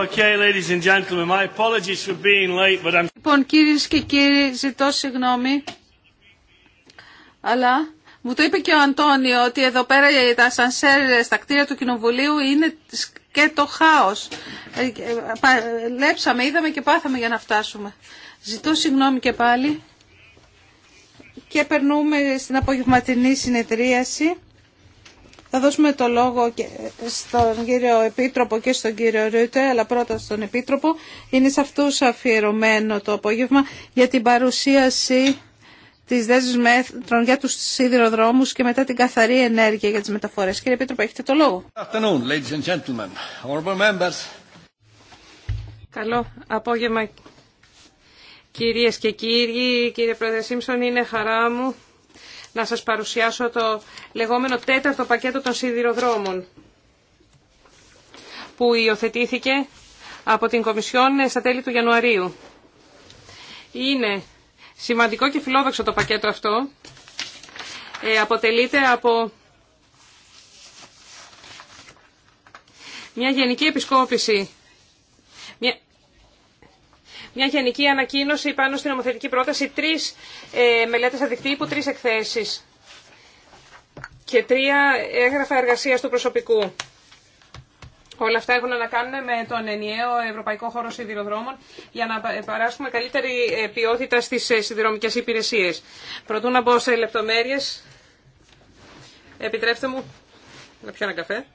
Okay, Λοιπόν, κύριε και κύριοι, ζητώ συγγνώμη, αλλά μου το είπε και ο Αντώνιο ότι εδώ πέρα τα σανσέρ στα κτίρια του Κοινοβουλίου είναι και το χάος. Ε, ε, λέψαμε, είδαμε και πάθαμε για να φτάσουμε. Ζητώ συγγνώμη και πάλι και περνούμε στην απογευματινή συνεδρίαση. Θα δώσουμε το λόγο και στον κύριο Επίτροπο και στον κύριο Ρούτε, αλλά πρώτα στον Επίτροπο. Είναι σε αυτού αφιερωμένο το απόγευμα για την παρουσίαση της δέσμη μέτρων για τους σιδηροδρόμους και μετά την καθαρή ενέργεια για τις μεταφορές. Κύριε Επίτροπο, έχετε το λόγο. Καλό απόγευμα, κυρίε και κύριοι. Κύριε Πρόεδρε Σίμψον, είναι χαρά μου να σας παρουσιάσω το λεγόμενο τέταρτο πακέτο των σιδηροδρόμων που υιοθετήθηκε από την Κομισιόν στα τέλη του Ιανουαρίου. Είναι σημαντικό και φιλόδοξο το πακέτο αυτό. Ε, αποτελείται από μια γενική επισκόπηση μια γενική ανακοίνωση πάνω στην νομοθετική πρόταση, τρει ε, μελέτες αδικτύπου, τρει εκθέσεις και τρία έγγραφα εργασίας του προσωπικού. Όλα αυτά έχουν να κάνουν με τον ενιαίο Ευρωπαϊκό Χώρο Σιδηροδρόμων για να παράσχουμε καλύτερη ε, ποιότητα στις ε, σιδηρομικέ υπηρεσίες. Προτού να μπω σε λεπτομέρειες, επιτρέψτε μου να πιω ένα καφέ.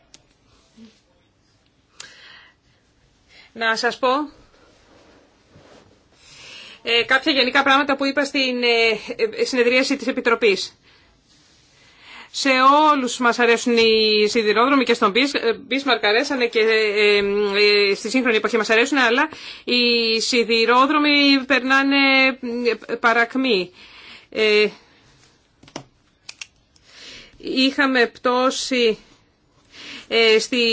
Να σας πω ε, κάποια γενικά πράγματα που είπα στην ε, ε, συνεδρίαση της Επιτροπής. Σε όλους μας αρέσουν οι σιδηρόδρομοι και στον Bismarck αρέσανε και στη σύγχρονη εποχή μας αρέσουν, αλλά οι σιδηρόδρομοι περνάνε παρακμή. Είχαμε πτώση στη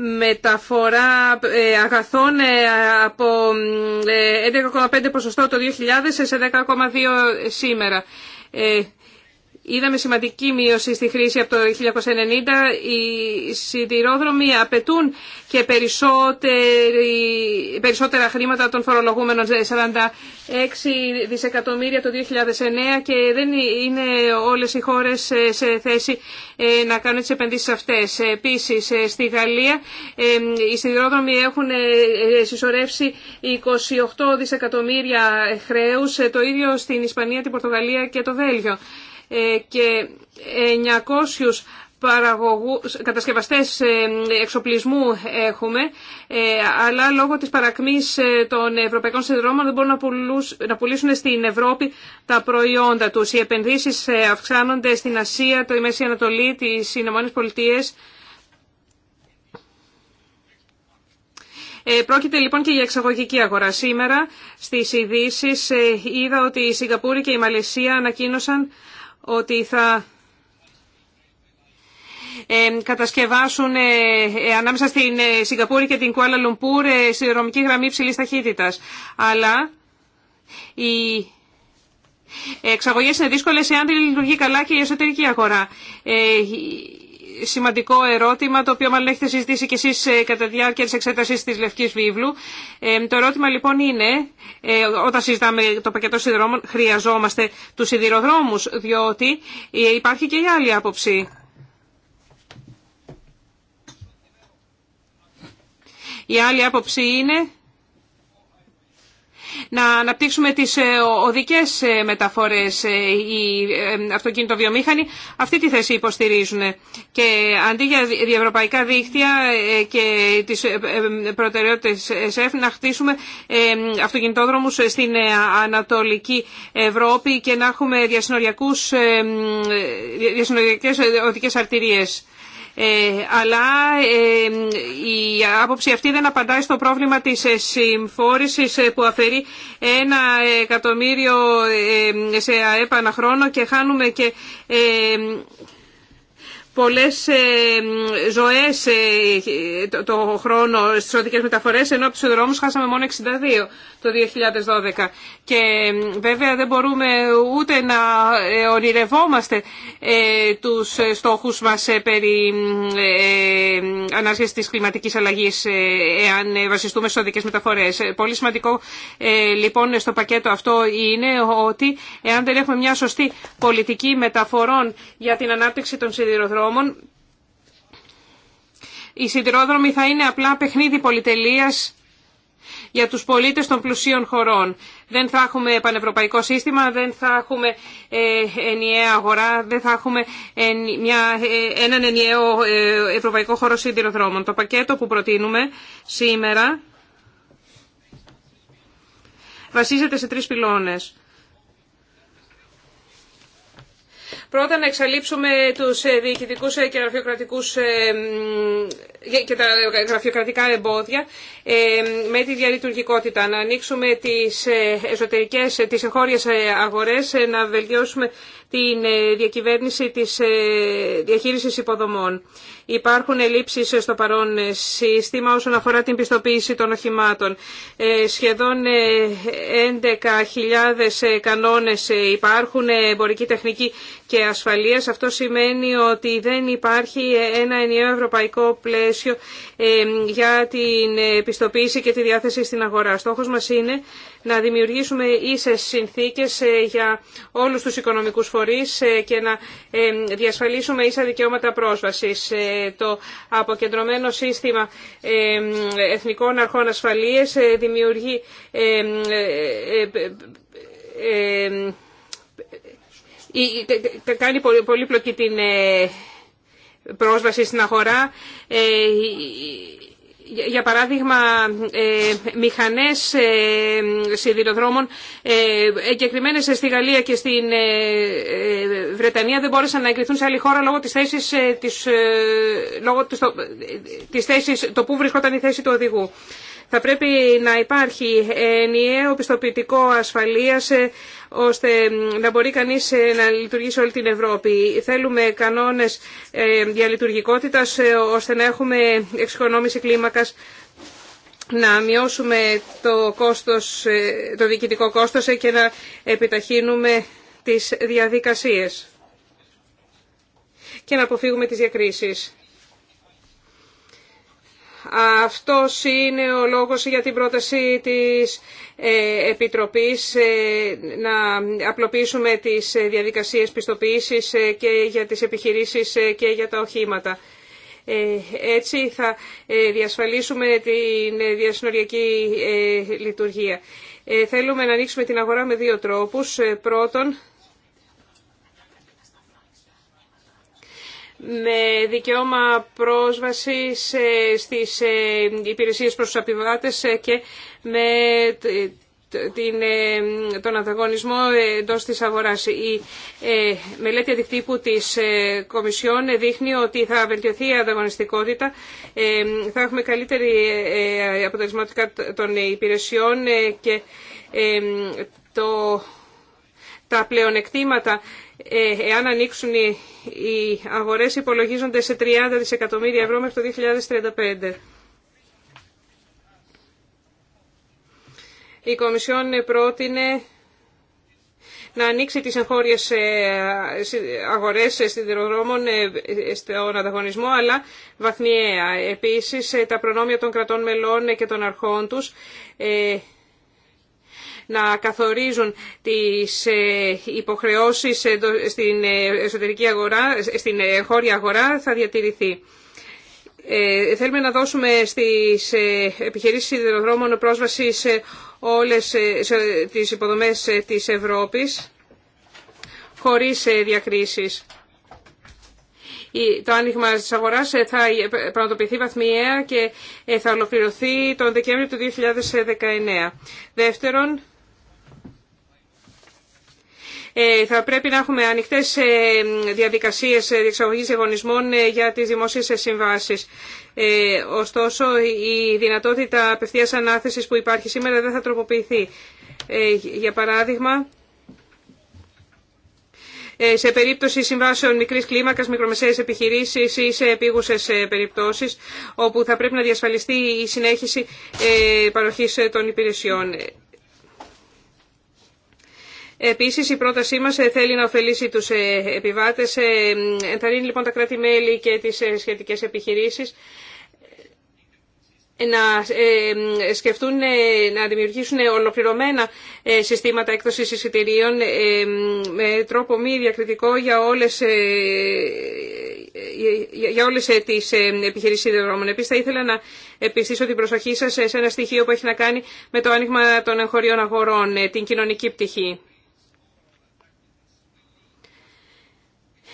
μεταφορά ε, αγαθών ε, από 11,5% ε, το 2000 σε 10,2% σήμερα. Είδαμε σημαντική μείωση στη χρήση από το 1990. Οι σιδηρόδρομοι απαιτούν και περισσότερα χρήματα των φορολογούμενων 46 δισεκατομμύρια το 2009 και δεν είναι όλες οι χώρες ε, σε θέση ε, να κάνουν τις επενδύσεις αυτές. Επίσης, ε, στη Γαλλία οι σιδηρόδρομοι έχουν συσσωρεύσει 28 δισεκατομμύρια χρέους, το ίδιο στην Ισπανία, την Πορτογαλία και το Βέλγιο. Ε, και 900 παραγωγούς, κατασκευαστές ε, εξοπλισμού έχουμε, ε, αλλά λόγω της παρακμής των ευρωπαϊκών συνδρόμων δεν μπορούν να πουλήσουν στην Ευρώπη τα προϊόντα τους. Οι επενδύσεις αυξάνονται στην Ασία, το Μέση Ανατολή, τις Ηνωμένες Πολιτείες. Πρόκειται λοιπόν και για εξαγωγική αγορά. Σήμερα στις ειδήσει είδα ότι η Σιγκαπούρη και η Μαλαισία ανακοίνωσαν ότι θα κατασκευάσουν ε, ε, ανάμεσα στην ε, Σιγκαπούρη και την Κουάλα Λουμπούρ συνδρομική γραμμή ψηλής ταχύτητας. Αλλά οι εξαγωγές είναι δύσκολες εάν δεν λειτουργεί καλά και η εσωτερική αγορά σημαντικό ερώτημα, το οποίο μάλλον έχετε συζητήσει και εσείς ε, κατά τη διάρκεια της εξέτασης της Λευκής Βίβλου. Ε, το ερώτημα λοιπόν είναι, ε, όταν συζητάμε το πακετό σιδηρόδρομων, χρειαζόμαστε τους σιδηροδρόμους, διότι ε, υπάρχει και η άλλη άποψη. Η άλλη άποψη είναι να αναπτύξουμε τις ε, οδικές ε, μεταφορές. Ε, οι αυτοκινητοβιομήχανοι αυτή τη θέση υποστηρίζουν. Και αντί για διευρωπαϊκά δίκτυα και τις προτεραιότητες ΕΣΕΦ να χτίσουμε αυτοκινητόδρομους στην Ανατολική Ευρώπη και να έχουμε διασυνοριακούς, διασυνοριακές οδικές αρτηρίες. Ε, αλλά ε, η άποψη αυτή δεν απαντάει στο πρόβλημα της ε, συμφόρησης που αφαιρεί ένα εκατομμύριο σε αέπανα χρόνο και χάνουμε και πολλές ε, ζωές ε, το χρόνο στις οδικές μεταφορές, ενώ από τους δρόμους χάσαμε μόνο 62 το 2012. Και βέβαια δεν μπορούμε ούτε να ε, ονειρευόμαστε τους στόχους μας περί ανάσχεσης της κλιματικής αλλαγής εάν βασιστούμε στις οδικές μεταφορές. Πολύ σημαντικό λοιπόν στο πακέτο αυτό είναι ότι εάν δεν έχουμε μια σωστή πολιτική μεταφορών για την ανάπτυξη των σιδηροδρόμων, οι σιδηρόδρομοι θα είναι απλά παιχνίδι πολυτελείας για τους πολίτες των πλουσίων χωρών. Δεν θα έχουμε πανευρωπαϊκό σύστημα, δεν θα έχουμε ε, ενιαία αγορά, δεν θα έχουμε ε, μια, ε, έναν ενιαίο ευρωπαϊκό χώρο σιδηροδρόμων. Το πακέτο που προτείνουμε σήμερα βασίζεται σε τρεις πυλώνες. Πρώτα να εξαλείψουμε τους ε, διοικητικούς ε, και ε, και τα γραφειοκρατικά εμπόδια με τη διαλειτουργικότητα. Να ανοίξουμε τι εσωτερικές, τις εγχώριες αγορές, να βελτιώσουμε την διακυβέρνηση της διαχείρισης υποδομών. Υπάρχουν ελλείψεις στο παρόν σύστημα όσον αφορά την πιστοποίηση των οχημάτων. Ε, σχεδόν 11.000 ε, ε, κανόνες υπάρχουν, εμπορική τεχνική και ασφαλεία. Αυτό σημαίνει ότι δεν υπάρχει ένα ενιαίο ευρωπαϊκό πλαίσιο για την πιστοποίηση και τη διάθεση στην αγορά. Στόχος μας είναι να δημιουργήσουμε ίσες συνθήκες για όλους τους οικονομικούς φορεί και να διασφαλίσουμε ίσα δικαιώματα πρόσβασης το αποκεντρωμένο σύστημα ε, εθνικών αρχών ασφαλείας ε, δημιουργεί ε, κάνει πολύπλοκη την πρόσβαση στην αγορά για παράδειγμα, ε, μηχανές ε, σιδηροδρόμων ε, εγκεκριμένες στη Γαλλία και στην Βρετανία δεν μπόρεσαν να εγκριθούν σε άλλη χώρα λόγω της θέσης, της, λόγω της, της θέσης, το που βρισκόταν η θέση του οδηγού. Θα πρέπει να υπάρχει ενιαίο πιστοποιητικό ασφαλείας ε, ώστε να μπορεί κανείς ε, να λειτουργήσει όλη την Ευρώπη. Θέλουμε κανόνες ε, διαλειτουργικότητας ώστε να έχουμε εξοικονόμηση κλίμακας να μειώσουμε το, κόστος, το διοικητικό κόστος και να επιταχύνουμε τις διαδικασίες και να αποφύγουμε τις διακρίσεις. Αυτός είναι ο λόγος για την πρόταση της ε, Επιτροπής ε, να απλοποιήσουμε τις διαδικασίες πιστοποίησης ε, και για τις επιχειρήσεις και για τα οχήματα. Έτσι θα διασφαλίσουμε την διασυνοριακή λειτουργία. Θέλουμε να ανοίξουμε την αγορά με δύο τρόπους. Πρώτον, με δικαίωμα πρόσβαση στις ε, υπηρεσίες προς τους ε, και με ε, τον ανταγωνισμό εντό τη αγορά. Η μελέτη αντικτύπου τη Κομισιόν δείχνει ότι θα βελτιωθεί η ανταγωνιστικότητα, θα έχουμε καλύτερη αποτελεσματικά των υπηρεσιών και το τα πλεονεκτήματα ε, εάν ανοίξουν οι, οι αγορές υπολογίζονται σε 30 δισεκατομμύρια ευρώ μέχρι το 2035. Η Κομισιόν πρότεινε να ανοίξει τις εγχώριες ε, αγορές ε, σιδηροδρόμων στον ανταγωνισμό, αλλά βαθμιαία. Επίσης, τα προνόμια των κρατών μελών και των αρχών τους να καθορίζουν τις ε, υποχρεώσεις ε, στην ε, εσωτερική αγορά, στην χώρια αγορά θα διατηρηθεί. Θέλουμε να δώσουμε στις επιχειρήσεις σιδηροδρόμων πρόσβαση σε όλες τις υποδομές της Ευρώπης χωρίς διακρίσεις. Το άνοιγμα τη αγορά θα πραγματοποιηθεί βαθμιαία και θα ολοκληρωθεί τον Δεκέμβριο του 2019. Δεύτερον, ε, θα πρέπει να έχουμε ανοιχτές ε, διαδικασίες ε, διεξαγωγή διαγωνισμών για τις δημόσιες συμβάσεις. Ωστόσο, η δυνατότητα απευθεία ανάθεσης που υπάρχει σήμερα δεν θα τροποποιηθεί. Για παράδειγμα, σε περίπτωση συμβάσεων μικρής κλίμακας, μικρομεσαίες επιχειρήσεις ή σε επίγουσες περιπτώσεις όπου θα πρέπει να διασφαλιστεί η συνέχιση παροχής των υπηρεσιών. Επίσης η πρότασή μας ε, θέλει να ωφελήσει τους ε, επιβάτες, ενθαρρύνει ε, λοιπόν τα κράτη-μέλη και τις σχετικές επιχειρήσεις να σκεφτούν να δημιουργήσουν ολοκληρωμένα συστήματα έκδοσης εισιτηρίων με τρόπο μη διακριτικό για όλες, για όλες τις επιχειρήσεις ιδεοδρόμων. Επίσης θα ήθελα να επιστήσω την προσοχή σας σε ένα στοιχείο που έχει να κάνει με το άνοιγμα των εγχωρίων αγορών, την κοινωνική πτυχή.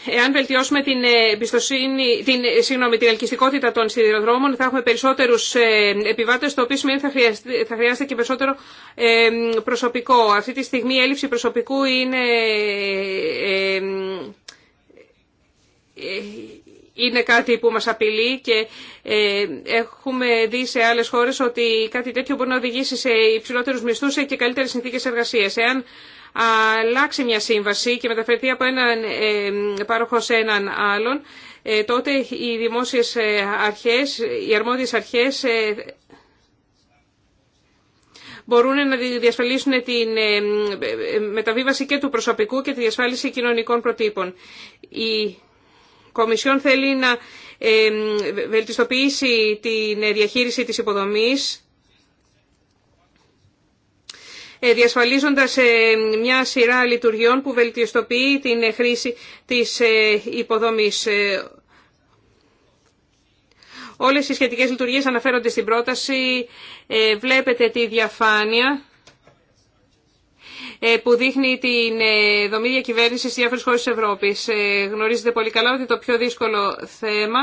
Εάν βελτιώσουμε την, ε, εμπιστοσύνη, την, ε, συγγνώμη, την ελκυστικότητα των σιδηροδρόμων, θα έχουμε περισσότερους ε, επιβάτες, το οποίο σημαίνει θα θα χρειάζεται και περισσότερο προσωπικό. Αυτή τη στιγμή η έλλειψη προσωπικού είναι, κάτι που μας απειλεί και έχουμε δει σε άλλες χώρες ότι κάτι τέτοιο μπορεί να οδηγήσει σε υψηλότερους μισθούς και καλύτερες συνθήκες εργασίας. Εάν αλλάξει μια σύμβαση και μεταφερθεί από έναν ε, πάροχο σε έναν άλλον, ε, τότε οι δημόσιες ε, αρχές, οι αρμόδιες αρχές μπορούν να διασφαλίσουν την μεταβίβαση και του προσωπικού και τη διασφάλιση κοινωνικών προτύπων. Η Κομισιόν θέλει να βελτιστοποιήσει τη διαχείριση της υποδομής ε, διασφαλίζοντας ε, μια σειρά λειτουργιών που βελτιστοποιεί την ε, χρήση της υποδομής. Όλες οι σχετικές λειτουργίες αναφέρονται στην πρόταση. Βλέπετε τη διαφάνεια που δείχνει την δομή διακυβέρνησης στις διάφορες χώρες της Ευρώπης. Γνωρίζετε πολύ καλά ότι το πιο δύσκολο θέμα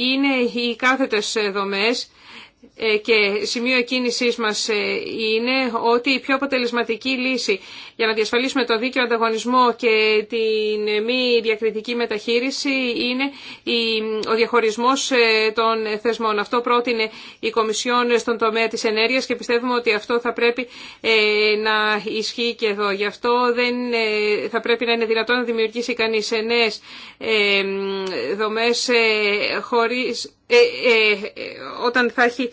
είναι οι κάθετες δομές ε, και σημείο κίνησής μας ε, είναι ότι η πιο αποτελεσματική λύση για να διασφαλίσουμε το δίκαιο ανταγωνισμό και την μη διακριτική μεταχείριση είναι ο διαχωρισμός ε, των θεσμών. Αυτό πρότεινε η Κομισιόν στον τομέα της ενέργειας και πιστεύουμε ότι αυτό θα πρέπει να ισχύει και εδώ. Γι' αυτό δεν θα πρέπει να είναι δυνατόν να δημιουργήσει κανείς νέες δομές όταν θα έχει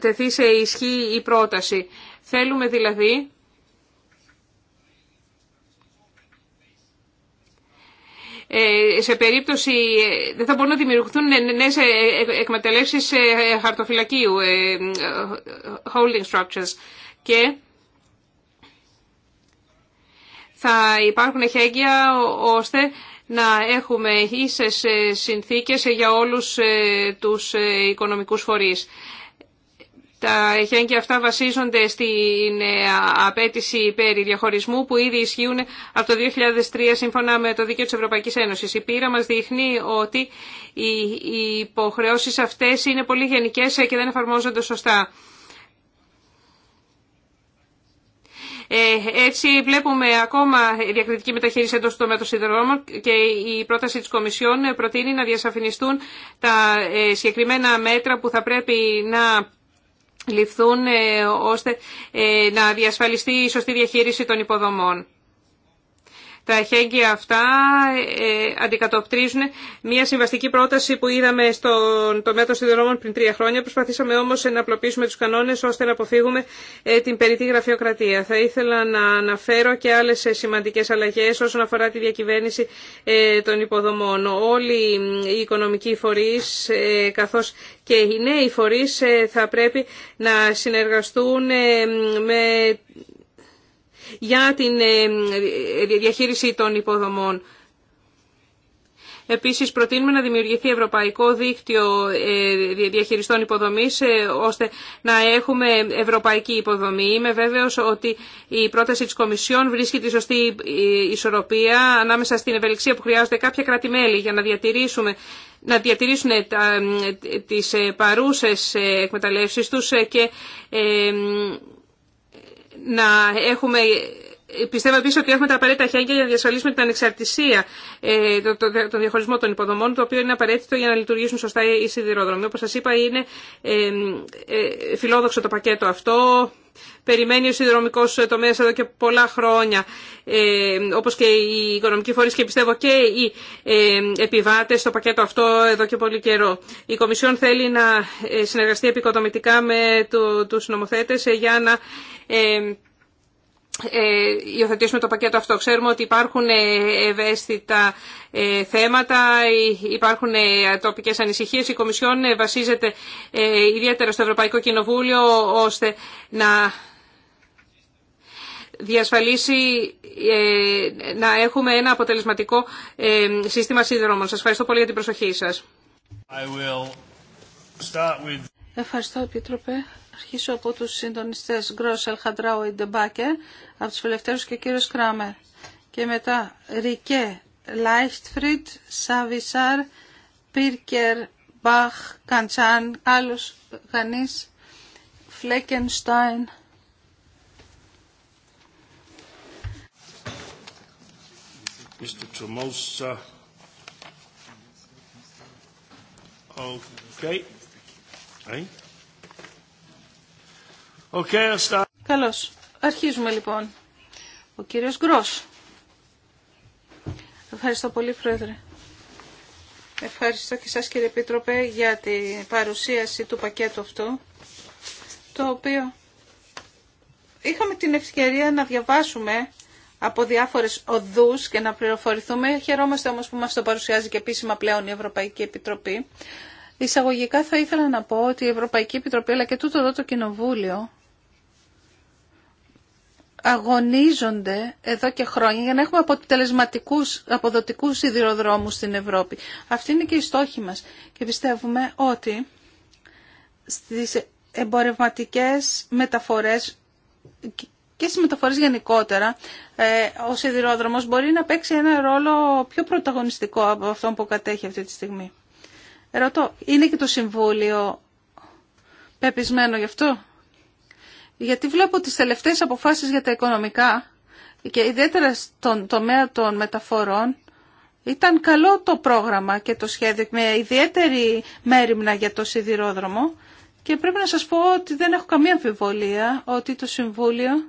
τεθεί σε ισχύ η πρόταση. Θέλουμε δηλαδή ε, σε περίπτωση ε, δεν θα μπορούν να δημιουργηθούν νέες ε, εκμεταλλεύσεις χαρτοφυλακίου, holding structures και θα υπάρχουν χέγγια ώστε να έχουμε ίσες ε, συνθήκες για όλους ε, τους ε, οικονομικούς φορείς. Τα εχέγγυα αυτά βασίζονται στην απέτηση περί διαχωρισμού που ήδη ισχύουν από το 2003 σύμφωνα με το Δίκαιο της Ευρωπαϊκής Ένωσης. Η πείρα μας δείχνει ότι οι υποχρεώσεις αυτές είναι πολύ γενικές και δεν εφαρμόζονται σωστά. Ε, έτσι βλέπουμε ακόμα διακριτική μεταχείριση εντός του τομέα των και η πρόταση της Κομισιόν προτείνει να διασαφινιστούν τα ε, συγκεκριμένα μέτρα που θα πρέπει να ληφθούν ε, ώστε να διασφαλιστεί η σωστή διαχείριση των υποδομών. Τα εχέγγυα αυτά ε, αντικατοπτρίζουν μια συμβαστική πρόταση που είδαμε στον τομέα των σιδηρόμων πριν τρία χρόνια. Προσπαθήσαμε όμως να απλοποιήσουμε τους κανόνες ώστε να αποφύγουμε ε, την περίτη γραφειοκρατία. Θα ήθελα να αναφέρω και άλλες ε, σημαντικές αλλαγές όσον αφορά τη διακυβέρνηση των υποδομών. Όλοι οι οικονομικοί φορείς καθώς και οι νέοι φορείς θα πρέπει να συνεργαστούν με για την ε, ε, διαχείριση των υποδομών. Επίσης, προτείνουμε να δημιουργηθεί ευρωπαϊκό δίκτυο ε, διαχειριστών υποδομής, ώστε να έχουμε ευρωπαϊκή υποδομή. Είμαι βέβαιος ότι η πρόταση της Κομισιόν βρίσκει τη σωστή ισορροπία ανάμεσα στην ευελιξία που χρειάζονται κάποια κράτη-μέλη για να διατηρήσουμε να διατηρήσουν τις παρούσες εκμεταλλεύσεις τους και να έχουμε Πιστεύω επίση ότι έχουμε τα απαραίτητα χέρια για να διασφαλίσουμε την ανεξαρτησία, ε, το, το, διαχωρισμό των υποδομών, το οποίο είναι απαραίτητο για να λειτουργήσουν σωστά οι σιδηρόδρομοι. Όπω σα είπα, είναι ε, φιλόδοξο το πακέτο αυτό. Περιμένει ο σιδηροδρομικό τομέα εδώ και πολλά χρόνια, ε, όπω και οι οικονομικοί φορεί και πιστεύω και οι ε, επιβάτε, το πακέτο αυτό εδώ και πολύ καιρό. Η Κομισιόν θέλει να ε, συνεργαστεί επικοδομητικά με του νομοθέτε ε, για να ε, ε, υιοθετήσουμε το πακέτο αυτό. Ξέρουμε ότι υπάρχουν ε, ευαίσθητα θέματα, υπάρχουν τοπικές ανησυχίες. Η Κομισιόν βασίζεται ιδιαίτερα στο Ευρωπαϊκό Κοινοβούλιο ώστε να διασφαλίσει να έχουμε ένα αποτελεσματικό σύστημα σύνδρομων. Σας ευχαριστώ πολύ για την προσοχή σας. Ευχαριστώ, Επίτροπε αρχίσω από τους συντονιστές Γκρός, Ελχαντράου, Ιντεμπάκερ, από τους φιλευτέρους και κύριος Κράμερ. Και μετά Ρικέ, Λάιχτφριντ, Σαβισάρ, Πίρκερ, Μπαχ, Καντσάν, άλλος κανείς, Φλέκενστάιν. Mr. Tremosa. Okay. Hey. Okay, Καλώς. Αρχίζουμε λοιπόν. Ο κύριος Γκρός. Ευχαριστώ πολύ, Πρόεδρε. Ευχαριστώ και σας κύριε Επίτροπε για την παρουσίαση του πακέτου αυτού, το οποίο είχαμε την ευκαιρία να διαβάσουμε από διάφορες οδούς και να πληροφορηθούμε. Χαιρόμαστε όμως που μας το παρουσιάζει και επίσημα πλέον η Ευρωπαϊκή Επιτροπή. Εισαγωγικά θα ήθελα να πω ότι η Ευρωπαϊκή Επιτροπή αλλά και τούτο εδώ το Κοινοβούλιο αγωνίζονται εδώ και χρόνια για να έχουμε αποτελεσματικούς, αποδοτικούς σιδηροδρόμους στην Ευρώπη. Αυτή είναι και η στόχη μας και πιστεύουμε ότι στις εμπορευματικές μεταφορές και στις μεταφορές γενικότερα ε, ο σιδηρόδρομος μπορεί να παίξει ένα ρόλο πιο πρωταγωνιστικό από αυτό που κατέχει αυτή τη στιγμή. Ρωτώ, είναι και το Συμβούλιο πεπισμένο γι' αυτό? Γιατί βλέπω τις τελευταίες αποφάσεις για τα οικονομικά και ιδιαίτερα στον τομέα των μεταφορών ήταν καλό το πρόγραμμα και το σχέδιο με ιδιαίτερη μέρημνα για το σιδηρόδρομο και πρέπει να σας πω ότι δεν έχω καμία αμφιβολία ότι το Συμβούλιο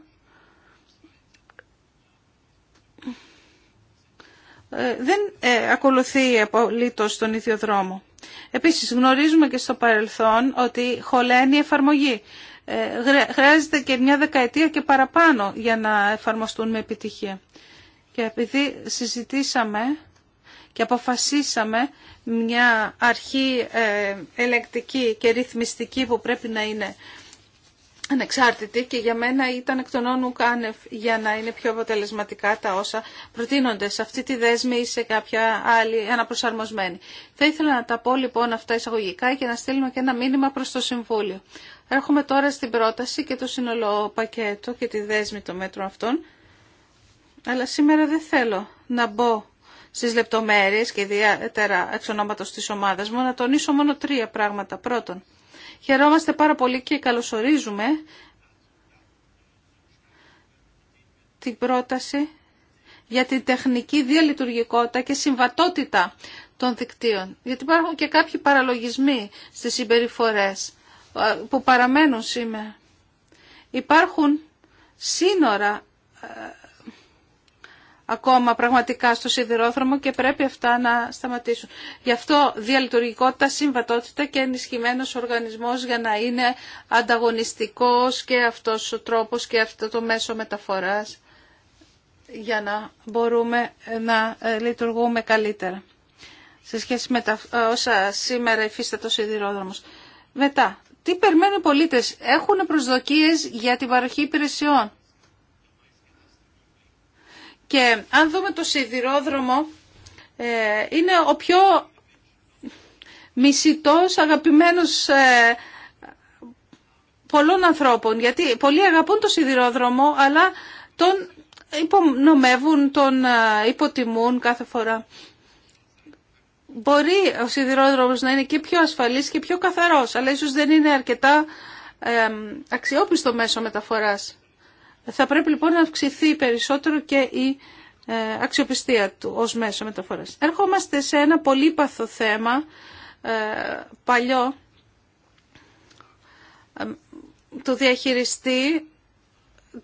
ε, δεν ε, ακολουθεί απολύτως τον ίδιο δρόμο. Επίσης γνωρίζουμε και στο παρελθόν ότι χωλαίνει η εφαρμογή. Ε, χρειάζεται και μια δεκαετία και παραπάνω για να εφαρμοστούν με επιτυχία. Και επειδή συζητήσαμε και αποφασίσαμε μια αρχή ε, ελεκτική και ρυθμιστική που πρέπει να είναι ανεξάρτητη και για μένα ήταν εκ των όνου κάνευ για να είναι πιο αποτελεσματικά τα όσα προτείνονται σε αυτή τη δέσμη ή σε κάποια άλλη αναπροσαρμοσμένη. Θα ήθελα να τα πω λοιπόν αυτά εισαγωγικά και να στείλουμε και ένα μήνυμα προς το Συμβούλιο. Έρχομαι τώρα στην πρόταση και το σύνολο πακέτο και τη δέσμη των μέτρων αυτών. Αλλά σήμερα δεν θέλω να μπω στις λεπτομέρειες και ιδιαίτερα εξ ονόματος της ομάδας μου, να τονίσω μόνο τρία πράγματα. Πρώτον, χαιρόμαστε πάρα πολύ και καλωσορίζουμε την πρόταση για την τεχνική διαλειτουργικότητα και συμβατότητα των δικτύων. Γιατί υπάρχουν και κάποιοι παραλογισμοί στις συμπεριφορές που παραμένουν σήμερα. Υπάρχουν σύνορα ακόμα πραγματικά στο σιδηρόδρομο και πρέπει αυτά να σταματήσουν. Γι' αυτό διαλειτουργικότητα, συμβατότητα και ενισχυμένος οργανισμός για να είναι ανταγωνιστικός και αυτός ο τρόπος και αυτό το μέσο μεταφοράς για να μπορούμε να ε, λειτουργούμε καλύτερα σε σχέση με τα όσα σήμερα υφίσταται σιδηρόδρομος. Μετά, τι περιμένουν οι πολίτες. Έχουν προσδοκίες για την παροχή υπηρεσιών. Και αν δούμε το σιδηρόδρομο, ε, είναι ο πιο μισητός, αγαπημένος ε, πολλών ανθρώπων. Γιατί πολλοί αγαπούν το σιδηρόδρομο, αλλά τον υπονομεύουν, τον ε, υποτιμούν κάθε φορά μπορεί ο σιδηρόδρομος να είναι και πιο ασφαλής και πιο καθαρός, αλλά ίσως δεν είναι αρκετά αξιόπιστο μέσο μεταφοράς. Θα πρέπει λοιπόν να αυξηθεί περισσότερο και η ε, αξιοπιστία του ως μέσο μεταφοράς. Έρχομαστε σε ένα πολύπαθο θέμα, ε, παλιό, του διαχειριστή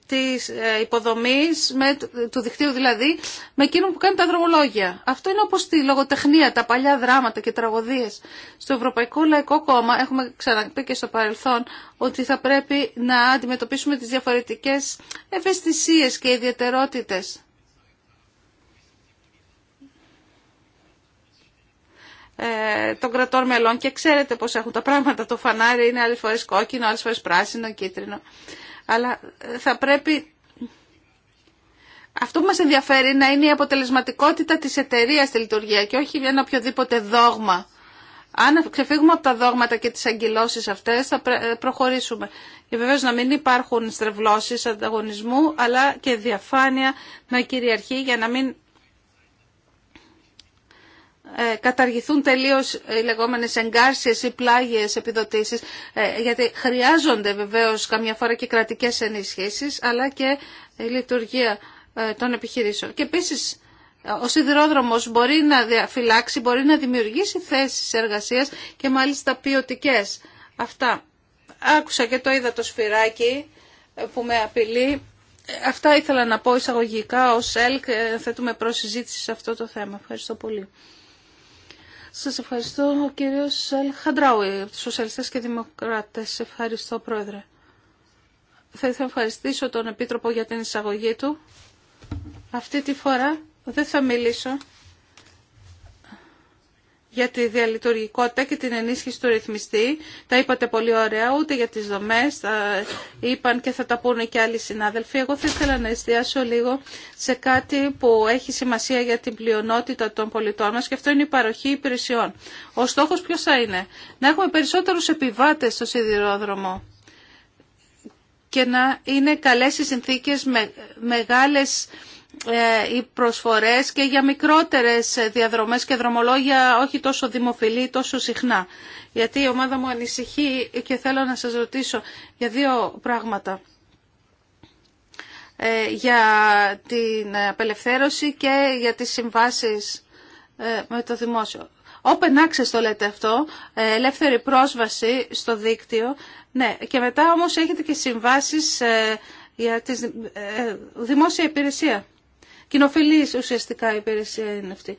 της ε, υποδομής, με, του δικτύου δηλαδή, με εκείνον που κάνει τα δρομολόγια. Αυτό είναι όπως τη λογοτεχνία, τα παλιά δράματα και τραγωδίες. Στο Ευρωπαϊκό Λαϊκό Κόμμα έχουμε ξαναπεί και στο παρελθόν ότι θα πρέπει να αντιμετωπίσουμε τις διαφορετικές ευαισθησίες και ιδιαιτερότητες. Ε, των κρατών μελών και ξέρετε πώς έχουν τα πράγματα. Το φανάρι είναι άλλες φορές κόκκινο, άλλες φορές πράσινο, κίτρινο αλλά ε, θα πρέπει αυτό που μας ενδιαφέρει να είναι η αποτελεσματικότητα της εταιρείας στη λειτουργία και όχι ένα οποιοδήποτε δόγμα. Αν ξεφύγουμε από τα δόγματα και τις αγκυλώσεις αυτές θα ε, προχωρήσουμε. Και βεβαίω να μην υπάρχουν στρεβλώσεις ανταγωνισμού αλλά και διαφάνεια να κυριαρχεί για να μην ε, καταργηθούν τελείως οι λεγόμενες εγκάρσεις ή πλάγιες επιδοτήσεις, ε, γιατί χρειάζονται βεβαίως καμιά φορά και κρατικές ενισχύσεις, αλλά και η λειτουργία ε, των επιχειρήσεων. Και επίσης ο σιδηρόδρομος μπορεί να διαφυλάξει, μπορεί να δημιουργήσει θέσεις εργασίας και μάλιστα ποιοτικέ. Αυτά. Άκουσα και το είδα το σφυράκι που με απειλεί. Αυτά ήθελα να πω εισαγωγικά ως ΕΛΚ θέτουμε προσυζήτηση σε αυτό το θέμα. Ευχαριστώ πολύ. Σα ευχαριστώ ο κύριος Χαντράουι από τους Σοσιαλιστές και Δημοκράτες. Ευχαριστώ πρόεδρε. Θα ήθελα να ευχαριστήσω τον Επίτροπο για την εισαγωγή του. Αυτή τη φορά δεν θα μιλήσω για τη διαλειτουργικότητα και την ενίσχυση του ρυθμιστή. Τα είπατε πολύ ωραία, ούτε για τις δομές, τα είπαν και θα τα πούνε και άλλοι συνάδελφοι. Εγώ θα ήθελα να εστιάσω λίγο σε κάτι που έχει σημασία για την πλειονότητα των πολιτών μας και αυτό είναι η παροχή υπηρεσιών. Ο στόχος ποιος θα είναι, να έχουμε περισσότερους επιβάτες στο σιδηρόδρομο και να είναι καλές οι συνθήκες με μεγάλες ε, οι προσφορές και για μικρότερες διαδρομές και δρομολόγια όχι τόσο δημοφιλή, τόσο συχνά. Γιατί η ομάδα μου ανησυχεί και θέλω να σας ρωτήσω για δύο πράγματα. Ε, για την απελευθέρωση και για τις συμβάσεις ε, με το δημόσιο. Open access το λέτε αυτό, ελεύθερη πρόσβαση στο δίκτυο. Ναι, και μετά όμως έχετε και συμβάσεις για τη δημόσια υπηρεσία κοινοφιλή ουσιαστικά η υπηρεσία είναι αυτή.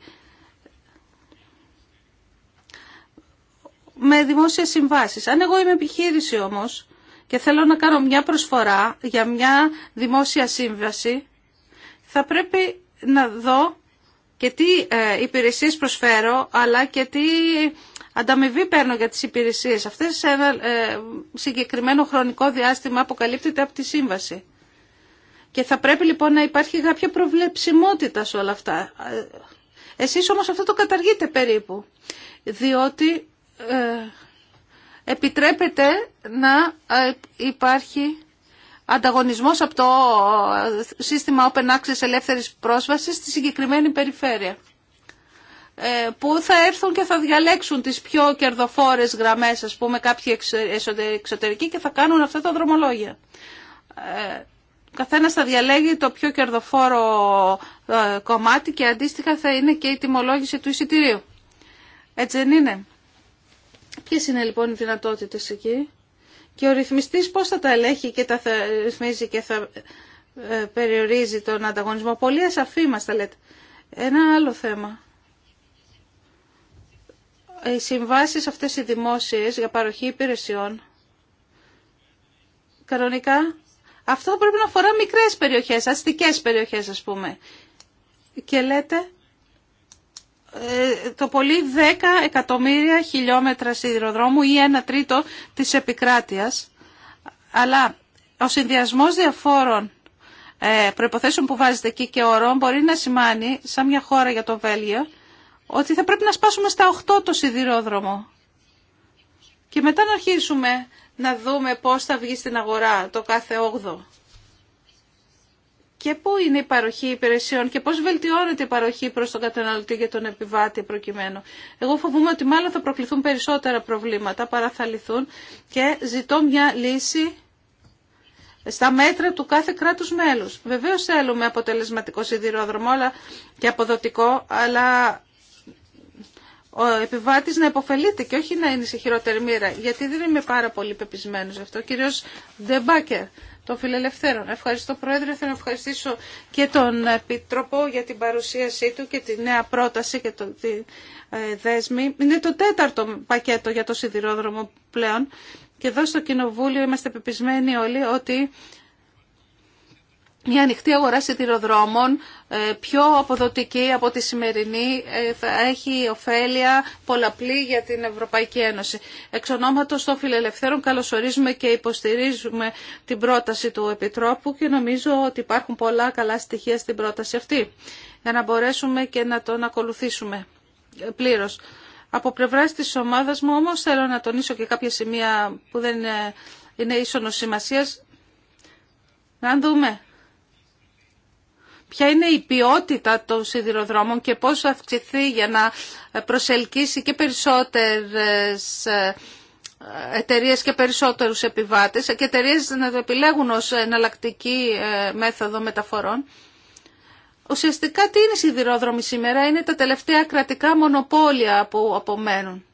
Με δημόσια συμβάσει. Αν εγώ είμαι επιχείρηση όμως και θέλω να κάνω μια προσφορά για μια δημόσια σύμβαση, θα πρέπει να δω και τι ε, υπηρεσίες προσφέρω, αλλά και τι ανταμοιβή παίρνω για τις υπηρεσίες αυτές σε ένα ε, συγκεκριμένο χρονικό διάστημα που καλύπτεται από τη σύμβαση. Και θα πρέπει λοιπόν να υπάρχει κάποια προβλεψιμότητα σε όλα αυτά. Εσείς όμως αυτό το καταργείτε περίπου, διότι ε, επιτρέπεται να ε, υπάρχει ανταγωνισμός από το ε, σύστημα Open Access ελεύθερης πρόσβασης στη συγκεκριμένη περιφέρεια ε, που θα έρθουν και θα διαλέξουν τις πιο κερδοφόρες γραμμές, ας πούμε, κάποιοι εξωτερικοί και θα κάνουν αυτά τα δρομολόγια καθένα θα διαλέγει το πιο κερδοφόρο ε, κομμάτι και αντίστοιχα θα είναι και η τιμολόγηση του εισιτηρίου. Έτσι δεν είναι. Ποιε είναι λοιπόν οι δυνατότητε εκεί και ο ρυθμιστή πώ θα τα ελέγχει και θα ρυθμίζει και θα ε, περιορίζει τον ανταγωνισμό. Πολύ ασαφή μα τα λέτε. Ένα άλλο θέμα. Οι συμβάσει αυτέ οι δημόσιε για παροχή υπηρεσιών κανονικά αυτό πρέπει να αφορά μικρές περιοχές, αστικές περιοχές ας πούμε. Και λέτε ε, το πολύ 10 εκατομμύρια χιλιόμετρα σιδηροδρόμου ή ένα τρίτο της επικράτειας. Αλλά ο συνδυασμός διαφόρων ε, προϋποθέσεων που βάζετε εκεί και ορών μπορεί να σημάνει, σαν μια χώρα για το Βέλγιο, ότι θα πρέπει να σπάσουμε στα 8 το σιδηρόδρομο. Και μετά να αρχίσουμε να δούμε πώς θα βγει στην αγορά το κάθε 8 και πού είναι η παροχή υπηρεσιών και πώς βελτιώνεται η παροχή προς τον καταναλωτή και τον επιβάτη προκειμένου. Εγώ φοβούμαι ότι μάλλον θα προκληθούν περισσότερα προβλήματα παρά θα λυθούν και ζητώ μια λύση στα μέτρα του κάθε κράτους μέλους. Βεβαίως θέλουμε αποτελεσματικό σιδηρόδρομο αλλά και αποδοτικό, αλλά ο επιβάτης να υποφελείται και όχι να είναι σε χειρότερη μοίρα. Γιατί δεν είμαι πάρα πολύ γι' αυτό. Κυρίως Ντεμπάκερ των Φιλελευθέρων. Ευχαριστώ Πρόεδρε, θέλω να ευχαριστήσω και τον Επίτροπο για την παρουσίασή του και τη νέα πρόταση και το, τη ε, δέσμη. Είναι το τέταρτο πακέτο για το σιδηρόδρομο πλέον. Και εδώ στο Κοινοβούλιο είμαστε πεπισμένοι όλοι ότι μια ανοιχτή αγορά σιδηροδρόμων, ε, πιο αποδοτική από τη σημερινή ε, θα έχει ωφέλεια πολλαπλή για την Ευρωπαϊκή Ένωση. Εξ ονόματος των φιλελευθέρων καλωσορίζουμε και υποστηρίζουμε την πρόταση του Επιτρόπου και νομίζω ότι υπάρχουν πολλά καλά στοιχεία στην πρόταση αυτή για να μπορέσουμε και να τον ακολουθήσουμε ε, πλήρω Από πλευράς της ομάδας μου όμως θέλω να τονίσω και κάποια σημεία που δεν είναι ίσονος σημασίας. Να δούμε ποια είναι η ποιότητα των σιδηροδρόμων και πώς θα αυξηθεί για να προσελκύσει και περισσότερες ε, εταιρείες και περισσότερους επιβάτες και εταιρείε να το επιλέγουν ως εναλλακτική ε, μέθοδο μεταφορών. Ουσιαστικά τι είναι σιδηρόδρομοι σήμερα, είναι τα τελευταία κρατικά μονοπόλια που απομένουν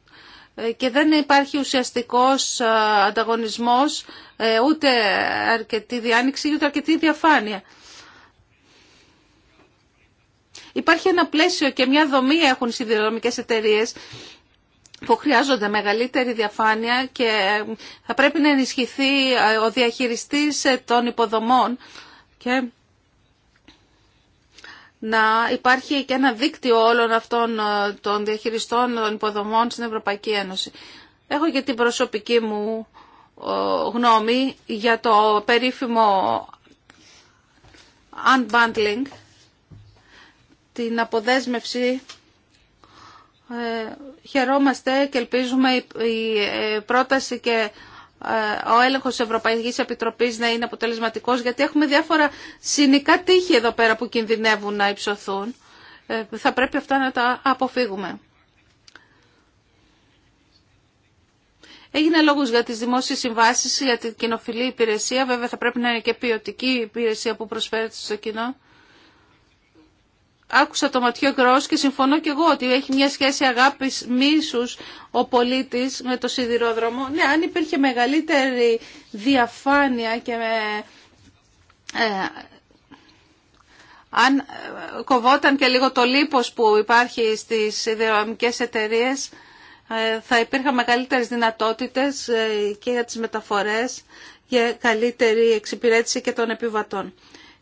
ε, και δεν υπάρχει ουσιαστικός ανταγωνισμός, ούτε αρκετή διάνοιξη, ούτε αρκετή διαφάνεια. Υπάρχει ένα πλαίσιο και μια δομή έχουν οι σιδηροδρομικές εταιρείε που χρειάζονται μεγαλύτερη διαφάνεια και ε, θα πρέπει να ενισχυθεί ε, ο διαχειριστής ε, των υποδομών και να υπάρχει και ένα δίκτυο όλων αυτών των διαχειριστών των υποδομών στην Ευρωπαϊκή Ένωση. Έχω και την προσωπική μου γνώμη για το περίφημο unbundling την αποδέσμευση ε, χαιρόμαστε και ελπίζουμε η ε, πρόταση και ε, ο έλεγχος Ευρωπαϊκής Επιτροπής να είναι αποτελεσματικός γιατί έχουμε διάφορα συνικά τείχη εδώ πέρα που κινδυνεύουν να υψωθούν. Θα πρέπει αυτά να τα αποφύγουμε. Έγινε λόγος για τις δημόσιες συμβάσεις, για την κοινοφιλή υπηρεσία. Βέβαια, θα πρέπει να είναι και ποιοτική υπηρεσία που προσφέρεται στο κοινό. Άκουσα το Ματιό Γκρό και συμφωνώ και εγώ ότι έχει μια σχέση αγάπης μίσους ο πολίτη με το σιδηρόδρομο. Ναι, αν υπήρχε μεγαλύτερη διαφάνεια και με... Ε, αν ε, κοβόταν και λίγο το λίπος που υπάρχει στις σιδηροδρομικές εταιρείες, ε, θα υπήρχαν μεγαλύτερες δυνατότητες και για τις μεταφορές και καλύτερη εξυπηρέτηση και των επιβατών.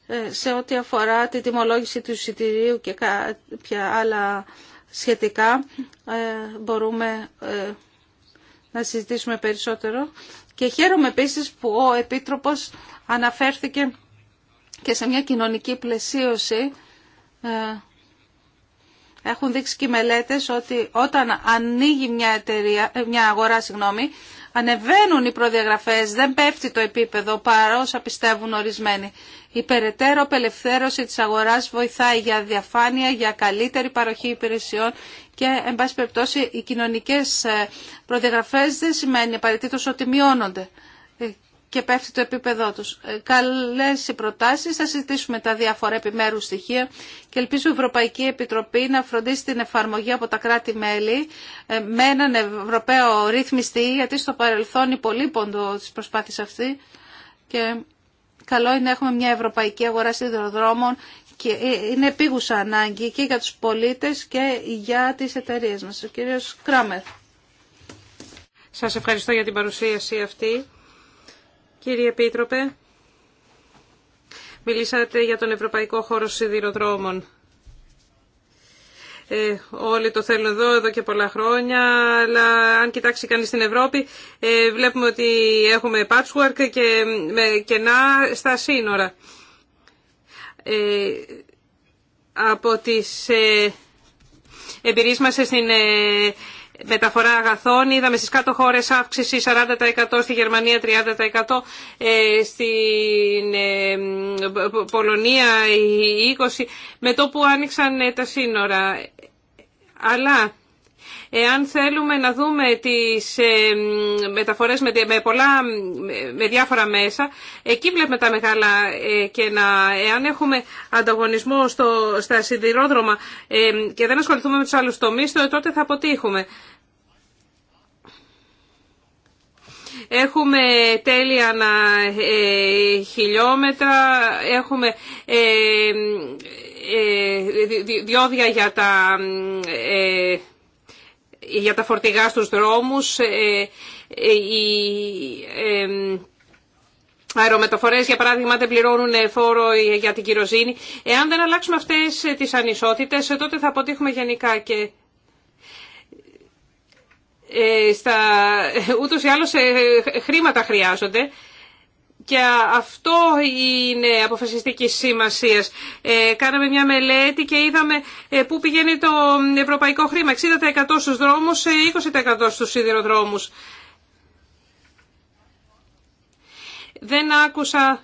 Ε, σε ό,τι αφορά τη τιμολόγηση του εισιτηρίου και κάποια άλλα σχετικά ε, μπορούμε ε, να συζητήσουμε περισσότερο. Και χαίρομαι επίσης που ο Επίτροπος αναφέρθηκε και σε μια κοινωνική πλαισίωση. Έχουν δείξει και οι μελέτες ότι όταν ανοίγει μια, εταιρεία, μια αγορά, συγγνώμη, ανεβαίνουν οι προδιαγραφές, δεν πέφτει το επίπεδο παρά όσα πιστεύουν ορισμένοι. Η περαιτέρω απελευθέρωση της αγοράς βοηθάει για διαφάνεια, για καλύτερη παροχή υπηρεσιών και, εν πάση περιπτώσει, οι κοινωνικές ε, προδιαγραφές δεν σημαίνει απαραίτητο ότι μειώνονται ε, και πέφτει το επίπεδό τους. Ε, καλές οι προτάσεις, θα συζητήσουμε τα διάφορα επιμέρους στοιχεία και ελπίζω η Ευρωπαϊκή Επιτροπή να φροντίσει την εφαρμογή από τα κράτη-μέλη με έναν Ευρωπαίο ρυθμιστή, γιατί στο παρελθόν υπολείποντο τις προσπάθειες αυτή και Καλό είναι να έχουμε μια ευρωπαϊκή αγορά σιδηροδρόμων και είναι επίγουσα ανάγκη και για τους πολίτες και για τις εταιρείες μας. Ο κύριος Κράμερ. Σας ευχαριστώ για την παρουσίαση αυτή. Κύριε Επίτροπε, μιλήσατε για τον Ευρωπαϊκό Χώρο Σιδηροδρόμων. Ε, όλοι το θέλουν εδώ, εδώ και πολλά χρόνια, αλλά αν κοιτάξει κανείς στην Ευρώπη ε, βλέπουμε ότι έχουμε patchwork και με κενά στα σύνορα. Ε, από τις ε, εμπειρίες στην μεταφορά αγαθών. Είδαμε στις κάτω χώρες αύξηση 40%, στη Γερμανία 30%, ε, στην ε, Πολωνία 20% με το που άνοιξαν ε, τα σύνορα. Αλλά Εάν θέλουμε να δούμε τις ε, μεταφορές με, πολλά, με διάφορα μέσα, εκεί βλέπουμε τα μεγάλα ε, και να, εάν έχουμε ανταγωνισμό στο, στα σιδηρόδρομα ε, και δεν ασχοληθούμε με τους άλλους τομείς, τότε θα αποτύχουμε. Έχουμε τέλεια να χιλιόμετρα, έχουμε διόδια για τα για τα φορτηγά στους δρόμους, ε, ε, οι ε, αερομεταφορές για παράδειγμα δεν πληρώνουν φόρο για την κυροζήνη. Εάν δεν αλλάξουμε αυτές τις ανισότητες τότε θα αποτύχουμε γενικά και στα, ούτως ή άλλως χρήματα χρειάζονται και αυτό είναι αποφασιστική σημασία. Ε, κάναμε μια μελέτη και είδαμε ε, πού πηγαίνει το ευρωπαϊκό χρήμα. 60% στους δρόμους, 20% ε, στους σιδηροδρόμους. Δεν άκουσα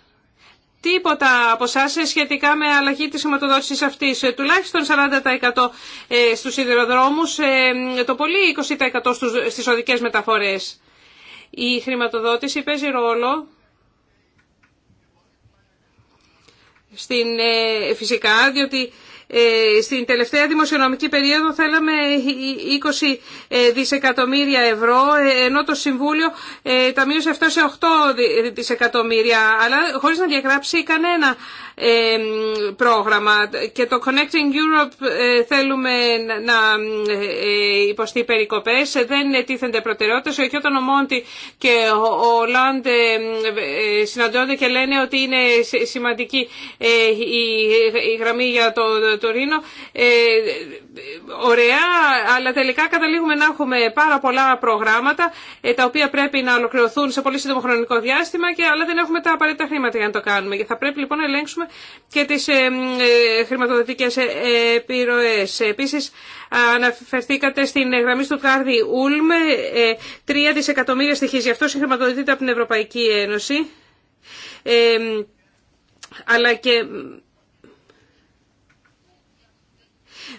τίποτα από εσά ε, σχετικά με αλλαγή της σηματοδότησης αυτής. Τουλάχιστον 40% στους σιδηροδρόμους, το πολύ 20% στις οδικές μεταφορές. Η χρηματοδότηση παίζει ρόλο στην, ε, φυσικά, διότι ε, στην τελευταία δημοσιονομική περίοδο θέλαμε 20 ε, δισεκατομμύρια ευρώ, ενώ το Συμβούλιο τα μείωσε αυτό σε 8 δισεκατομμύρια, αλλά χωρίς να διαγράψει κανένα πρόγραμμα και το Connecting Europe ε, θέλουμε να ε, ε, υποστεί περικοπές, δεν τίθενται προτεραιότητες. Ο Μόντι και ο Λάντ συναντώνται και λένε ότι είναι σημαντική η γραμμή για το Τουρίνο ωραία, αλλά τελικά καταλήγουμε να έχουμε πάρα πολλά προγράμματα ε, τα οποία πρέπει να ολοκληρωθούν σε πολύ σύντομο χρονικό διάστημα και αλλά δεν έχουμε τα απαραίτητα χρήματα για να το κάνουμε. Και θα πρέπει λοιπόν να ελέγξουμε και τις ε, ε, χρηματοδοτικές ε, επιρροές. Επίσης αναφερθήκατε στην γραμμή του Κάρδη Ούλμ, 3 ε, δισεκατομμύρια στοιχείς, γι' αυτό συγχρηματοδοτείται από την Ευρωπαϊκή Ένωση. αλλά και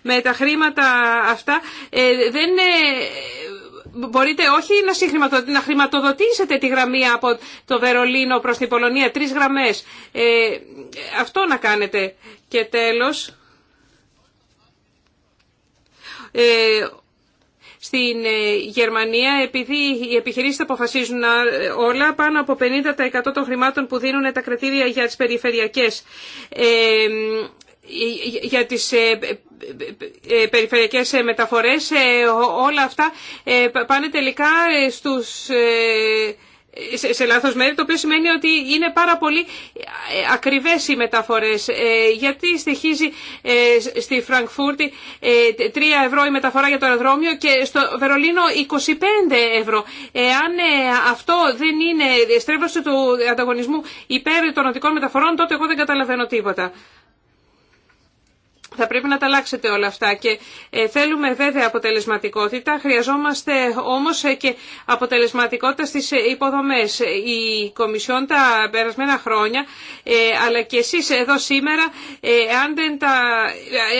με τα χρήματα αυτά ε, δεν ε, μπορείτε όχι να χρηματοδοτήσετε τη γραμμή από το Βερολίνο προς την Πολωνία, τρεις γραμμές. Ε, αυτό να κάνετε. Και τέλος, στην Γερμανία, επειδή οι επιχειρήσεις αποφασίζουν όλα, πάνω από 50% των χρημάτων που δίνουν τα κριτήρια για τις περιφερειακές για τις ε, ε, ε, περιφερειακές μεταφορές, όλα αυτά πάνε τελικά στους σε λάθος μέρη, το οποίο σημαίνει ότι είναι πάρα πολύ ακριβές οι μεταφορές. Γιατί στοιχίζει στη Φραγκφούρτη 3 ευρώ η μεταφορά για το αεροδρόμιο και στο Βερολίνο 25 ευρώ. Εάν αυτό δεν είναι στρέβλωση του ανταγωνισμού υπέρ των οδικών μεταφορών, τότε εγώ δεν καταλαβαίνω τίποτα. Θα πρέπει να τα αλλάξετε όλα αυτά και ε, θέλουμε βέβαια αποτελεσματικότητα, χρειαζόμαστε όμως ε, και αποτελεσματικότητα στις ε, υποδομές. Η Κομισιόν τα περασμένα χρόνια, αλλά και εσείς εδώ σήμερα, αν δεν τα,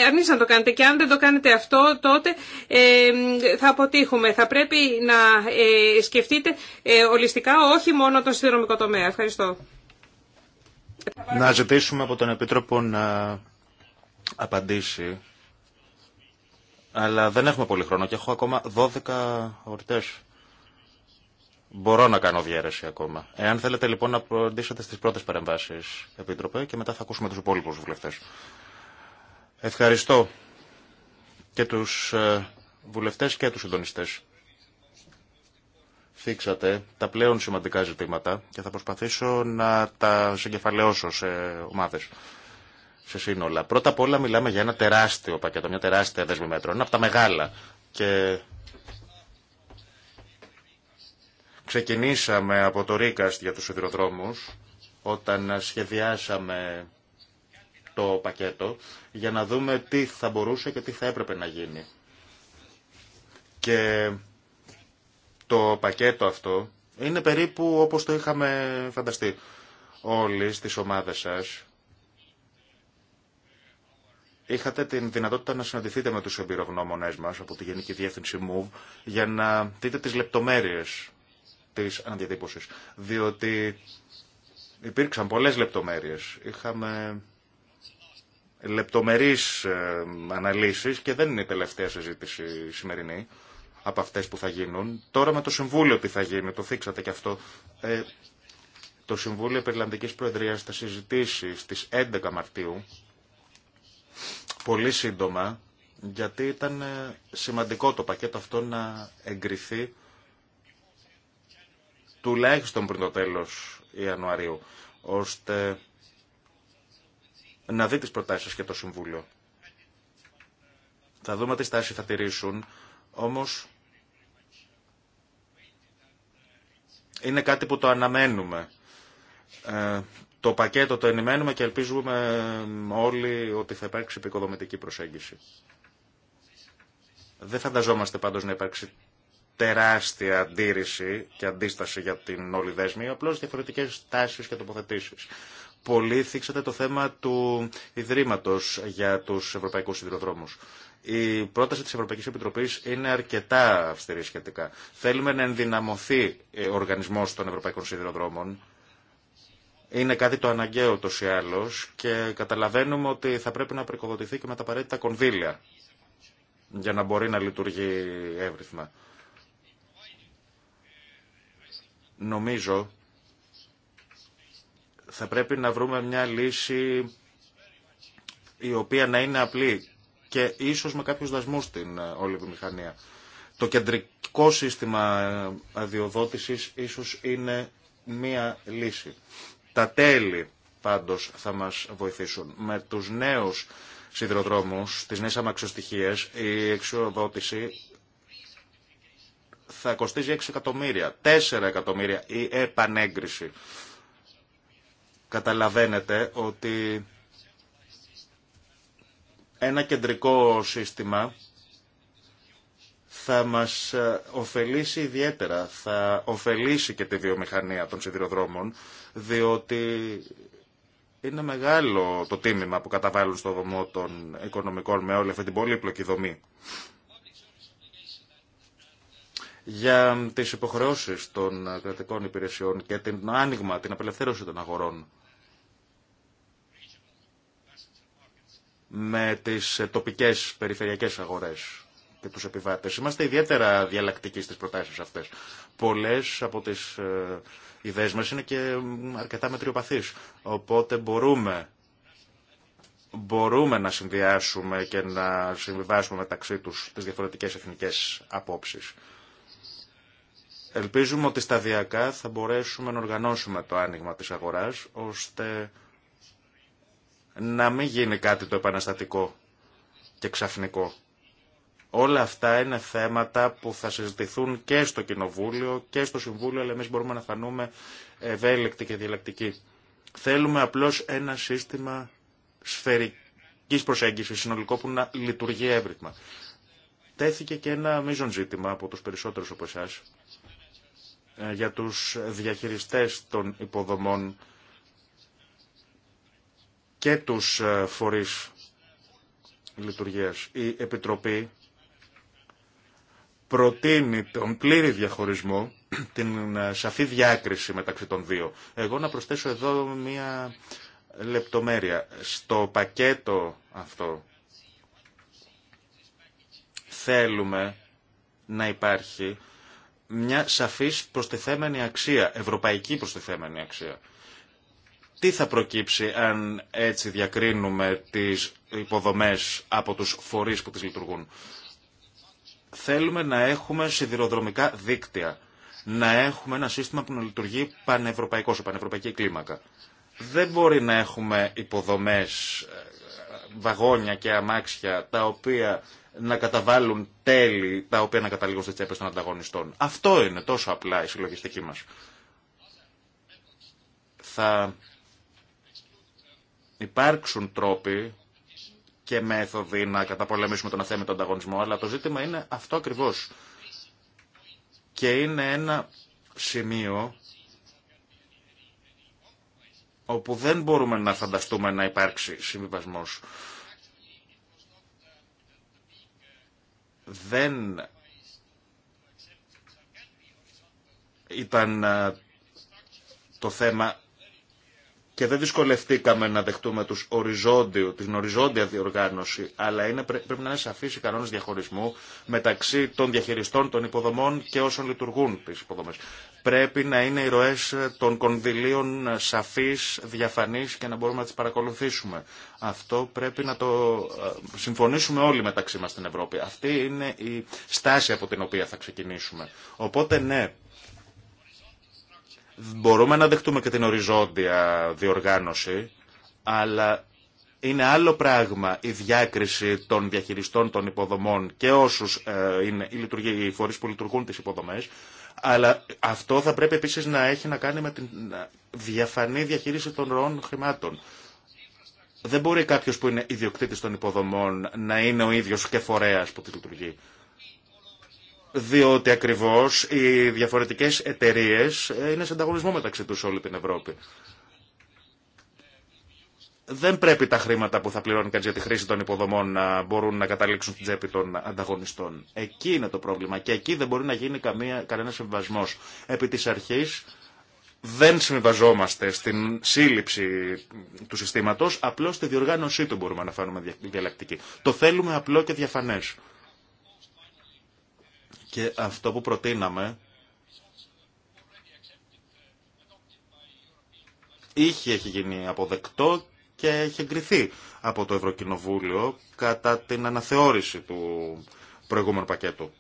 αν να το κάνετε και αν δεν το κάνετε αυτό, τότε θα αποτύχουμε. Θα πρέπει να σκεφτείτε ολιστικά όχι μόνο τον συνδρομικό τομέα. Ευχαριστώ. Να ζητήσουμε από τον Επίτροπο να απαντήσει, αλλά δεν έχουμε πολύ χρόνο και έχω ακόμα 12 ώρες. Μπορώ να κάνω διαίρεση ακόμα. Εάν θέλετε λοιπόν να απαντήσετε στις πρώτες παρεμβάσεις, Επίτροπε, και μετά θα ακούσουμε τους υπόλοιπου βουλευτές. Ευχαριστώ και τους ε, βουλευτές και τους συντονιστέ. Φίξατε τα πλέον σημαντικά ζητήματα και θα προσπαθήσω να τα συγκεφαλαιώσω σε ομάδες σε σύνολα. Πρώτα απ' όλα μιλάμε για ένα τεράστιο πακέτο, μια τεράστια δέσμη μέτρων, από τα μεγάλα. Και ξεκινήσαμε από το Ρίκαστ για τους σιδηροδρόμους, όταν σχεδιάσαμε το πακέτο, για να δούμε τι θα μπορούσε και τι θα έπρεπε να γίνει. Και το πακέτο αυτό είναι περίπου όπως το είχαμε φανταστεί όλοι στις ομάδες σας είχατε την δυνατότητα να συναντηθείτε με τους εμπειρογνώμονές μας από τη Γενική Διεύθυνση MOVE για να δείτε τις λεπτομέρειες της αναδιατύπωσης. Διότι υπήρξαν πολλές λεπτομέρειες. Είχαμε λεπτομερείς ε, αναλύσεις και δεν είναι η τελευταία συζήτηση σημερινή από αυτές που θα γίνουν. Τώρα με το Συμβούλιο τι θα γίνει, το θίξατε και αυτό. Ε, το Συμβούλιο Περιλανδικής Προεδρίας θα συζητήσει στις 11 Μαρτίου πολύ σύντομα, γιατί ήταν ε, σημαντικό το πακέτο αυτό να εγκριθεί τουλάχιστον πριν το τέλος Ιανουαρίου, ώστε να δει τις προτάσεις και το Συμβούλιο. Θα δούμε τι στάση θα τηρήσουν, όμως είναι κάτι που το αναμένουμε. Ε, το πακέτο το ενημένουμε και ελπίζουμε όλοι ότι θα υπάρξει επικοδομητική προσέγγιση. Δεν φανταζόμαστε πάντως να υπάρξει τεράστια αντίρρηση και αντίσταση για την όλη δέσμη, απλώς διαφορετικές τάσεις και τοποθετήσεις. Πολύ θίξατε το θέμα του Ιδρύματος για τους Ευρωπαϊκούς Σιδηροδρόμους. Η πρόταση της Ευρωπαϊκής Επιτροπής είναι αρκετά αυστηρή σχετικά. Θέλουμε να ενδυναμωθεί ο οργανισμός των Ευρωπαϊκών Σιδηροδρόμων, είναι κάτι το αναγκαίο τόσο ή άλλως και καταλαβαίνουμε ότι θα πρέπει να πρικοδοτηθεί και με τα απαραίτητα κονδύλια για να μπορεί να λειτουργεί εύρυθμα. Νομίζω θα πρέπει να βρούμε μια λύση η οποία να είναι απλή και ίσως με κάποιους δασμούς στην ε, όλη επιμηχανία. Το κεντρικό σύστημα αδειοδότησης ίσως είναι μία λύση. Τα τέλη πάντως θα μας βοηθήσουν. Με τους νέους σιδηροδρόμους, τις νέες αμαξοστοιχίες, η εξοδότηση θα κοστίζει 6 εκατομμύρια, 4 εκατομμύρια η επανέγκριση. Καταλαβαίνετε ότι ένα κεντρικό σύστημα θα μας ε, ωφελήσει ιδιαίτερα, θα ωφελήσει και τη βιομηχανία των σιδηροδρόμων, διότι είναι μεγάλο το τίμημα που καταβάλουν στο δομό των οικονομικών με όλη αυτή την πολύπλοκη δομή. Για τις υποχρεώσεις των κρατικών υπηρεσιών και την άνοιγμα, την απελευθέρωση των αγορών με τις τοπικές περιφερειακές αγορές και τους επιβάτες. Είμαστε ιδιαίτερα διαλλακτικοί στις προτάσεις αυτές. Πολλές από τις ε, ιδέες μας είναι και αρκετά μετριοπαθείς. Οπότε μπορούμε μπορούμε να συνδυάσουμε και να συμβιβάσουμε μεταξύ τους τις διαφορετικές εθνικές απόψεις. Ελπίζουμε ότι σταδιακά θα μπορέσουμε να οργανώσουμε το άνοιγμα της αγοράς, ώστε να μην γίνει κάτι το επαναστατικό και ξαφνικό. Όλα αυτά είναι θέματα που θα συζητηθούν και στο Κοινοβούλιο και στο Συμβούλιο, αλλά εμεί μπορούμε να φανούμε ευέλικτοι και διαλεκτικοί. Θέλουμε απλώ ένα σύστημα σφαιρική προσέγγιση, συνολικό που να λειτουργεί εύρυθμα. Τέθηκε και ένα μείζον ζήτημα από του περισσότερου από εσά ε, για του διαχειριστέ των υποδομών και τους ε, φορείς λειτουργίας. Η Επιτροπή προτείνει τον πλήρη διαχωρισμό, την ε, σαφή διάκριση μεταξύ των δύο. Εγώ να προσθέσω εδώ μία λεπτομέρεια. Στο πακέτο αυτό θέλουμε να υπάρχει μια σαφής προστιθέμενη αξία, ευρωπαϊκή προστιθέμενη αξία. Τι θα προκύψει αν έτσι διακρίνουμε τις υποδομές από τους φορείς που τις λειτουργούν. Θέλουμε να έχουμε σιδηροδρομικά δίκτυα. Να έχουμε ένα σύστημα που να λειτουργεί πανευρωπαϊκό, σε πανευρωπαϊκή κλίμακα. Δεν μπορεί να έχουμε υποδομές, ε, βαγόνια και αμάξια τα οποία να καταβάλουν τέλη τα οποία να καταλήγουν στις τσέπες των ανταγωνιστών. Αυτό είναι τόσο απλά η συλλογιστική μας. Θα υπάρξουν τρόποι και μέθοδοι να καταπολεμήσουμε τον αθέμητο ανταγωνισμό, αλλά το ζήτημα είναι αυτό ακριβώ. Και είναι ένα σημείο όπου δεν μπορούμε να φανταστούμε να υπάρξει συμβιβασμό. Δεν ήταν ε, το θέμα και δεν δυσκολευτήκαμε να δεχτούμε τους οριζόντιο, την οριζόντια διοργάνωση, αλλά είναι, πρέπει να είναι σαφή οι κανόνε διαχωρισμού μεταξύ των διαχειριστών των υποδομών και όσων λειτουργούν τι υποδομέ. Πρέπει να είναι οι ροέ των κονδυλίων σαφείς, διαφανείς και να μπορούμε να τι παρακολουθήσουμε. Αυτό πρέπει να το ε, συμφωνήσουμε όλοι μεταξύ μα στην Ευρώπη. Αυτή είναι η στάση από την οποία θα ξεκινήσουμε. Οπότε ναι, Μπορούμε να δεχτούμε και την οριζόντια διοργάνωση, αλλά είναι άλλο πράγμα η διάκριση των διαχειριστών των υποδομών και όσους ε, είναι οι φορείς που λειτουργούν τις υποδομές, αλλά αυτό θα πρέπει επίσης να έχει να κάνει με την διαφανή διαχείριση των ροών χρημάτων. Δεν μπορεί κάποιο που είναι ιδιοκτήτη των υποδομών να είναι ο ίδιο και φορέα που τη λειτουργεί διότι ακριβώς οι διαφορετικές εταιρείες ε, είναι σε ανταγωνισμό μεταξύ τους όλη την Ευρώπη. Δεν πρέπει τα χρήματα που θα πληρώνει κανείς για τη χρήση των υποδομών να μπορούν να καταλήξουν στην τσέπη των ανταγωνιστών. Εκεί είναι το πρόβλημα και εκεί δεν μπορεί να γίνει καμία, κανένα συμβασμός. Επί της αρχής δεν συμβαζόμαστε στην σύλληψη του συστήματος, απλώς στη διοργάνωσή του μπορούμε να φάνουμε διαλεκτική. Το θέλουμε απλό και διαφανές. Και αυτό που προτείναμε είχε έχει γίνει αποδεκτό και έχει εγκριθεί από το Ευρωκοινοβούλιο κατά την αναθεώρηση του προηγούμενου πακέτου.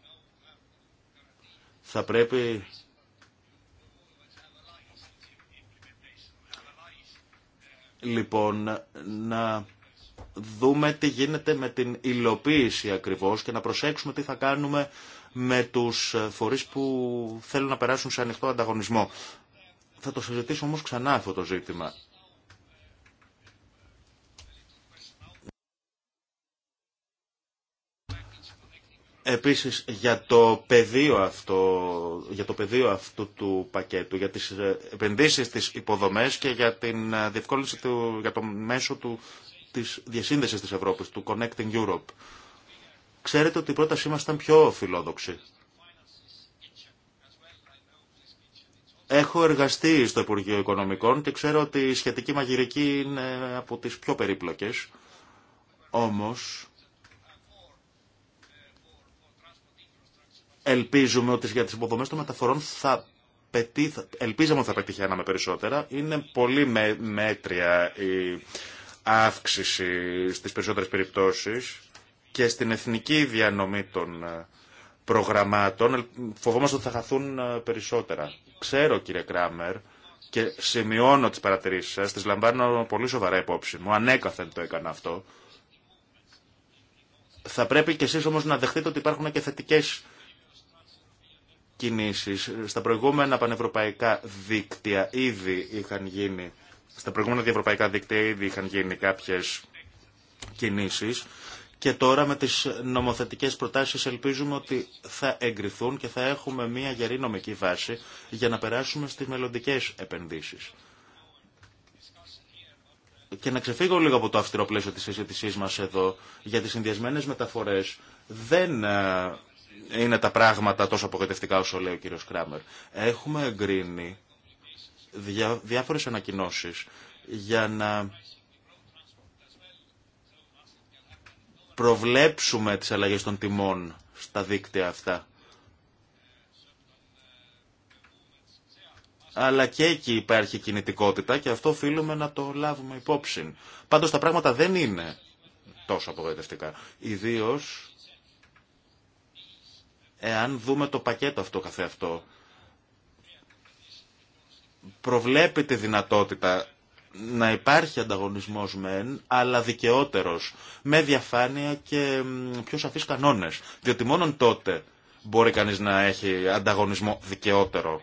Θα πρέπει λοιπόν να δούμε τι γίνεται με την υλοποίηση ακριβώς και να προσέξουμε τι θα κάνουμε με τους φορείς που θέλουν να περάσουν σε ανοιχτό ανταγωνισμό. Θα το συζητήσω όμως ξανά αυτό το ζήτημα. Επίσης για το πεδίο αυτό, για το αυτού του πακέτου, για τις επενδύσεις στις υποδομές και για την διευκόλυνση του, για το μέσο του, της διασύνδεσης της Ευρώπης, του Connecting Europe. Ξέρετε ότι η πρότασή μας ήταν πιο φιλόδοξη. Έχω εργαστεί στο Υπουργείο Οικονομικών και ξέρω ότι η σχετική μαγειρική είναι από τις πιο περίπλοκες. Όμως, ελπίζουμε ότι για τις υποδομές των μεταφορών θα πετύχει, ελπίζαμε ότι θα περισσότερα. Είναι πολύ μέτρια η αύξηση στις περισσότερες περιπτώσεις και στην εθνική διανομή των ε, προγραμμάτων, φοβόμαστε ότι θα χαθούν ε, περισσότερα. Ξέρω κύριε Κράμερ και σημειώνω τις παρατηρήσεις σας, τις λαμβάνω πολύ σοβαρά υπόψη μου, ανέκαθεν το έκανα αυτό. Θα πρέπει κι εσείς όμως να δεχτείτε ότι υπάρχουν και θετικές κινήσεις. Στα προηγούμενα πανευρωπαϊκά δίκτυα ήδη είχαν γίνει, στα προηγούμενα διευρωπαϊκά δίκτυα ήδη είχαν γίνει κάποιες κινήσεις και τώρα με τις νομοθετικές προτάσεις ελπίζουμε ότι θα εγκριθούν και θα έχουμε μια γερή νομική βάση για να περάσουμε στις μελλοντικέ επενδύσεις. Και να ξεφύγω λίγο από το αυστηρό πλαίσιο της συζήτησή μας εδώ για τις συνδυασμένε μεταφορές. Δεν ε, είναι τα πράγματα τόσο απογοητευτικά όσο λέει ο κύριος Κράμερ. Έχουμε εγκρίνει διάφορες ανακοινώσεις για να προβλέψουμε τις αλλαγές των τιμών στα δίκτυα αυτά. αλλά και εκεί υπάρχει κινητικότητα και αυτό οφείλουμε να το λάβουμε υπόψη. Πάντως τα πράγματα δεν είναι τόσο απογοητευτικά. Ιδίω εάν δούμε το πακέτο αυτό καθεαυτό, προβλέπει τη δυνατότητα να υπάρχει ανταγωνισμός μεν, αλλά δικαιότερος, με διαφάνεια και πιο σαφείς κανόνες. Διότι μόνον τότε μπορεί κανείς να έχει ανταγωνισμό δικαιότερο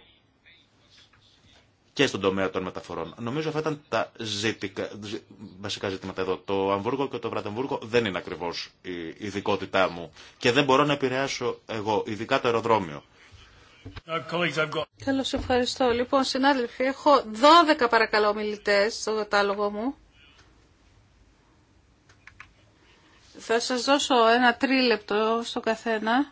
και στον τομέα των μεταφορών. Νομίζω αυτά ήταν τα βασικά ζητήματα εδώ. Το Αμβούργο και το Βραδεμβούργο δεν είναι ακριβώς η ειδικότητά μου και δεν μπορώ να επηρεάσω εγώ, ειδικά το αεροδρόμιο. Uh, Καλώς ευχαριστώ. Λοιπόν, συνάδελφοι, έχω 12 παρακαλώ μιλητές στο κατάλογο μου. Θα σας δώσω ένα τρίλεπτο στο καθένα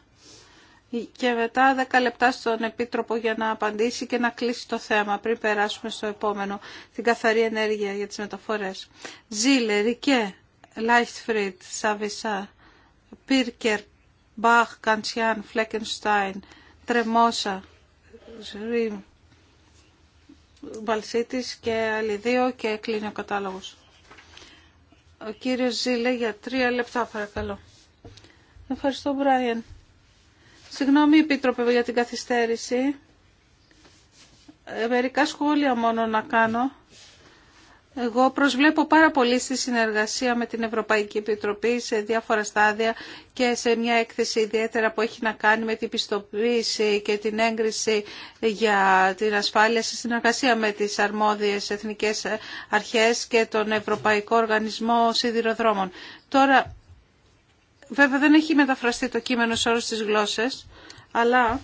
και μετά 10 λεπτά στον Επίτροπο για να απαντήσει και να κλείσει το θέμα πριν περάσουμε στο επόμενο, την καθαρή ενέργεια για τις μεταφορές. Ζήλε, Ρικέ, Λάιχτφριντ, Σαβισά, Πίρκερ, Μπαχ, Καντσιάν, Φλέκενστάιν, Τρεμόσα, Μπαλσίτης και άλλοι δύο και κλείνει ο κατάλογος. Ο κύριος Ζήλε για τρία λεπτά παρακαλώ. Ευχαριστώ Μπράιεν. Συγγνώμη Επίτροπε για την καθυστέρηση. Ε, μερικά σχόλια μόνο να κάνω εγώ προσβλέπω πάρα πολύ στη συνεργασία με την Ευρωπαϊκή Επιτροπή σε διάφορα στάδια και σε μια έκθεση ιδιαίτερα που έχει να κάνει με την πιστοποίηση και την έγκριση για την ασφάλεια στη συνεργασία με τις αρμόδιες εθνικές αρχές και τον Ευρωπαϊκό Οργανισμό Σιδηροδρόμων. Τώρα, βέβαια δεν έχει μεταφραστεί το κείμενο σε όλες τις γλώσσες, αλλά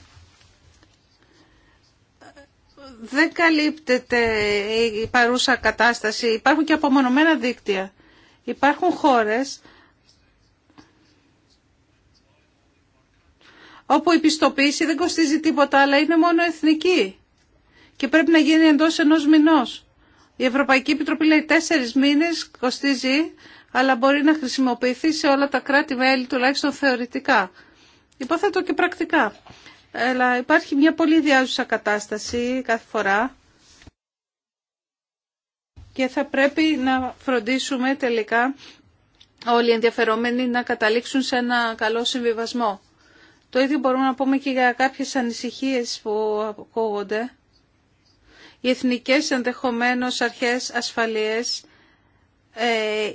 δεν καλύπτεται η παρούσα κατάσταση. Υπάρχουν και απομονωμένα δίκτυα. Υπάρχουν χώρες όπου η πιστοποίηση δεν κοστίζει τίποτα, αλλά είναι μόνο εθνική και πρέπει να γίνει εντός ενός μηνός. Η Ευρωπαϊκή Επιτροπή λέει τέσσερις μήνες κοστίζει, αλλά μπορεί να χρησιμοποιηθεί σε όλα τα κράτη-μέλη, τουλάχιστον θεωρητικά. Υποθέτω και πρακτικά αλλά υπάρχει μια πολύ διάζουσα κατάσταση κάθε φορά και θα πρέπει να φροντίσουμε τελικά όλοι οι ενδιαφερομένοι να καταλήξουν σε ένα καλό συμβιβασμό. Το ίδιο μπορούμε να πούμε και για κάποιες ανησυχίες που ακούγονται. Οι εθνικές ενδεχομένως αρχές ασφαλείες ε,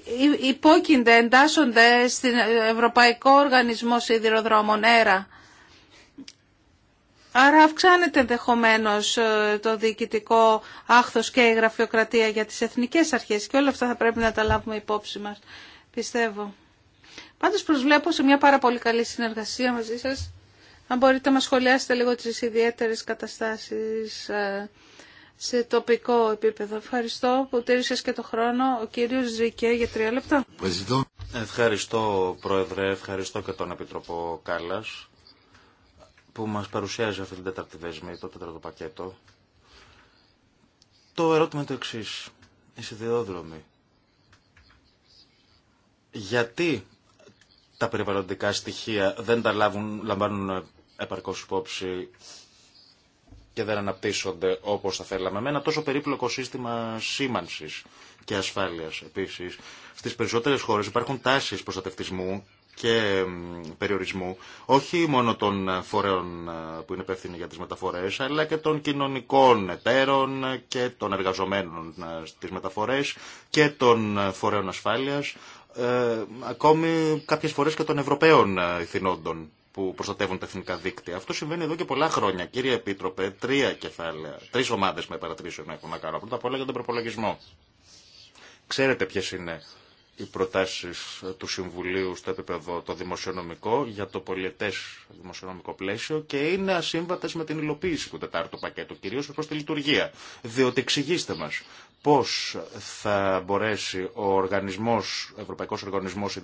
υπόκεινται, εντάσσονται στην ε, Ευρωπαϊκό Οργανισμό Σιδηροδρόμων, ΕΡΑ. Άρα αυξάνεται ενδεχομένω ε, το διοικητικό άχθος και η γραφειοκρατία για τις εθνικές αρχές και όλα αυτά θα πρέπει να τα λάβουμε υπόψη μας, πιστεύω. Πάντως προσβλέπω σε μια πάρα πολύ καλή συνεργασία μαζί σας. Αν μπορείτε να σχολιάσετε λίγο τις ιδιαίτερες καταστάσεις ε, σε τοπικό επίπεδο. Ευχαριστώ που τήρησες και το χρόνο. Ο κύριος Ζήκε για τρία λεπτά. Ευχαριστώ Πρόεδρε, ευχαριστώ και τον Επιτροπό Κάλλας που μας παρουσιάζει αυτή την τέταρτη δέσμη, το τέταρτο πακέτο, το ερώτημα είναι το εξή. Οι Γιατί τα περιβαλλοντικά στοιχεία δεν τα λάβουν, λαμβάνουν επαρκώς υπόψη και δεν αναπτύσσονται όπως θα θέλαμε. Με ένα τόσο περίπλοκο σύστημα σήμανσης και ασφάλειας επίσης. Στις περισσότερες χώρες υπάρχουν τάσεις προστατευτισμού και περιορισμού όχι μόνο των φορέων ε, που είναι υπεύθυνοι για τις μεταφορές αλλά και των κοινωνικών εταίρων και των εργαζομένων ε, στις μεταφορές και των ε, φορέων ασφάλειας ακόμη κάποιες φορές και των Ευρωπαίων ηθινόντων που προστατεύουν τα εθνικά δίκτυα. Αυτό συμβαίνει εδώ και πολλά χρόνια. Κύριε Επίτροπε, τρία κεφάλαια, τρεις ομάδες με παρατηρήσεων έχουν να κάνω. Πρώτα απ' όλα για τον προπολογισμό. Ξέρετε ποιε είναι οι προτάσεις του Συμβουλίου στο επίπεδο το δημοσιονομικό για το πολιτέ δημοσιονομικό πλαίσιο και είναι ασύμβατες με την υλοποίηση του τετάρτου πακέτου, κυρίως προς τη λειτουργία. Διότι εξηγήστε μας πώς θα μπορέσει ο οργανισμός, ο Ευρωπαϊκός Οργανισμός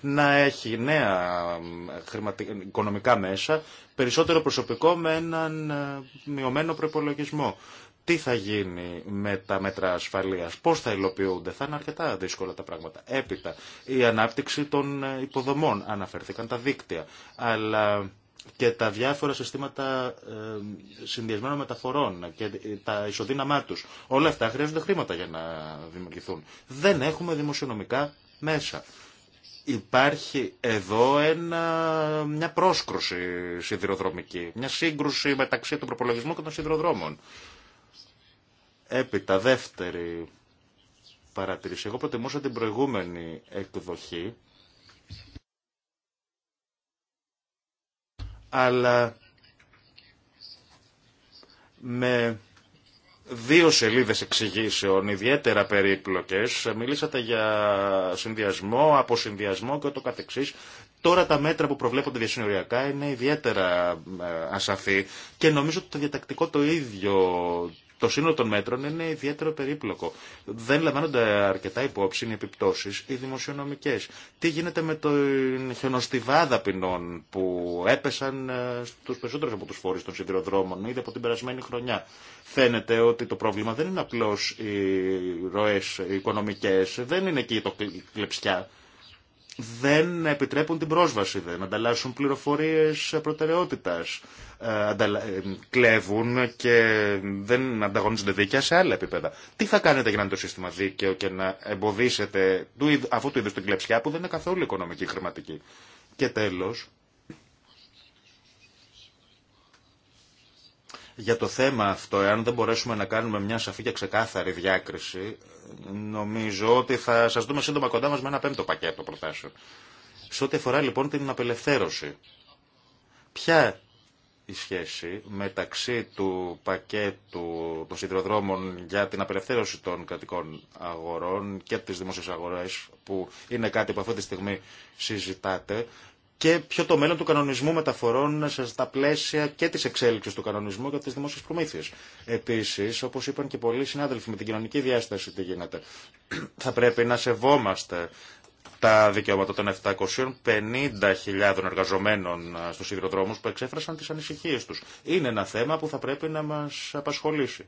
να έχει νέα ε, οικονομικά μέσα, περισσότερο προσωπικό με έναν ε, μειωμένο προπολογισμό τι θα γίνει με τα μέτρα ασφαλείας, πώς θα υλοποιούνται, θα είναι αρκετά δύσκολα τα πράγματα. Έπειτα, η ανάπτυξη των υποδομών, αναφέρθηκαν τα δίκτυα, αλλά και τα διάφορα συστήματα ε, συνδυασμένων μεταφορών και τα ισοδύναμά τους. Όλα αυτά χρειάζονται χρήματα για να δημιουργηθούν. Δεν έχουμε δημοσιονομικά μέσα. Υπάρχει εδώ ένα, μια πρόσκρουση σιδηροδρομική, μια σύγκρουση μεταξύ των προπολογισμού και των σιδηροδρόμων. Έπειτα, δεύτερη παρατηρήση. Εγώ προτιμούσα την προηγούμενη εκδοχή, αλλά με δύο σελίδες εξηγήσεων, ιδιαίτερα περίπλοκες, μιλήσατε για συνδυασμό, αποσυνδυασμό και το καθεξής. Τώρα τα μέτρα που προβλέπονται διασυνοριακά είναι ιδιαίτερα ε, ασαφή και νομίζω ότι το διατακτικό το ίδιο το σύνολο των μέτρων είναι ιδιαίτερο περίπλοκο. Δεν λαμβάνονται αρκετά υπόψη οι επιπτώσει, οι δημοσιονομικέ. Τι γίνεται με την χιονοστιβάδα ποινών που έπεσαν ε, στου περισσότερου από του φόρους των σιδηροδρόμων ήδη από την περασμένη χρονιά. Φαίνεται ότι το πρόβλημα δεν είναι απλώ οι ροέ οικονομικέ, δεν είναι εκεί το κλεψιά δεν επιτρέπουν την πρόσβαση, δεν ανταλλάσσουν πληροφορίες προτεραιότητας, ε, ε, κλέβουν και δεν ανταγωνίζονται δίκαια σε άλλα επίπεδα. Τι θα κάνετε για να είναι το σύστημα δίκαιο και να εμποδίσετε αυτού του είδους την κλεψιά που δεν είναι καθόλου οικονομική χρηματική. Και τέλος, Για το θέμα αυτό, εάν δεν μπορέσουμε να κάνουμε μια σαφή και ξεκάθαρη διάκριση, νομίζω ότι θα σας δούμε σύντομα κοντά μας με ένα πέμπτο πακέτο προτάσεων. Σε ό,τι αφορά λοιπόν την απελευθέρωση, ποια η σχέση μεταξύ του πακέτου των σιδηροδρόμων για την απελευθέρωση των κρατικών αγορών και της δημόσιας αγοράς, που είναι κάτι που αυτή τη στιγμή συζητάτε και ποιο το μέλλον του κανονισμού μεταφορών στα πλαίσια και τη εξέλιξη του κανονισμού και τη δημόσια προμήθεια. Επίση, όπω είπαν και πολλοί συνάδελφοι με την κοινωνική διάσταση, τι γίνεται. Θα πρέπει να σεβόμαστε τα δικαιώματα των 750.000 εργαζομένων στους υδροδρόμου που εξέφρασαν τι ανησυχίε του. Είναι ένα θέμα που θα πρέπει να μα απασχολήσει.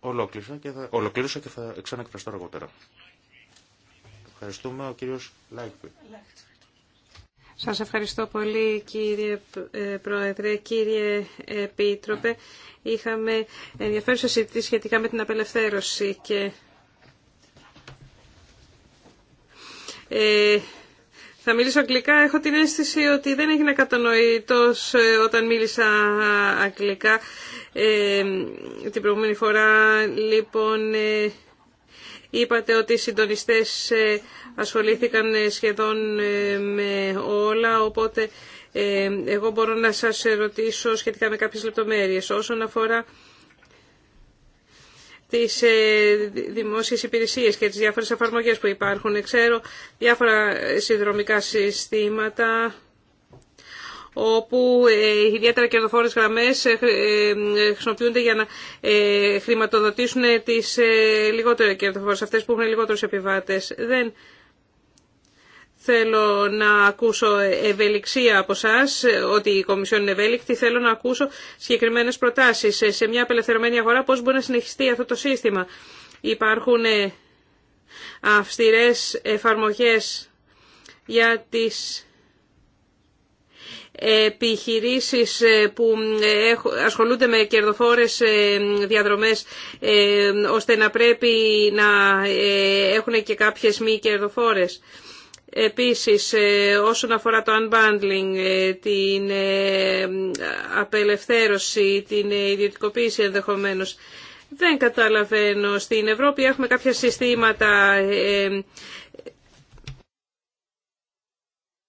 Ολόκληρωσα και θα... Ολοκλήρωσα και θα ξαναεκφραστώ αργότερα. Ευχαριστούμε ο κύριος Λάιχπη. Σας ευχαριστώ πολύ κύριε ε, Πρόεδρε, κύριε Επίτροπε. Είχαμε ενδιαφέρουσα συζήτηση σχετικά με την απελευθέρωση και ε, θα μιλήσω αγγλικά. Έχω την αίσθηση ότι δεν έγινε κατανοητός ε, όταν μίλησα αγγλικά ε, την προηγούμενη φορά. Λοιπόν, ε, Είπατε ότι οι συντονιστές ε, ασχολήθηκαν ε, σχεδόν ε, με όλα, οπότε εγώ μπορώ να σας ρωτήσω σχετικά με κάποιες λεπτομέρειες. Όσον αφορά τις δημόσιες υπηρεσίες και τις διάφορες εφαρμογές που υπάρχουν, ξέρω διάφορα συνδρομικά συστήματα όπου ε, ιδιαίτερα κερδοφόρες γραμμές ε, ε, χρησιμοποιούνται για να χρηματοδοτήσουν τις λιγότερε κερδοφόρες, αυτές που έχουν λιγότερους επιβάτες. Δεν θέλω να ακούσω ευελιξία από εσά, ότι η Κομισιόν είναι ευέλικτη, θέλω να ακούσω συγκεκριμένες προτάσεις. Σε μια απελευθερωμένη αγορά πώς μπορεί να συνεχιστεί αυτό το σύστημα. Υπάρχουν αυστηρές εφαρμογές για τις επιχειρήσεις ε, που ε, ασχολούνται με κερδοφόρες ε, διαδρομές ώστε να πρέπει να έχουν και κάποιες μη κερδοφόρες. Επίσης, όσον αφορά το unbundling, την απελευθέρωση, την ιδιωτικοποίηση ενδεχομένως, δεν καταλαβαίνω. Στην Ευρώπη έχουμε κάποια συστήματα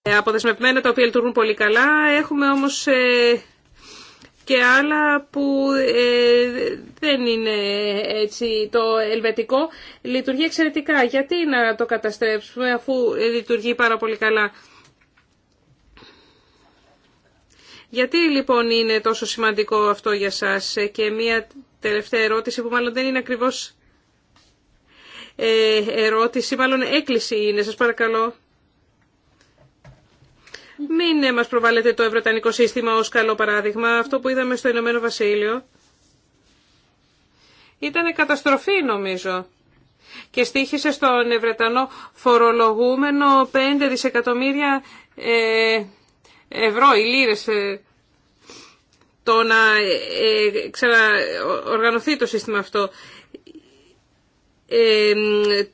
ε, αποδεσμευμένα τα οποία λειτουργούν πολύ καλά. Έχουμε όμως ε, και άλλα που ε, δεν είναι έτσι. Το ελβετικό λειτουργεί εξαιρετικά. Γιατί να το καταστρέψουμε αφού λειτουργεί πάρα πολύ καλά. Γιατί λοιπόν είναι τόσο σημαντικό αυτό για σας και μία τελευταία ερώτηση που μάλλον δεν είναι ακριβώς ερώτηση, μάλλον έκκληση είναι. Σας παρακαλώ μην ε, μας προβάλλετε το ευρωτανικό σύστημα ως καλό παράδειγμα. Αυτό που είδαμε στο Ηνωμένο Βασίλειο ήταν καταστροφή νομίζω και στήχησε στον Ευρετανό φορολογούμενο 5 δισεκατομμύρια ε, ευρώ, οι λίρες. Ε, το να ξαναοργανωθεί το σύστημα αυτό.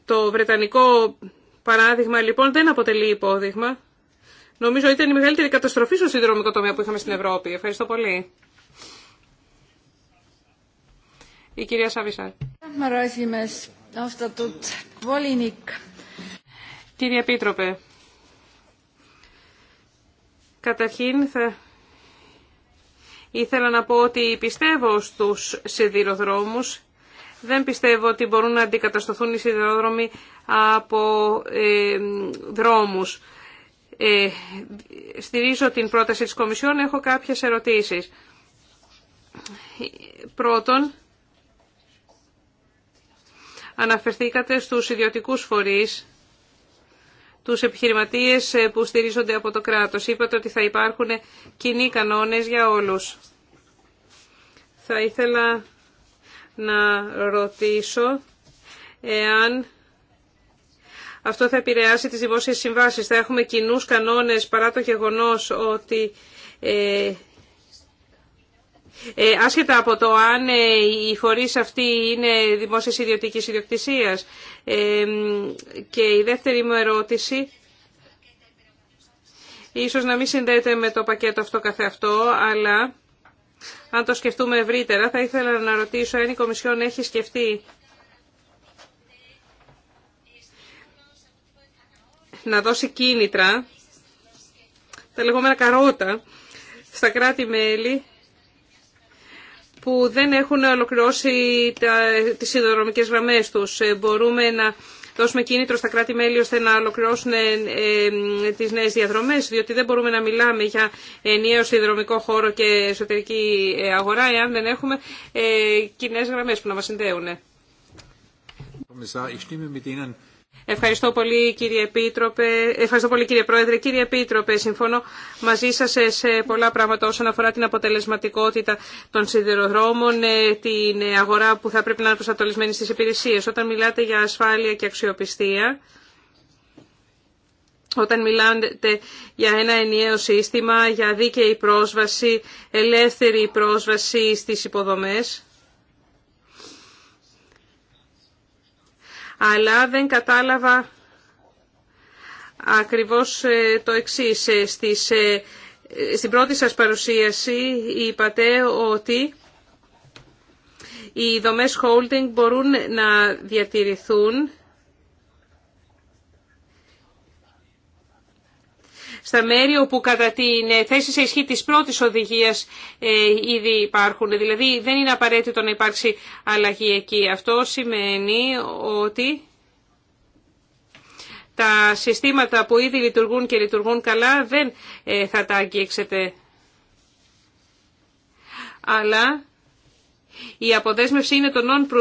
Το βρετανικό παράδειγμα λοιπόν δεν αποτελεί υπόδειγμα. Νομίζω ήταν η μεγαλύτερη καταστροφή στο συνδρομικό τομέα που είχαμε στην Ευρώπη. Ευχαριστώ πολύ. Η κυρία Σάβησα. Κύριε Επίτροπε, καταρχήν θα... ήθελα να πω ότι πιστεύω στους σιδηροδρόμους. Δεν πιστεύω ότι μπορούν να αντικατασταθούν οι σιδηρόδρομοι από ε, δρόμους ε, στηρίζω την πρόταση της Κομισιόν, έχω κάποιες ερωτήσεις. Πρώτον, αναφερθήκατε στους ιδιωτικούς φορείς, τους επιχειρηματίες ε, που στηρίζονται από το κράτος. Είπατε ότι θα υπάρχουν κοινοί κανόνες για όλους. Θα ήθελα να ρωτήσω εάν αυτό θα επηρεάσει τις δημόσιες συμβάσεις. Θα έχουμε κοινούς κανόνες παρά το γεγονός ότι... Ε, ε, άσχετα από το αν ε, οι φορείς αυτοί είναι δημόσιες ιδιωτικής ιδιοκτησίας. Ε, και η δεύτερη μου ερώτηση, ίσως να μην συνδέεται με το πακέτο αυτό καθεαυτό, αλλά αν το σκεφτούμε ευρύτερα, θα ήθελα να ρωτήσω αν η Κομισιόν έχει σκεφτεί να δώσει κίνητρα, τα λεγόμενα καρότα, στα κράτη-μέλη που δεν έχουν ολοκληρώσει τα, τις συνδρομικές γραμμές τους. Ε, μπορούμε να δώσουμε κίνητρο στα κράτη-μέλη ώστε να ολοκληρώσουν ε, ε, τις νέες διαδρομές, διότι δεν μπορούμε να μιλάμε για ενιαίο συνδρομικό χώρο και εσωτερική ε, αγορά, εάν δεν έχουμε ε, κοινέ γραμμές που να μας συνδέουν. Ευχαριστώ πολύ κύριε Επίτροπε, ευχαριστώ πολύ κύριε Πρόεδρε. Κύριε Επίτροπε, συμφωνώ μαζί σας σε πολλά πράγματα όσον αφορά την αποτελεσματικότητα των σιδηροδρόμων, ε, την αγορά που θα πρέπει να είναι προσανατολισμένη στις υπηρεσίες. Όταν μιλάτε για ασφάλεια και αξιοπιστία, όταν μιλάτε για ένα ενιαίο σύστημα, για δίκαιη πρόσβαση, ελεύθερη πρόσβαση στις υποδομές, αλλά δεν κατάλαβα ακριβώς ε, το εξής. Ε, στις, ε, στην πρώτη σας παρουσίαση είπατε ότι οι δομές holding μπορούν να διατηρηθούν Στα μέρη όπου κατά την ε, θέση σε ισχύ της πρώτης οδηγίας ε, ήδη υπάρχουν. Δηλαδή δεν είναι απαραίτητο να υπάρξει αλλαγή εκεί. Αυτό σημαίνει ότι τα συστήματα που ήδη λειτουργούν και λειτουργούν καλά δεν ε, θα τα αγγίξετε. Αλλά η αποδέσμευση είναι το non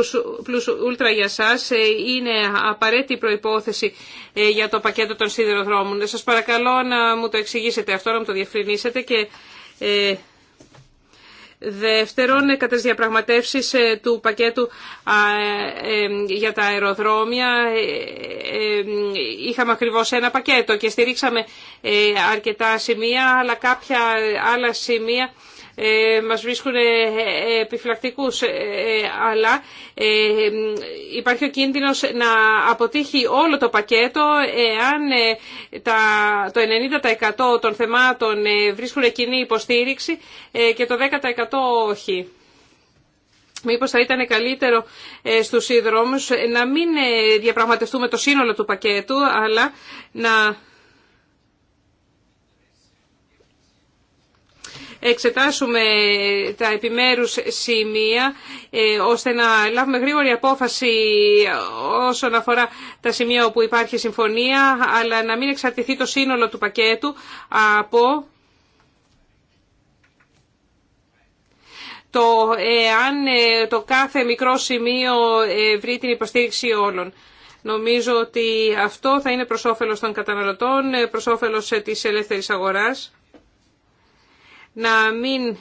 plus ultra για σας, ε, είναι απαραίτητη προϋπόθεση ε, για το πακέτο των σιδηροδρόμων. Σας παρακαλώ να μου το εξηγήσετε αυτό, να μου το διευκρινίσετε και ε, Δεύτερον, κατά τις διαπραγματεύσεις του πακέτου για τα αεροδρόμια είχαμε ακριβώς ένα πακέτο και στηρίξαμε αρκετά σημεία, αλλά κάποια άλλα σημεία ε, μας βρίσκουν ε, ε, επιφυλακτικούς, αλλά υπάρχει ο κίνδυνος να αποτύχει όλο το πακέτο εάν το 90% των θεμάτων βρίσκουν κοινή υποστήριξη και το 10% όχι. Μήπως θα ήταν καλύτερο στους συνδρόμους να μην διαπραγματευτούμε το σύνολο του πακέτου, αλλά να εξετάσουμε τα επιμέρους σημεία ε, ώστε να λάβουμε γρήγορη απόφαση όσον αφορά τα σημεία όπου υπάρχει συμφωνία αλλά να μην εξαρτηθεί το σύνολο του πακέτου από το εάν ε, το κάθε μικρό σημείο ε, βρει την υποστήριξη όλων. Νομίζω ότι αυτό θα είναι προς όφελος των καταναλωτών, προς όφελος της ελεύθερης αγοράς να μην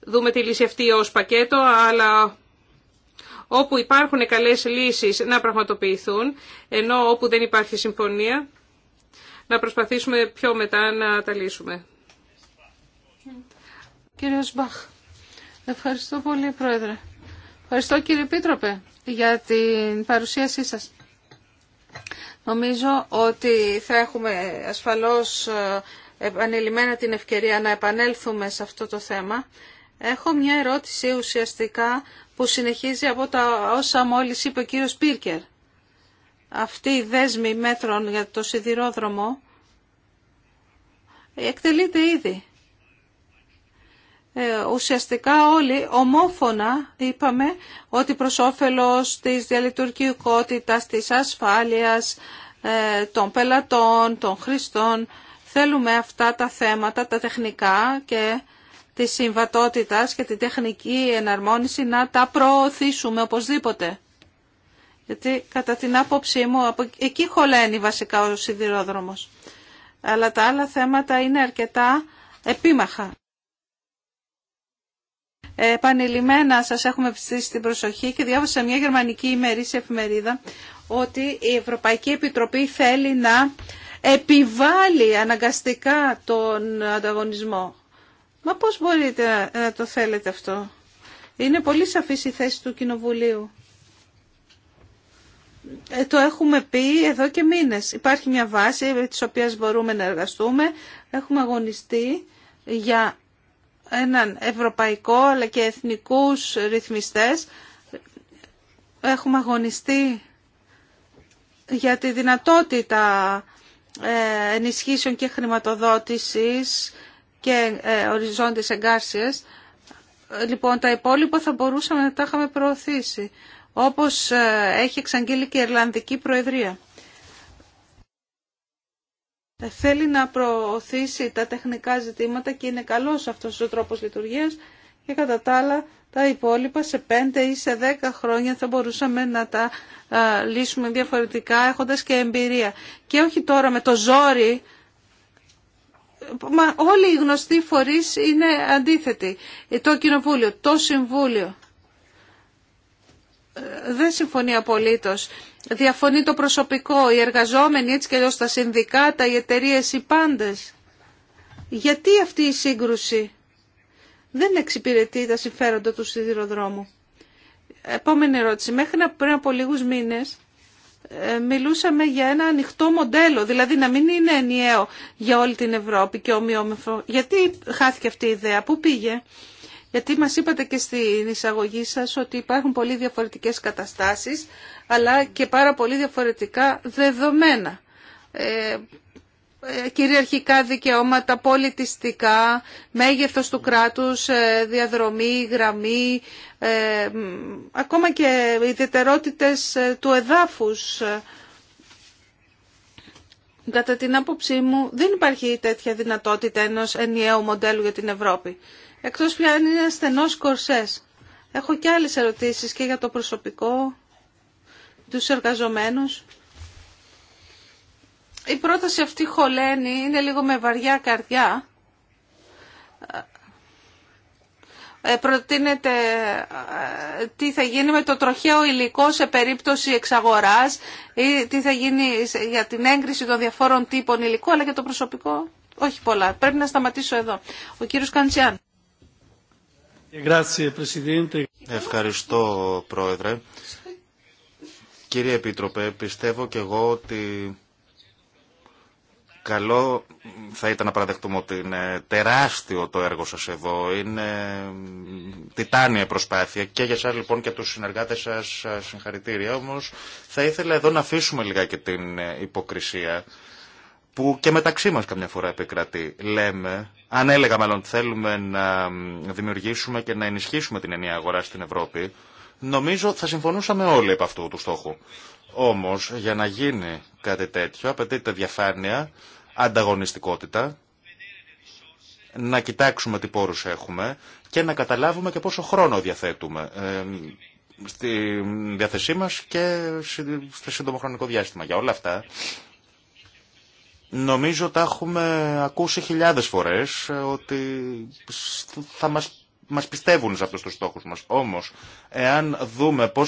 δούμε τη λύση αυτή ως πακέτο, αλλά όπου υπάρχουν καλές λύσεις να πραγματοποιηθούν, ενώ όπου δεν υπάρχει συμφωνία, να προσπαθήσουμε πιο μετά να τα λύσουμε. Κύριε Σμπαχ, ευχαριστώ πολύ Πρόεδρε. Ευχαριστώ κύριε Πίτροπε για την παρουσίασή σας. Νομίζω ότι θα έχουμε ασφαλώς ε, επανειλημμένα την ευκαιρία να επανέλθουμε σε αυτό το θέμα. Έχω μια ερώτηση ουσιαστικά που συνεχίζει από τα όσα μόλις είπε ο κύριος Πίρκερ. Αυτή η δέσμη μέτρων για το σιδηρόδρομο εκτελείται ήδη. Ε, ουσιαστικά όλοι ομόφωνα είπαμε ότι προς όφελος της διαλειτουργικότητας, της ασφάλειας, ε, των πελατών, των χρηστών, Θέλουμε αυτά τα θέματα, τα τεχνικά και τη συμβατότητα και τη τεχνική εναρμόνιση να τα προωθήσουμε οπωσδήποτε. Γιατί κατά την άποψή μου εκεί χωλαίνει βασικά ο σιδηρόδρομος. Αλλά τα άλλα θέματα είναι αρκετά επίμαχα. Επανειλημμένα σας έχουμε πιστήσει την προσοχή και διάβασα μια γερμανική ημερήσια εφημερίδα ότι η Ευρωπαϊκή Επιτροπή θέλει να επιβάλλει αναγκαστικά τον ανταγωνισμό. Μα πώς μπορείτε να το θέλετε αυτό. Είναι πολύ σαφής η θέση του Κοινοβουλίου. Ε, το έχουμε πει εδώ και μήνες. Υπάρχει μια βάση της οποίας μπορούμε να εργαστούμε. Έχουμε αγωνιστεί για έναν ευρωπαϊκό αλλά και εθνικούς ρυθμιστές. Έχουμε αγωνιστεί για τη δυνατότητα ε, ενισχύσεων και χρηματοδότησης και ε, οριζόντιες εγκάρσιες. Λοιπόν, τα υπόλοιπα θα μπορούσαμε να τα είχαμε προωθήσει, όπως ε, έχει εξαγγείλει και η Ιρλανδική Προεδρία. Θέλει να προωθήσει τα τεχνικά ζητήματα και είναι καλός αυτός ο τρόπος λειτουργίας και κατά τα άλλα τα υπόλοιπα σε 5 ή σε 10 χρόνια θα μπορούσαμε να τα λύσουμε διαφορετικά έχοντας και εμπειρία. Και όχι τώρα με το ζόρι, μα όλοι οι γνωστοί φορείς είναι αντίθετοι. Το Κοινοβούλιο, το Συμβούλιο ε, δεν συμφωνεί απολύτως. Διαφωνεί το προσωπικό, οι εργαζόμενοι, έτσι και εδώ τα συνδικάτα, οι εταιρείε οι πάντες. Γιατί αυτή η σύγκρουση δεν εξυπηρετεί τα συμφέροντα του σιδηροδρόμου. Επόμενη ερώτηση. Μέχρι πριν από λίγους μήνες ε, μιλούσαμε για ένα ανοιχτό μοντέλο, δηλαδή να μην είναι ενιαίο για όλη την Ευρώπη και ομοιόμεθο. Γιατί χάθηκε αυτή η ιδέα, πού πήγε. Γιατί μας είπατε και στην εισαγωγή σας ότι υπάρχουν πολύ διαφορετικές καταστάσεις, αλλά και πάρα πολύ διαφορετικά δεδομένα. Ε, ε, κυριαρχικά δικαιώματα, πολιτιστικά, μέγεθος του κράτους, ε, διαδρομή, γραμμή, ε, ακόμα και ιδιαιτερότητες του εδάφους. Κατά την άποψή μου δεν υπάρχει τέτοια δυνατότητα ενός ενιαίου μοντέλου για την Ευρώπη. Εκτός πια αν είναι στενός κορσές. Έχω και άλλες ερωτήσεις και για το προσωπικό, τους εργαζομένους η πρόταση αυτή χωλαίνει, είναι λίγο με βαριά καρδιά. Ε, προτείνεται ε, τι θα γίνει με το τροχαίο υλικό σε περίπτωση εξαγοράς ή τι θα γίνει για την έγκριση των διαφόρων τύπων υλικού, αλλά και το προσωπικό. Όχι πολλά. Πρέπει να σταματήσω εδώ. Ο κύριος Καντσιάν. Ευχαριστώ, Πρόεδρε. Κύριε Επίτροπε, πιστεύω και εγώ ότι Καλό θα ήταν να παραδεχτούμε ότι είναι τεράστιο το έργο σας εδώ, είναι τιτάνια προσπάθεια και για σας λοιπόν και τους συνεργάτες σας συγχαρητήρια όμως θα ήθελα εδώ να αφήσουμε λιγάκι την υποκρισία που και μεταξύ μας καμιά φορά επικρατεί. Λέμε, αν έλεγα μάλλον θέλουμε να δημιουργήσουμε και να ενισχύσουμε την ενιαία αγορά στην Ευρώπη, νομίζω θα συμφωνούσαμε όλοι από αυτού του στόχου. Όμως, για να γίνει κάτι τέτοιο απαιτείται διαφάνεια, ανταγωνιστικότητα, να κοιτάξουμε τι πόρους έχουμε και να καταλάβουμε και πόσο χρόνο διαθέτουμε ε, στη διάθεσή μας και στο σύντομο χρονικό διάστημα. Για όλα αυτά νομίζω τα έχουμε ακούσει χιλιάδες φορές ε, ότι θα μας μα πιστεύουν σε αυτού του στόχου μα. Όμω, εάν δούμε πώ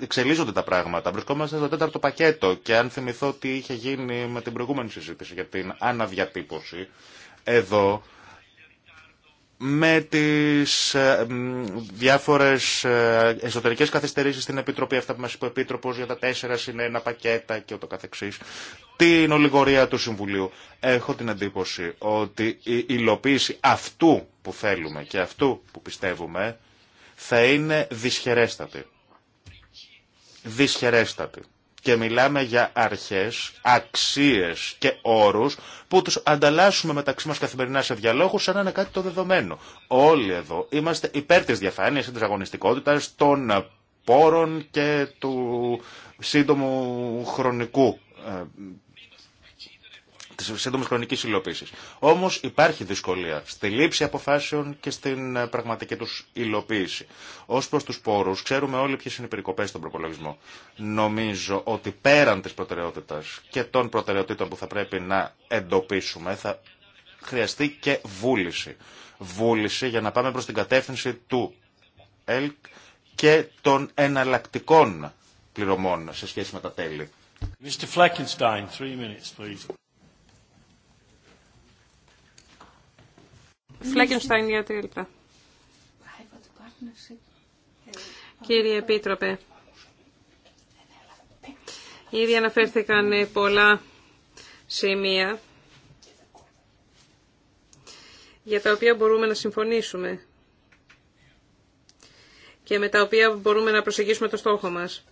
εξελίσσονται τα πράγματα, βρισκόμαστε στο τέταρτο πακέτο και αν θυμηθώ τι είχε γίνει με την προηγούμενη συζήτηση για την αναδιατύπωση, εδώ με τις ε, διάφορες ε, εσωτερικές καθυστερήσεις στην Επιτροπή, αυτά που μας είπε ο Επίτροπος για τα τέσσερα είναι ένα πακέτα και ούτω καθεξής, την ολιγορία του Συμβουλίου. Έχω την εντύπωση ότι η υλοποίηση αυτού που θέλουμε και αυτού που πιστεύουμε θα είναι δυσχερέστατη. Δυσχερέστατη και μιλάμε για αρχές, αξίες και όρους που τους ανταλλάσσουμε μεταξύ μας καθημερινά σε διαλόγους σαν να είναι κάτι το δεδομένο. Όλοι εδώ είμαστε υπέρ της διαφάνειας, της αγωνιστικότητας, των πόρων και του σύντομου χρονικού ε, τη σύντομη χρονική υλοποίηση. Όμω υπάρχει δυσκολία στη λήψη αποφάσεων και στην ε, πραγματική του υλοποίηση. Ω προ του πόρου, ξέρουμε όλοι ποιε είναι οι περικοπέ στον προπολογισμό. Νομίζω ότι πέραν τη προτεραιότητα και των προτεραιοτήτων που θα πρέπει να εντοπίσουμε, θα χρειαστεί και βούληση. Βούληση για να πάμε προ την κατεύθυνση του ΕΛΚ και των εναλλακτικών πληρωμών σε σχέση με τα τέλη. Mr. Fleckenstein, three minutes, please. Φλέκενστάιν για τρία λεπτά. Κύριε Επίτροπε, ήδη αναφέρθηκαν πολλά σημεία για τα οποία μπορούμε να συμφωνήσουμε και με τα οποία μπορούμε να προσεγγίσουμε το στόχο μας.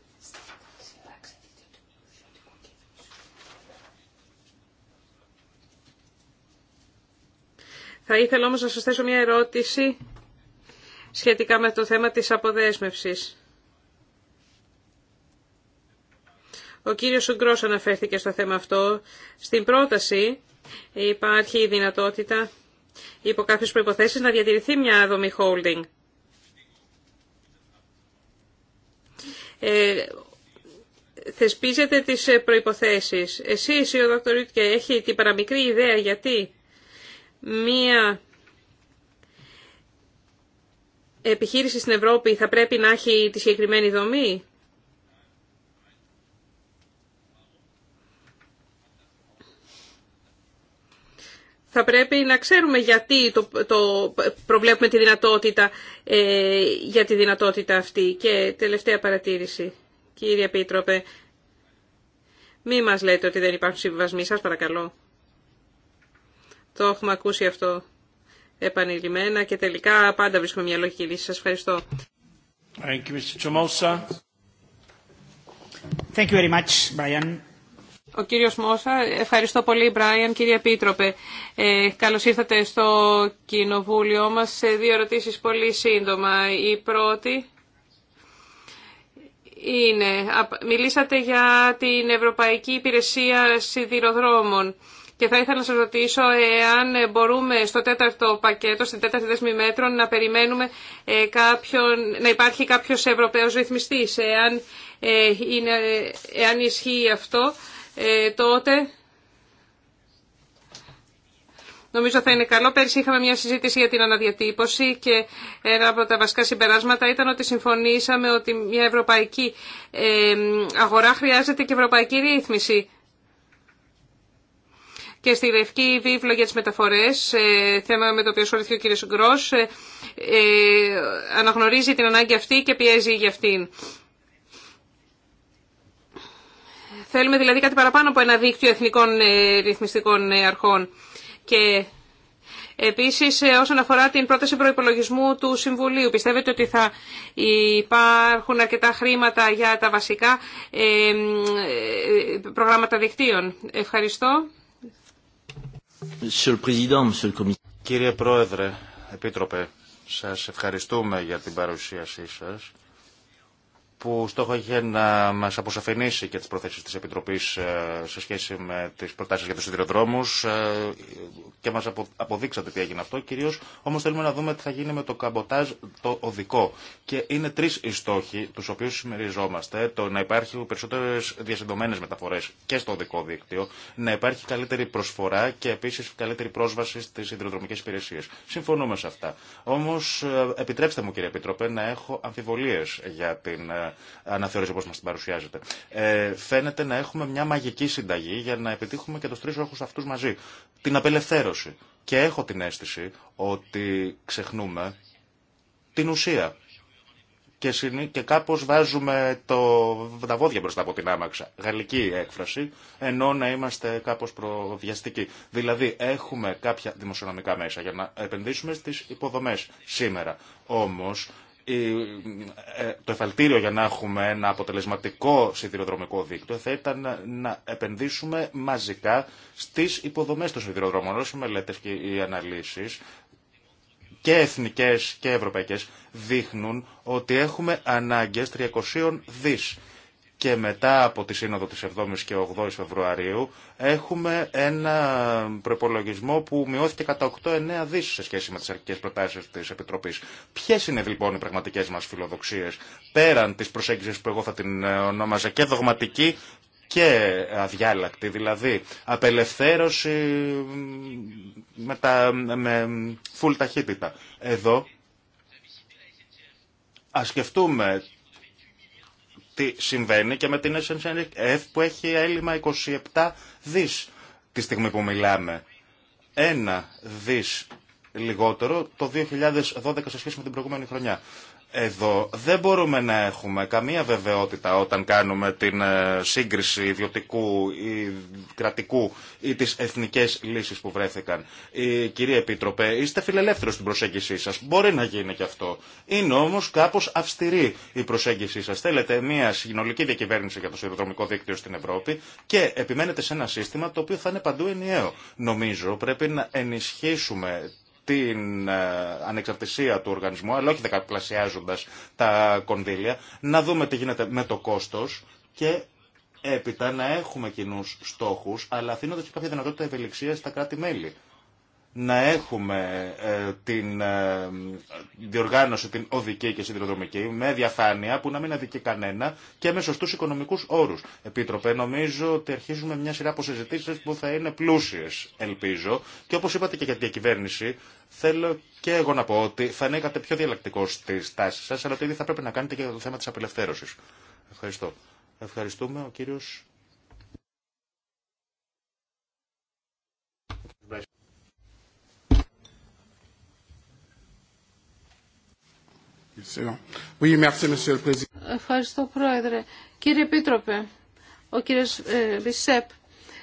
Θα ήθελα όμως να σας θέσω μια ερώτηση σχετικά με το θέμα της αποδέσμευσης. Ο κύριος Σουγκρός αναφέρθηκε στο θέμα αυτό. Στην πρόταση υπάρχει η δυνατότητα υπό κάποιες προϋποθέσεις να διατηρηθεί μια δομή holding. Ε, θεσπίζετε τις προϋποθέσεις. Εσείς ο Δ. Ρίτκε έχει την παραμικρή ιδέα γιατί μία επιχείρηση στην Ευρώπη θα πρέπει να έχει τη συγκεκριμένη δομή. Θα πρέπει να ξέρουμε γιατί το, το προβλέπουμε τη δυνατότητα ε, για τη δυνατότητα αυτή. Και τελευταία παρατήρηση, κύριε Πίτροπε, μη μας λέτε ότι δεν υπάρχουν συμβασμοί σας παρακαλώ. Το έχουμε ακούσει αυτό επανειλημμένα και τελικά πάντα βρίσκουμε μια λογική λύση. Σας ευχαριστώ. Thank you, very much, Ο κύριος Μόσα, ευχαριστώ πολύ, Μπράιαν. Κύριε Επίτροπε, ε, καλώς ήρθατε στο κοινοβούλιο μας. Σε δύο ερωτήσεις πολύ σύντομα. Η πρώτη είναι, μιλήσατε για την Ευρωπαϊκή Υπηρεσία Σιδηροδρόμων. Και θα ήθελα να σας ρωτήσω εάν μπορούμε στο τέταρτο πακέτο, στην τέταρτη δεσμή μέτρων, να περιμένουμε ε, κάποιον, να υπάρχει κάποιος Ευρωπαίος ρυθμιστής. Εάν, ε, είναι, εάν ισχύει αυτό, ε, τότε... Νομίζω θα είναι καλό. Πέρσι είχαμε μια συζήτηση για την αναδιατύπωση και ένα από τα βασικά συμπεράσματα ήταν ότι συμφωνήσαμε ότι μια ευρωπαϊκή αγορά χρειάζεται και ευρωπαϊκή ρύθμιση και στη Λευκή Βίβλο για τις μεταφορές, ε, θέμα με το οποίο ασχοληθεί ο κ. Γκρός, ε, ε, αναγνωρίζει την ανάγκη αυτή και πιέζει για αυτήν. Θέλουμε δηλαδή κάτι παραπάνω από ένα δίκτυο εθνικών ρυθμιστικών αρχών. Και επίσης όσον αφορά την πρόταση προϋπολογισμού του Συμβουλίου, πιστεύετε ότι θα υπάρχουν αρκετά χρήματα για τα βασικά προγράμματα δικτύων. Ευχαριστώ. Κύριε Πρόεδρε, Επίτροπε, σας ευχαριστούμε για την παρουσίασή σας που στόχο είχε να μα αποσαφηνίσει και τι προθέσει τη Επιτροπή ε, σε σχέση με τι προτάσει για του σιδηροδρόμου ε, και μα αποδείξατε τι έγινε αυτό. Κυρίω όμω θέλουμε να δούμε τι θα γίνει με το καμποτάζ το οδικό. Και είναι τρει οι στόχοι του οποίου συμμεριζόμαστε. Το να υπάρχουν περισσότερε διασυνδομένε μεταφορέ και στο οδικό δίκτυο, να υπάρχει καλύτερη προσφορά και επίση καλύτερη πρόσβαση στι σιδηροδρομικέ υπηρεσίε. Συμφωνούμε σε αυτά. Όμω ε, επιτρέψτε μου κύριε Επιτροπέ να έχω αμφιβολίε για την αναθεώρηση πώς μας την παρουσιάζεται. Ε, φαίνεται να έχουμε μια μαγική συνταγή για να επιτύχουμε και του τρει όχου αυτούς μαζί. Την απελευθέρωση. Και έχω την αίσθηση ότι ξεχνούμε την ουσία και, κάπως βάζουμε το, τα βόδια μπροστά από την άμαξα. Γαλλική έκφραση, ενώ να είμαστε κάπως προδιαστικοί. Δηλαδή έχουμε κάποια δημοσιονομικά μέσα για να επενδύσουμε στις υποδομές σήμερα. Όμως ε, το εφαλτήριο για να έχουμε ένα αποτελεσματικό σιδηροδρομικό δίκτυο θα ήταν να επενδύσουμε μαζικά στις υποδομές των σιδηροδρόμων. Όσοι μελέτες και οι αναλύσεις και εθνικές και ευρωπαϊκές δείχνουν ότι έχουμε ανάγκες 300 δις και μετά από τη σύνοδο της 7ης και 8ης Φεβρουαρίου έχουμε ένα προπολογισμό που μειώθηκε κατά 8-9 δις σε σχέση με τις αρχικές προτάσεις της Επιτροπής. Ποιες είναι λοιπόν οι πραγματικές μας φιλοδοξίες πέραν της προσέγγισης που εγώ θα την ονόμαζα και δογματική και αδιάλακτη, δηλαδή απελευθέρωση με, τα, με full ταχύτητα. Εδώ ας σκεφτούμε τι συμβαίνει και με την SNCF που έχει έλλειμμα 27 δις τη στιγμή που μιλάμε. Ένα δις λιγότερο το 2012 σε σχέση με την προηγούμενη χρονιά. Εδώ δεν μπορούμε να έχουμε καμία βεβαιότητα όταν κάνουμε την ε, σύγκριση ιδιωτικού ή κρατικού ή τις εθνικές λύσεις που βρέθηκαν. Η, κυρία Επίτροπε, είστε φιλελεύθερος στην προσέγγισή σας. Μπορεί να γίνει και αυτό. Είναι όμως κάπως αυστηρή η προσέγγισή σας. Θέλετε μια συνολική διακυβέρνηση για το σιδηροδρομικό δίκτυο στην Ευρώπη και επιμένετε σε ένα σύστημα το οποίο θα είναι παντού ενιαίο. Νομίζω πρέπει να ενισχύσουμε την ε, ανεξαρτησία του οργανισμού, αλλά όχι δεκαπλασιάζοντας τα κονδύλια, να δούμε τι γίνεται με το κόστος και έπειτα να έχουμε κοινού στόχους, αλλά αφήνοντας και κάποια δυνατότητα ευελιξία στα κράτη-μέλη να έχουμε ε, την ε, διοργάνωση, την οδική και συνδυοδρομική, με διαφάνεια που να μην αδικεί κανένα και με σωστούς οικονομικούς όρους. Επίτροπε, νομίζω ότι αρχίζουμε μια σειρά από συζητήσεις που θα είναι πλούσιες, ελπίζω. Και όπως είπατε και για την διακυβέρνηση, θέλω και εγώ να πω ότι θα ανέκατε πιο διαλλακτικό στη τάση σας, αλλά το ίδιο θα πρέπει να κάνετε και για το θέμα της απελευθέρωσης. Ευχαριστώ. Ευχαριστούμε. Ο κύριος... Ευχαριστώ, Πρόεδρε. Κύριε Επίτροπε, ο κύριος Βισέπ,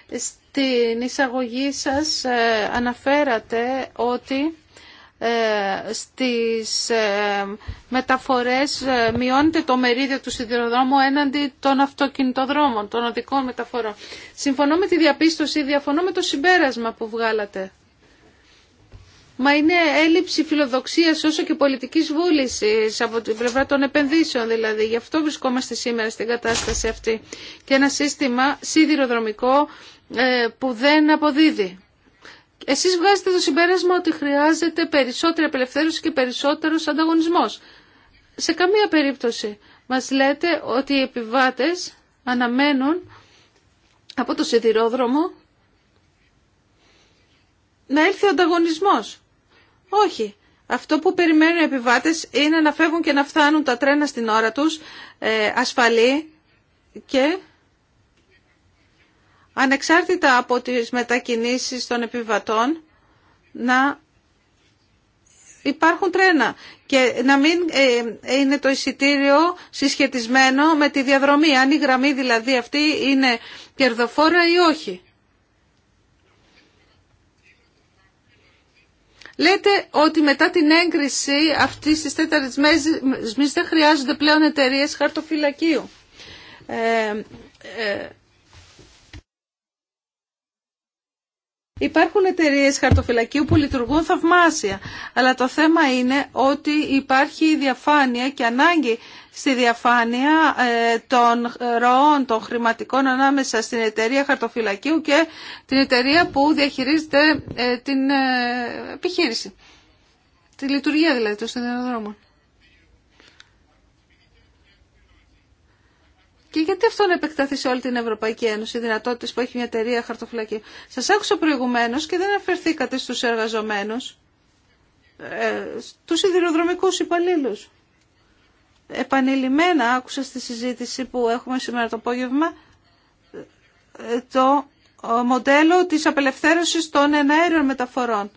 ε, στην εισαγωγή σας ε, αναφέρατε ότι ε, στις μεταφορές μειώνεται το μερίδιο του σιδηροδρόμου έναντι των αυτοκινητοδρόμων, των οδικών μεταφορών. Συμφωνώ με τη διαπίστωση, διαφωνώ με το συμπέρασμα που βγάλατε. Μα είναι έλλειψη φιλοδοξίας όσο και πολιτικής βούλησης από την πλευρά των επενδύσεων δηλαδή. Γι' αυτό βρισκόμαστε σήμερα στην κατάσταση αυτή. Και ένα σύστημα σιδηροδρομικό ε, που δεν αποδίδει. Εσείς βγάζετε το συμπέρασμα ότι χρειάζεται περισσότερη απελευθέρωση και περισσότερος ανταγωνισμός. Σε καμία περίπτωση μας λέτε ότι οι επιβάτες αναμένουν από το σιδηρόδρομο να έρθει ο ανταγωνισμός. Όχι. Αυτό που περιμένουν οι επιβάτες είναι να φεύγουν και να φτάνουν τα τρένα στην ώρα τους ε, ασφαλή και ανεξάρτητα από τις μετακινήσεις των επιβατών να υπάρχουν τρένα και να μην ε, είναι το εισιτήριο συσχετισμένο με τη διαδρομή, αν η γραμμή δηλαδή αυτή είναι κερδοφόρα ή όχι. Λέτε ότι μετά την έγκριση αυτή τη τέταρτη μέση δεν χρειάζονται πλέον εταιρείε χαρτοφυλακίου. Ε, ε, Υπάρχουν εταιρείε χαρτοφυλακίου που λειτουργούν θαυμάσια, αλλά το θέμα είναι ότι υπάρχει διαφάνεια και ανάγκη στη διαφάνεια ε, των ροών των χρηματικών ανάμεσα στην εταιρεία χαρτοφυλακίου και την εταιρεία που διαχειρίζεται ε, την ε, επιχείρηση. Τη λειτουργία δηλαδή των συνδεδρόμων. Και γιατί αυτό να επεκταθεί σε όλη την Ευρωπαϊκή Ένωση, οι δυνατότητε που έχει μια εταιρεία χαρτοφυλακή. Σα άκουσα προηγουμένω και δεν αφαιρθήκατε στου εργαζομένου, ε, στου σιδηροδρομικού υπαλλήλου. Επανειλημμένα άκουσα στη συζήτηση που έχουμε σήμερα το απόγευμα ε, το ε, μοντέλο της απελευθέρωσης των εναέριων μεταφορών.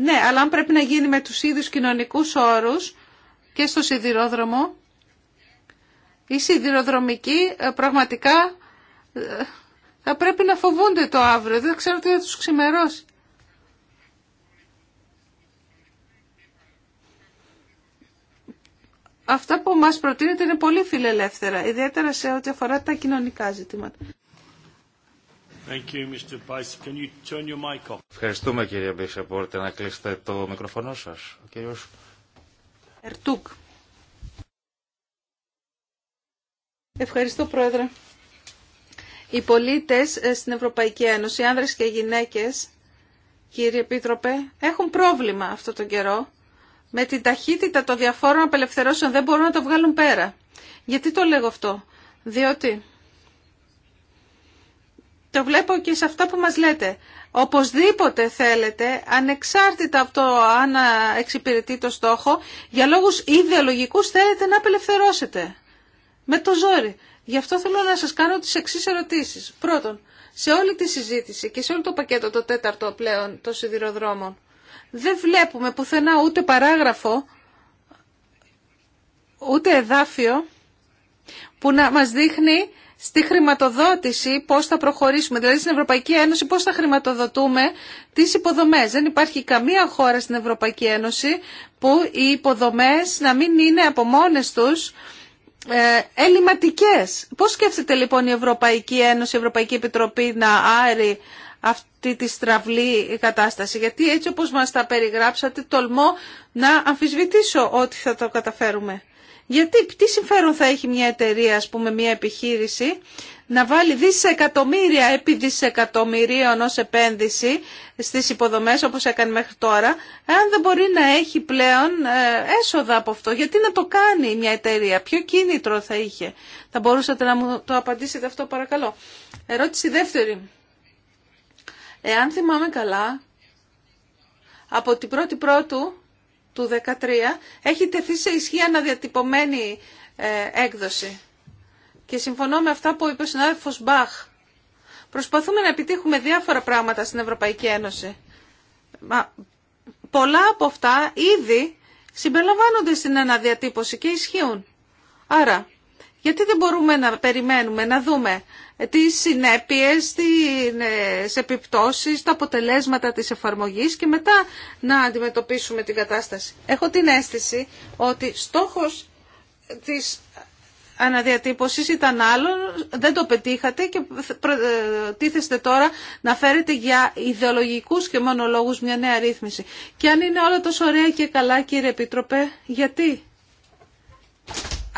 Ναι, αλλά αν πρέπει να γίνει με τους ίδιους κοινωνικούς όρους και στο σιδηρόδρομο, οι σιδηροδρομικοί ε, πραγματικά ε, θα πρέπει να φοβούνται το αύριο. Δεν ξέρω τι θα τους ξημερώσει. Αυτά που μας προτείνεται είναι πολύ φιλελεύθερα, ιδιαίτερα σε ό,τι αφορά τα κοινωνικά ζητήματα. Ευχαριστούμε κύριε Μπίσσα. Μπορείτε να κλείσετε το μικροφωνό σας. Ο κύριος Ερτούκ. Ευχαριστώ, Πρόεδρε. Οι πολίτες ε, στην Ευρωπαϊκή Ένωση, οι άνδρες και οι γυναίκες, κύριε Επίτροπε, έχουν πρόβλημα αυτό τον καιρό. Με την ταχύτητα των διαφόρων απελευθερώσεων δεν μπορούν να το βγάλουν πέρα. Γιατί το λέγω αυτό. Διότι το βλέπω και σε αυτά που μας λέτε. Οπωσδήποτε θέλετε, ανεξάρτητα από το αν εξυπηρετεί το στόχο, για λόγους ιδεολογικούς θέλετε να απελευθερώσετε με το ζόρι. Γι' αυτό θέλω να σας κάνω τις εξής ερωτήσεις. Πρώτον, σε όλη τη συζήτηση και σε όλο το πακέτο το τέταρτο πλέον των σιδηροδρόμων, δεν βλέπουμε πουθενά ούτε παράγραφο, ούτε εδάφιο που να μας δείχνει στη χρηματοδότηση πώς θα προχωρήσουμε. Δηλαδή στην Ευρωπαϊκή Ένωση πώς θα χρηματοδοτούμε τις υποδομές. Δεν υπάρχει καμία χώρα στην Ευρωπαϊκή Ένωση που οι υποδομές να μην είναι από μόνες τους ε, ελληματικές. Πώς σκέφτεται λοιπόν η Ευρωπαϊκή Ένωση, η Ευρωπαϊκή Επιτροπή να άρει αυτή τη στραβλή κατάσταση. Γιατί έτσι όπως μας τα περιγράψατε τολμώ να αμφισβητήσω ότι θα το καταφέρουμε. Γιατί, τι συμφέρον θα έχει μια εταιρεία, ας πούμε, μια επιχείρηση, να βάλει δισεκατομμύρια επί δισεκατομμυρίων ως επένδυση στις υποδομές όπως έκανε μέχρι τώρα, αν δεν μπορεί να έχει πλέον ε, έσοδα από αυτό. Γιατί να το κάνει μια εταιρεία, ποιο κίνητρο θα είχε. Θα μπορούσατε να μου το απαντήσετε αυτό παρακαλώ. Ερώτηση δεύτερη. Εάν θυμάμαι καλά, από την πρώτη πρώτου του 2013 έχει τεθεί σε ισχύ αναδιατυπωμένη ε, έκδοση. Και συμφωνώ με αυτά που είπε ο συνάδελφος Μπαχ. Προσπαθούμε να επιτύχουμε διάφορα πράγματα στην Ευρωπαϊκή Ένωση. Μα πολλά από αυτά ήδη συμπεριλαμβάνονται στην αναδιατύπωση και ισχύουν. Άρα, γιατί δεν μπορούμε να περιμένουμε, να δούμε τις συνέπειες, ε, τις επιπτώσεις, τα αποτελέσματα της εφαρμογής και μετά να αντιμετωπίσουμε την κατάσταση. Έχω την αίσθηση ότι στόχος της αναδιατύπωσης ήταν άλλο, δεν το πετύχατε και ε, τίθεστε τώρα να φέρετε για ιδεολογικούς και μόνο μια νέα ρύθμιση. Και αν είναι όλα τόσο ωραία και καλά κύριε Επίτροπε, γιατί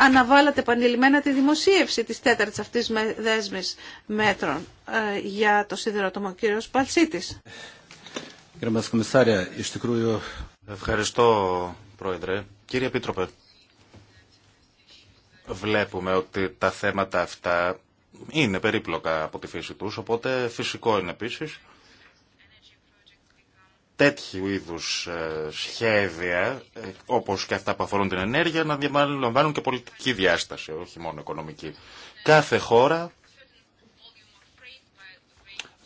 αναβάλατε επανειλημμένα τη δημοσίευση της τέταρτης αυτής δέσμης μέτρων ε, για το σιδηρότομο. κύριο κύριος Παλσίτης. Ευχαριστώ, Πρόεδρε. Κύριε Επίτροπε, βλέπουμε ότι τα θέματα αυτά είναι περίπλοκα από τη φύση τους, οπότε φυσικό είναι επίσης τέτοιου είδου ε, σχέδια, ε, όπω και αυτά που αφορούν την ενέργεια, να διαλαμβάνουν και πολιτική διάσταση, όχι μόνο οικονομική. Κάθε χώρα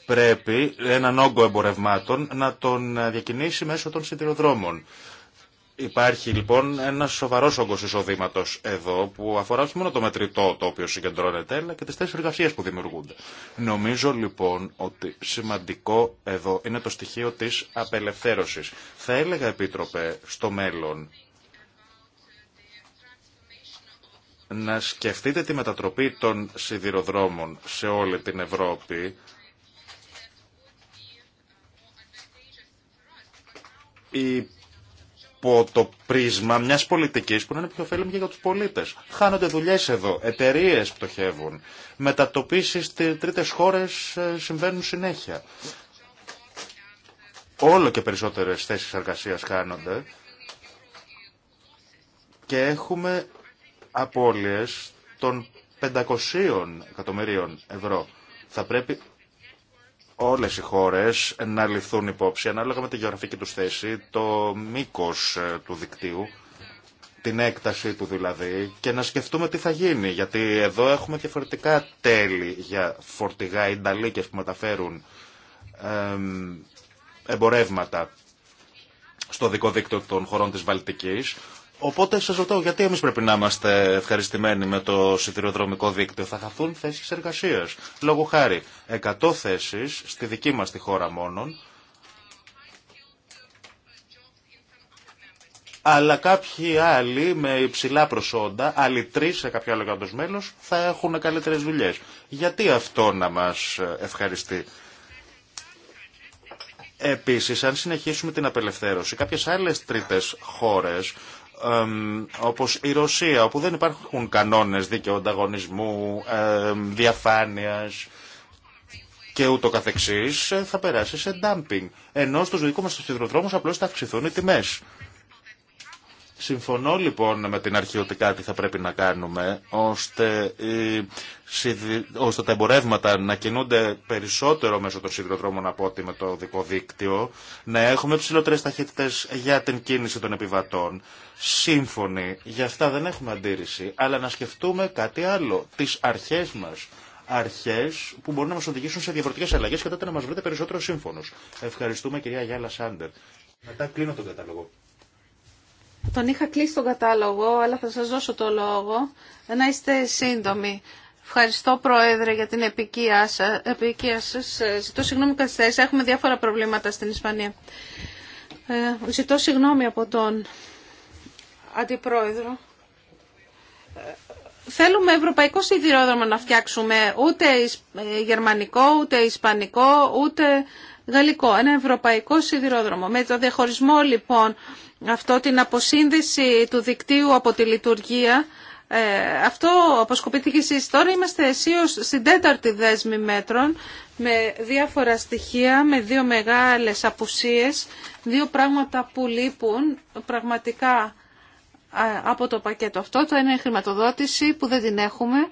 πρέπει έναν όγκο εμπορευμάτων να τον ε, διακινήσει μέσω των σιδηροδρόμων. Υπάρχει λοιπόν ένα σοβαρό όγκο εισοδήματο εδώ που αφορά όχι μόνο το μετρητό το οποίο συγκεντρώνεται, αλλά και τι θέσει εργασία που δημιουργούνται. Νομίζω λοιπόν ότι σημαντικό εδώ είναι το στοιχείο τη απελευθέρωση. Θα έλεγα, Επίτροπε, στο μέλλον να σκεφτείτε τη μετατροπή των σιδηροδρόμων σε όλη την Ευρώπη. Η από το πρίσμα μιας πολιτικής που να είναι πιο ωφέλιμη και για τους πολίτες. Χάνονται δουλειές εδώ, εταιρείε πτωχεύουν, μετατοπίσεις στι τρίτες χώρες ε, συμβαίνουν συνέχεια. Όλο και περισσότερες θέσεις εργασίας χάνονται και έχουμε απώλειες των 500 εκατομμυρίων ευρώ. Θα πρέπει όλες οι χώρες να ληφθούν υπόψη ανάλογα με τη γεωγραφική τους θέση, το μήκος ε, του δικτύου, την έκταση του δηλαδή και να σκεφτούμε τι θα γίνει γιατί εδώ έχουμε διαφορετικά τέλη για φορτηγά ή νταλίκες που μεταφέρουν εμπορεύματα στο δικό δίκτυο των χωρών της Βαλτικής Οπότε σα ρωτώ, γιατί εμεί πρέπει να είμαστε ευχαριστημένοι με το σιδηροδρομικό δίκτυο. Θα χαθούν θέσει εργασία. Λόγω χάρη, 100 θέσει στη δική μα τη χώρα μόνον. Αλλά κάποιοι άλλοι με υψηλά προσόντα, άλλοι τρει σε κάποιο άλλο κράτο μέλο, θα έχουν καλύτερε δουλειέ. Γιατί αυτό να μα ευχαριστεί. Επίση, αν συνεχίσουμε την απελευθέρωση, κάποιε άλλε τρίτε χώρε όπως η Ρωσία, όπου δεν υπάρχουν κανόνες δίκαιου ανταγωνισμού, διαφάνειας και ούτω καθεξής, θα περάσει σε dumping. Ενώ στους δικού μας στους απλώς θα αυξηθούν οι τιμές. Συμφωνώ λοιπόν με την αρχή ότι κάτι θα πρέπει να κάνουμε ώστε, ώστε τα εμπορεύματα να κινούνται περισσότερο μέσω των σιδηροδρόμων από ότι με το δικό δίκτυο, να έχουμε ψηλότερες ταχύτητες για την κίνηση των επιβατών. Σύμφωνοι, για αυτά δεν έχουμε αντίρρηση, αλλά να σκεφτούμε κάτι άλλο, τις αρχές μας. Αρχές που μπορούν να μας οδηγήσουν σε διαφορετικές αλλαγές και τότε να μας βρείτε περισσότερο σύμφωνος. Ευχαριστούμε κυρία Γιάλα Σάντερ. Μετά κλείνω τον κατάλογο. Τον είχα κλείσει τον κατάλογο, αλλά θα σας δώσω το λόγο να είστε σύντομοι. Ευχαριστώ, Πρόεδρε, για την επικία σας. Ε, ζητώ συγγνώμη καθυστέρηση. Έχουμε διάφορα προβλήματα στην Ισπανία. Ε, ζητώ συγγνώμη από τον Αντιπρόεδρο. Ε, θέλουμε ευρωπαϊκό σιδηρόδρομο να φτιάξουμε, ούτε ε, γερμανικό, ούτε ισπανικό, ούτε γαλλικό. Ένα ευρωπαϊκό σιδηρόδρομο. Με το διαχωρισμό λοιπόν αυτό την αποσύνδεση του δικτύου από τη λειτουργία. Ε, αυτό αποσκοπήθηκε εσείς. Τώρα είμαστε αισίως στην τέταρτη δέσμη μέτρων με διάφορα στοιχεία, με δύο μεγάλες απουσίες, δύο πράγματα που λείπουν πραγματικά ε, από το πακέτο αυτό. Το ένα είναι η χρηματοδότηση που δεν την έχουμε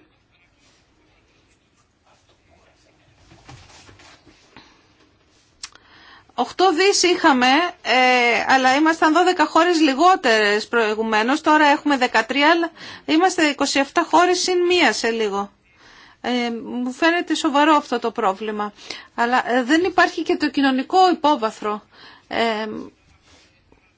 8 δις είχαμε, ε, αλλά ήμασταν 12 χώρες λιγότερες προηγουμένως, τώρα έχουμε 13, αλλά είμαστε 27 χώρες συν μία σε λίγο. Ε, μου φαίνεται σοβαρό αυτό το πρόβλημα. Αλλά ε, δεν υπάρχει και το κοινωνικό υπόβαθρο. Ε,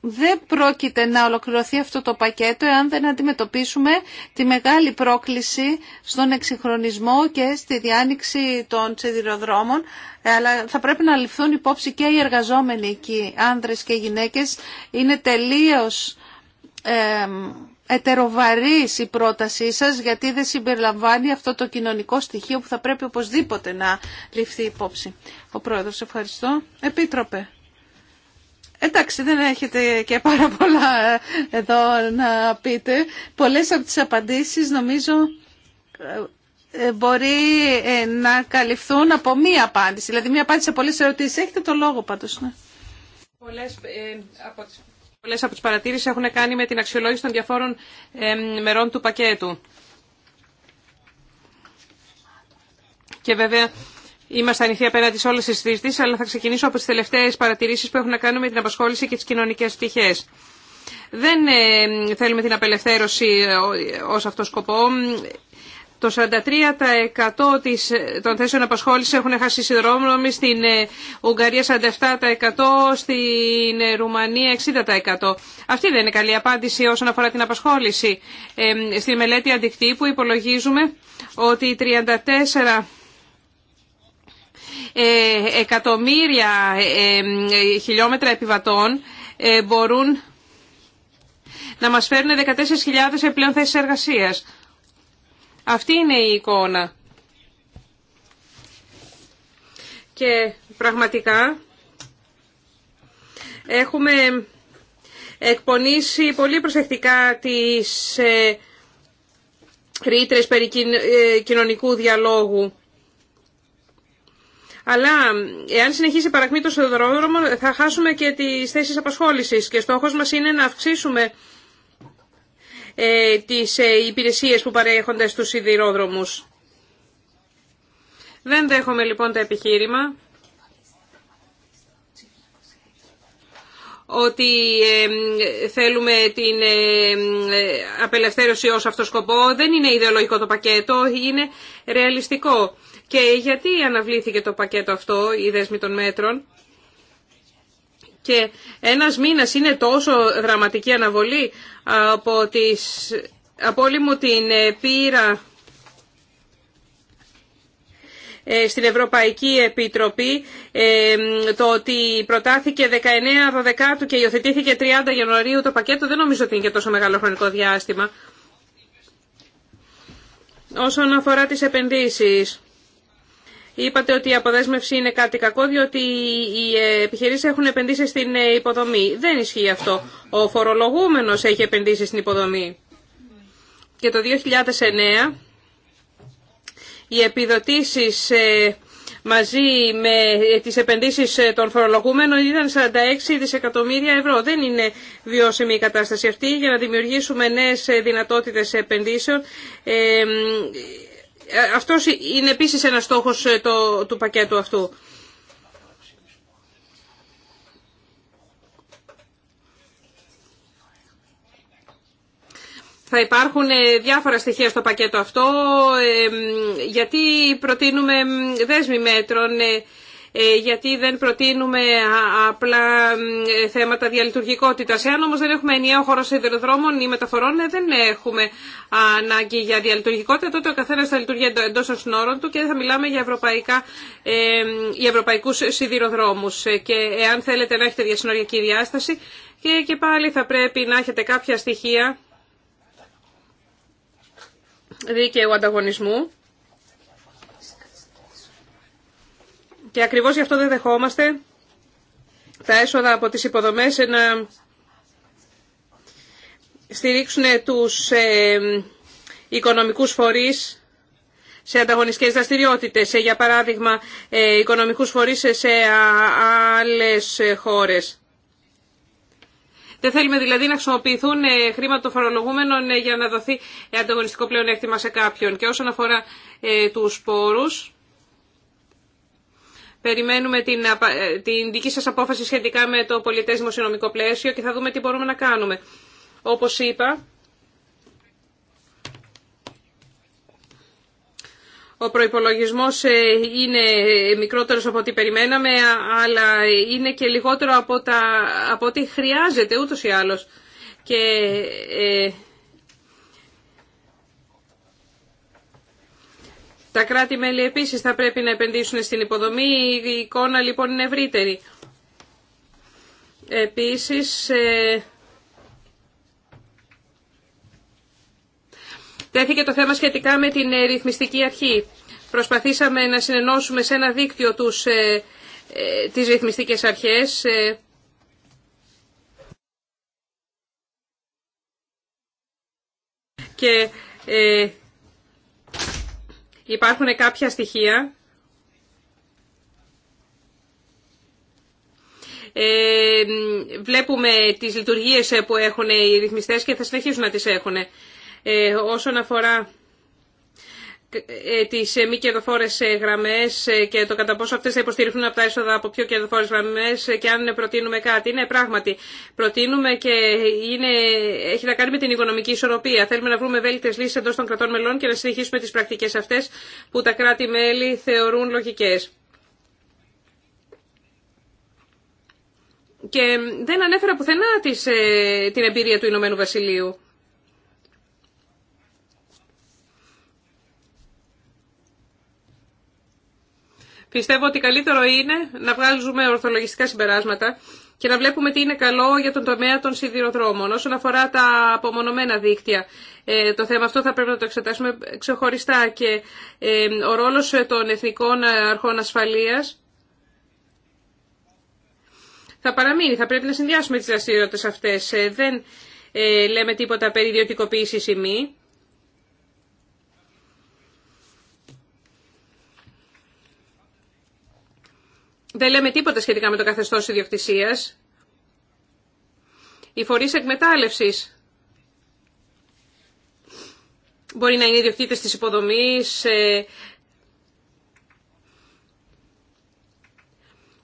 δεν πρόκειται να ολοκληρωθεί αυτό το πακέτο εάν δεν αντιμετωπίσουμε τη μεγάλη πρόκληση στον εξυγχρονισμό και στη διάνοιξη των σιδηροδρόμων ε, αλλά θα πρέπει να ληφθούν υπόψη και οι εργαζόμενοι εκεί, άνδρες και γυναίκες. Είναι τελείως ε, ετεροβαρής η πρότασή σας γιατί δεν συμπεριλαμβάνει αυτό το κοινωνικό στοιχείο που θα πρέπει οπωσδήποτε να ληφθεί υπόψη. Ο Πρόεδρος, ευχαριστώ. Επίτροπε. Εντάξει, δεν έχετε και πάρα πολλά εδώ να πείτε. Πολλές από τις απαντήσεις νομίζω ε, ε, μπορεί ε, να καλυφθούν από μία απάντηση. Δηλαδή μία απάντηση σε πολλές ερωτήσεις. Έχετε το λόγο πάντως. Ναι. Πολλές, από τις, πολλές από τις παρατήρησεις έχουν κάνει με την αξιολόγηση των διαφόρων μερών του πακέτου. Και βέβαια Είμαστε ανοιχτοί απέναντι σε όλε τι συζητήσει, αλλά θα ξεκινήσω από τι τελευταίε παρατηρήσει που έχουν να κάνουν με την απασχόληση και τι κοινωνικέ πτυχέ. Δεν ε, θέλουμε την απελευθέρωση ε, ω αυτό σκοπό. Το 43% ε, των θέσεων απασχόληση έχουν χάσει συνδρόμοι, στην Ουγγαρία 47%, στην Ρουμανία 60%. Αυτή δεν είναι καλή απάντηση όσον αφορά την απασχόληση. στη μελέτη αντικτύπου υπολογίζουμε ότι 34 ε, εκατομμύρια ε, ε, χιλιόμετρα επιβατών μπορούν να μας φέρουν 14.000 επιπλέον θέσεις εργασίας. Αυτή είναι η εικόνα. Και πραγματικά έχουμε εκπονήσει πολύ προσεκτικά τις ρήτρες περί κοινωνικού διαλόγου αλλά εάν συνεχίσει παρακμή το σιδηρόδρομο θα χάσουμε και τις θέσεις απασχόλησης και στόχος μας είναι να αυξήσουμε ε, τις ε, υπηρεσίες που παρέχονται στους σιδηρόδρομους. Δεν δέχομαι λοιπόν το επιχείρημα ότι ε, θέλουμε την απελευθέρωση ως αυτό σκοπό. Δεν είναι ιδεολογικό το πακέτο, είναι ρεαλιστικό. Και γιατί αναβλήθηκε το πακέτο αυτό, η δέσμη των μέτρων. Και ένας μήνας είναι τόσο δραματική αναβολή από, τις, από όλη μου την ε, πείρα ε, στην Ευρωπαϊκή Επιτροπή ε, το ότι προτάθηκε 19 του και υιοθετήθηκε 30 Ιανουαρίου το πακέτο δεν νομίζω ότι είναι και τόσο μεγάλο χρονικό διάστημα. Όσον αφορά τις επενδύσεις, Είπατε ότι η αποδέσμευση είναι κάτι κακό διότι οι ε, επιχειρήσεις έχουν επενδύσει στην ε, υποδομή. Δεν ισχύει αυτό. Ο φορολογούμενος έχει επενδύσει στην υποδομή. Και το 2009 οι επιδοτήσεις ε, μαζί με τις επενδύσεις των φορολογούμενων ήταν 46 δισεκατομμύρια ευρώ. Δεν είναι βιώσιμη η κατάσταση αυτή για να δημιουργήσουμε νέες δυνατότητες επενδύσεων. Ε, αυτός είναι επίσης ένας στόχος ε, το, του πακέτου αυτού. Θα υπάρχουν ε, διάφορα στοιχεία στο πακέτο αυτό, γιατί προτείνουμε δέσμη μέτρων ε, γιατί δεν προτείνουμε απλά ε, θέματα διαλειτουργικότητας. Εάν όμως δεν έχουμε ενιαίο χώρο σιδηροδρόμων ή μεταφορών, ε, δεν έχουμε ανάγκη για διαλειτουργικότητα, τότε ο καθένας θα λειτουργεί εντός των συνόρων του και θα μιλάμε για, ευρωπαϊκά, για ευρωπαϊκούς σιδηροδρόμους. Και εάν θέλετε να έχετε διασυνοριακή διάσταση, και, και πάλι θα πρέπει να έχετε κάποια στοιχεία δίκαιου ανταγωνισμού Και ακριβώς γι' αυτό δεν δεχόμαστε τα έσοδα από τις υποδομές να στηρίξουν τους ε, οικονομικούς φορείς σε ανταγωνιστικές δραστηριότητες, για παράδειγμα ε, οικονομικούς φορείς σε άλλες χώρες. Δεν θέλουμε δηλαδή να χρησιμοποιηθούν ε, χρήματα των φορολογούμενων για να δοθεί ανταγωνιστικό πλεονέκτημα σε κάποιον. Και όσον αφορά τους πόρους, Περιμένουμε την, ε, την δική σας απόφαση σχετικά με το πολιτές δημοσιονομικό πλαίσιο και θα δούμε τι μπορούμε να κάνουμε. Όπως είπα, Ο προϋπολογισμός ε, είναι μικρότερος από ό,τι περιμέναμε, αλλά είναι και λιγότερο από, τα, ό,τι χρειάζεται ούτως ή άλλως. Και ε, Τα κράτη-μέλη επίσης θα πρέπει να επενδύσουν στην υποδομή, η εικόνα λοιπόν είναι ευρύτερη. Επίσης, ε, τέθηκε το θέμα σχετικά με την ε, ρυθμιστική αρχή. Προσπαθήσαμε να συνενώσουμε σε ένα δίκτυο τους, ε, τις ρυθμιστικές αρχές, και Υπάρχουν κάποια στοιχεία ε, βλέπουμε τις λειτουργίες που έχουν οι ρυθμιστές και θα συνεχίσουν να τις έχουν. Ε, όσον αφορά ε, τι ε, μη κερδοφόρε ε, γραμμέ και το κατά πόσο αυτές θα υποστηριχθούν από τα έσοδα από πιο κερδοφόρε γραμμέ, και αν προτείνουμε κάτι. Ναι, πράγματι, προτείνουμε και είναι, έχει να κάνει με την οικονομική ισορροπία. Θέλουμε να βρούμε βέλτιες λύσεις εντό των κρατών μελών και να συνεχίσουμε τι πρακτικέ αυτέ που τα κράτη-μέλη θεωρούν λογικέ. Και δεν ανέφερα πουθενά της, την εμπειρία του Ηνωμένου Βασιλείου. Πιστεύω ότι καλύτερο είναι να βγάζουμε ορθολογιστικά συμπεράσματα και να βλέπουμε τι είναι καλό για τον τομέα των σιδηροδρόμων. Όσον αφορά τα απομονωμένα δίκτυα, ε, το θέμα αυτό θα πρέπει να το εξετάσουμε ξεχωριστά και ε, ο ρόλος ε, των εθνικών αρχών ασφαλείας θα παραμείνει. Θα πρέπει να συνδυάσουμε τις δραστηριότητε αυτές. Δεν λέμε τίποτα περί ιδιωτικοποίησης ή μη. Δεν λέμε τίποτα σχετικά με το καθεστώς ιδιοκτησίας. Οι φορείς εκμετάλλευσης μπορεί να είναι ιδιοκτήτες της υποδομής, ε,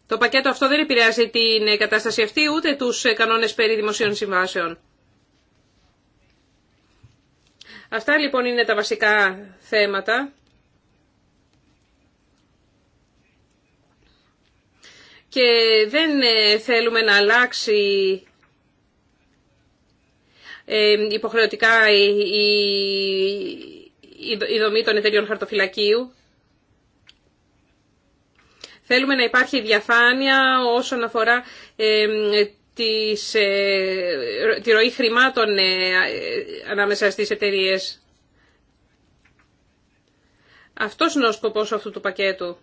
Το πακέτο αυτό δεν επηρεάζει την κατάσταση αυτή ούτε τους κανόνες περί δημοσίων συμβάσεων. Αυτά λοιπόν είναι τα βασικά θέματα. και δεν ε, θέλουμε να αλλάξει ε, υποχρεωτικά η δομή των εταιριών χαρτοφυλακίου. Θέλουμε να υπάρχει διαφάνεια όσον αφορά ε, ε τη ροή χρημάτων ανάμεσα στις εταιρείες. Αυτός είναι ο σκοπός αυτού του πακέτου.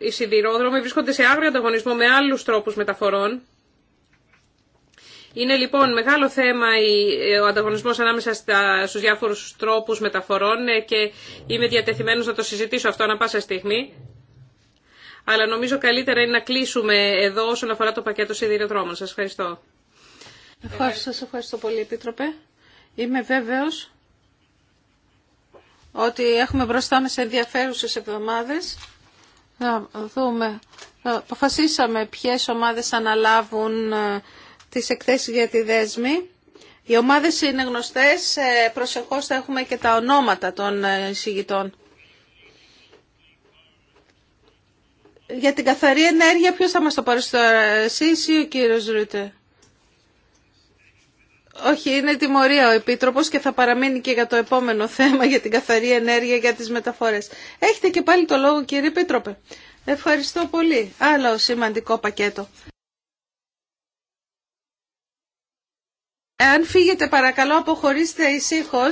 οι σιδηρόδρομοι βρίσκονται σε άγριο ανταγωνισμό με άλλους τρόπους μεταφορών. Είναι λοιπόν μεγάλο θέμα ο ανταγωνισμός ανάμεσα στους διάφορους τρόπους μεταφορών ε, και είμαι διατεθειμένος να το συζητήσω αυτό ανα πάσα στιγμή. Αλλά νομίζω καλύτερα είναι να κλείσουμε εδώ όσον αφορά το πακέτο σιδηροδρόμων. Σας ευχαριστώ. Ευχαριστώ, σας ευχαριστώ πολύ, Επίτροπε. Είμαι βέβαιος ότι έχουμε μπροστά μας ενδιαφέρουσες εβδομάδες. Να δούμε. Αποφασίσαμε ποιες ομάδες αναλάβουν ε, τις εκθέσεις για τη δέσμη. Οι ομάδες είναι γνωστές. Ε, προσεχώς θα έχουμε και τα ονόματα των ε, εισηγητών. Για την καθαρή ενέργεια ποιος θα μας το παρουσιάσει εσείς ή ο κύριος Ρούτε. Όχι, είναι τιμωρία ο επίτροπο και θα παραμείνει και για το επόμενο θέμα για την καθαρή ενέργεια για τις μεταφορές. Έχετε και πάλι το λόγο κύριε Επίτροπε. Ευχαριστώ πολύ. Άλλο σημαντικό πακέτο. Εάν φύγετε παρακαλώ αποχωρήστε ησύχω.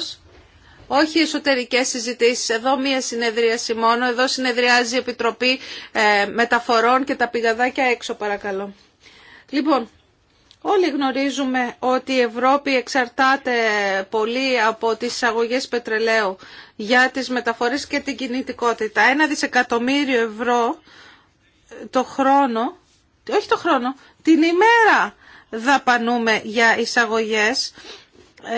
Όχι εσωτερικέ συζητήσει. Εδώ μία συνεδρίαση μόνο. Εδώ συνεδριάζει η Επιτροπή ε, Μεταφορών και τα πηγαδάκια έξω, παρακαλώ. Λοιπόν, Όλοι γνωρίζουμε ότι η Ευρώπη εξαρτάται πολύ από τις εισαγωγέ πετρελαίου για τις μεταφορές και την κινητικότητα. Ένα δισεκατομμύριο ευρώ το χρόνο, όχι το χρόνο, την ημέρα δαπανούμε για εισαγωγές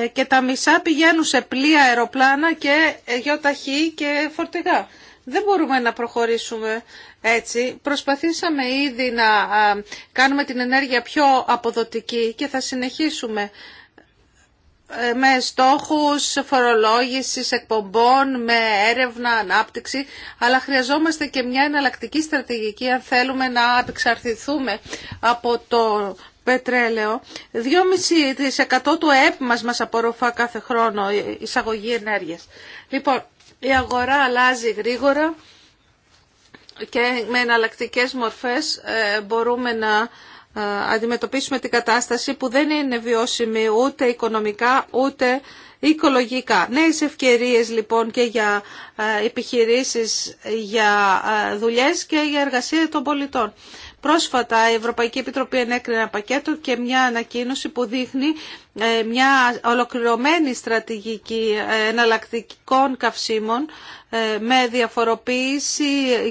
ε, και τα μισά πηγαίνουν σε πλοία, αεροπλάνα και ε, γιοταχή και φορτηγά. Δεν μπορούμε να προχωρήσουμε έτσι, προσπαθήσαμε ήδη να κάνουμε την ενέργεια πιο αποδοτική και θα συνεχίσουμε ε, με στόχους φορολόγησης εκπομπών, με έρευνα, ανάπτυξη, αλλά χρειαζόμαστε και μια εναλλακτική στρατηγική αν θέλουμε να απεξαρτηθούμε από το πετρέλαιο. 2,5% του ΕΠ μας μας απορροφά κάθε χρόνο ε, εισαγωγή ενέργειας. Λοιπόν, η αγορά αλλάζει γρήγορα και με εναλλακτικέ μορφές ε, μπορούμε να ε, αντιμετωπίσουμε την κατάσταση που δεν είναι βιώσιμη ούτε οικονομικά ούτε οικολογικά. Νέες ευκαιρίες λοιπόν και για ε, επιχειρήσεις, για δουλειές και για εργασία των πολιτών. Πρόσφατα η Ευρωπαϊκή Επιτροπή ενέκρινε ένα πακέτο και μια ανακοίνωση που δείχνει ε, μια ολοκληρωμένη στρατηγική εναλλακτικών καυσίμων ε, με διαφοροποίηση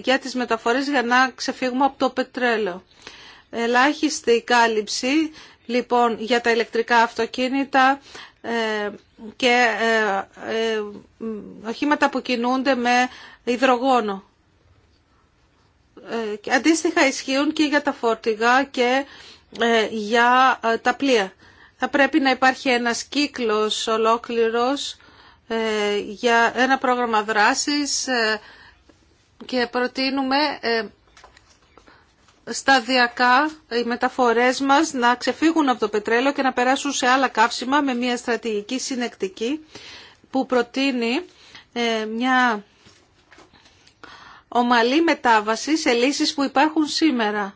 για τις μεταφορές για να ξεφύγουμε από το πετρέλαιο. Ελάχιστη κάλυψη λοιπόν για τα ηλεκτρικά αυτοκίνητα ε, και οχήματα που κινούνται με υδρογόνο. Ε, αντίστοιχα ισχύουν και για τα φόρτιγα και ε, για ε, τα πλοία. Θα πρέπει να υπάρχει ένας κύκλος ολόκληρος για ένα πρόγραμμα δράσης και προτείνουμε σταδιακά οι μεταφορές μας να ξεφύγουν από το πετρέλαιο και να περάσουν σε άλλα καύσιμα με μια στρατηγική συνεκτική που προτείνει μια ομαλή μετάβαση σε λύσεις που υπάρχουν σήμερα.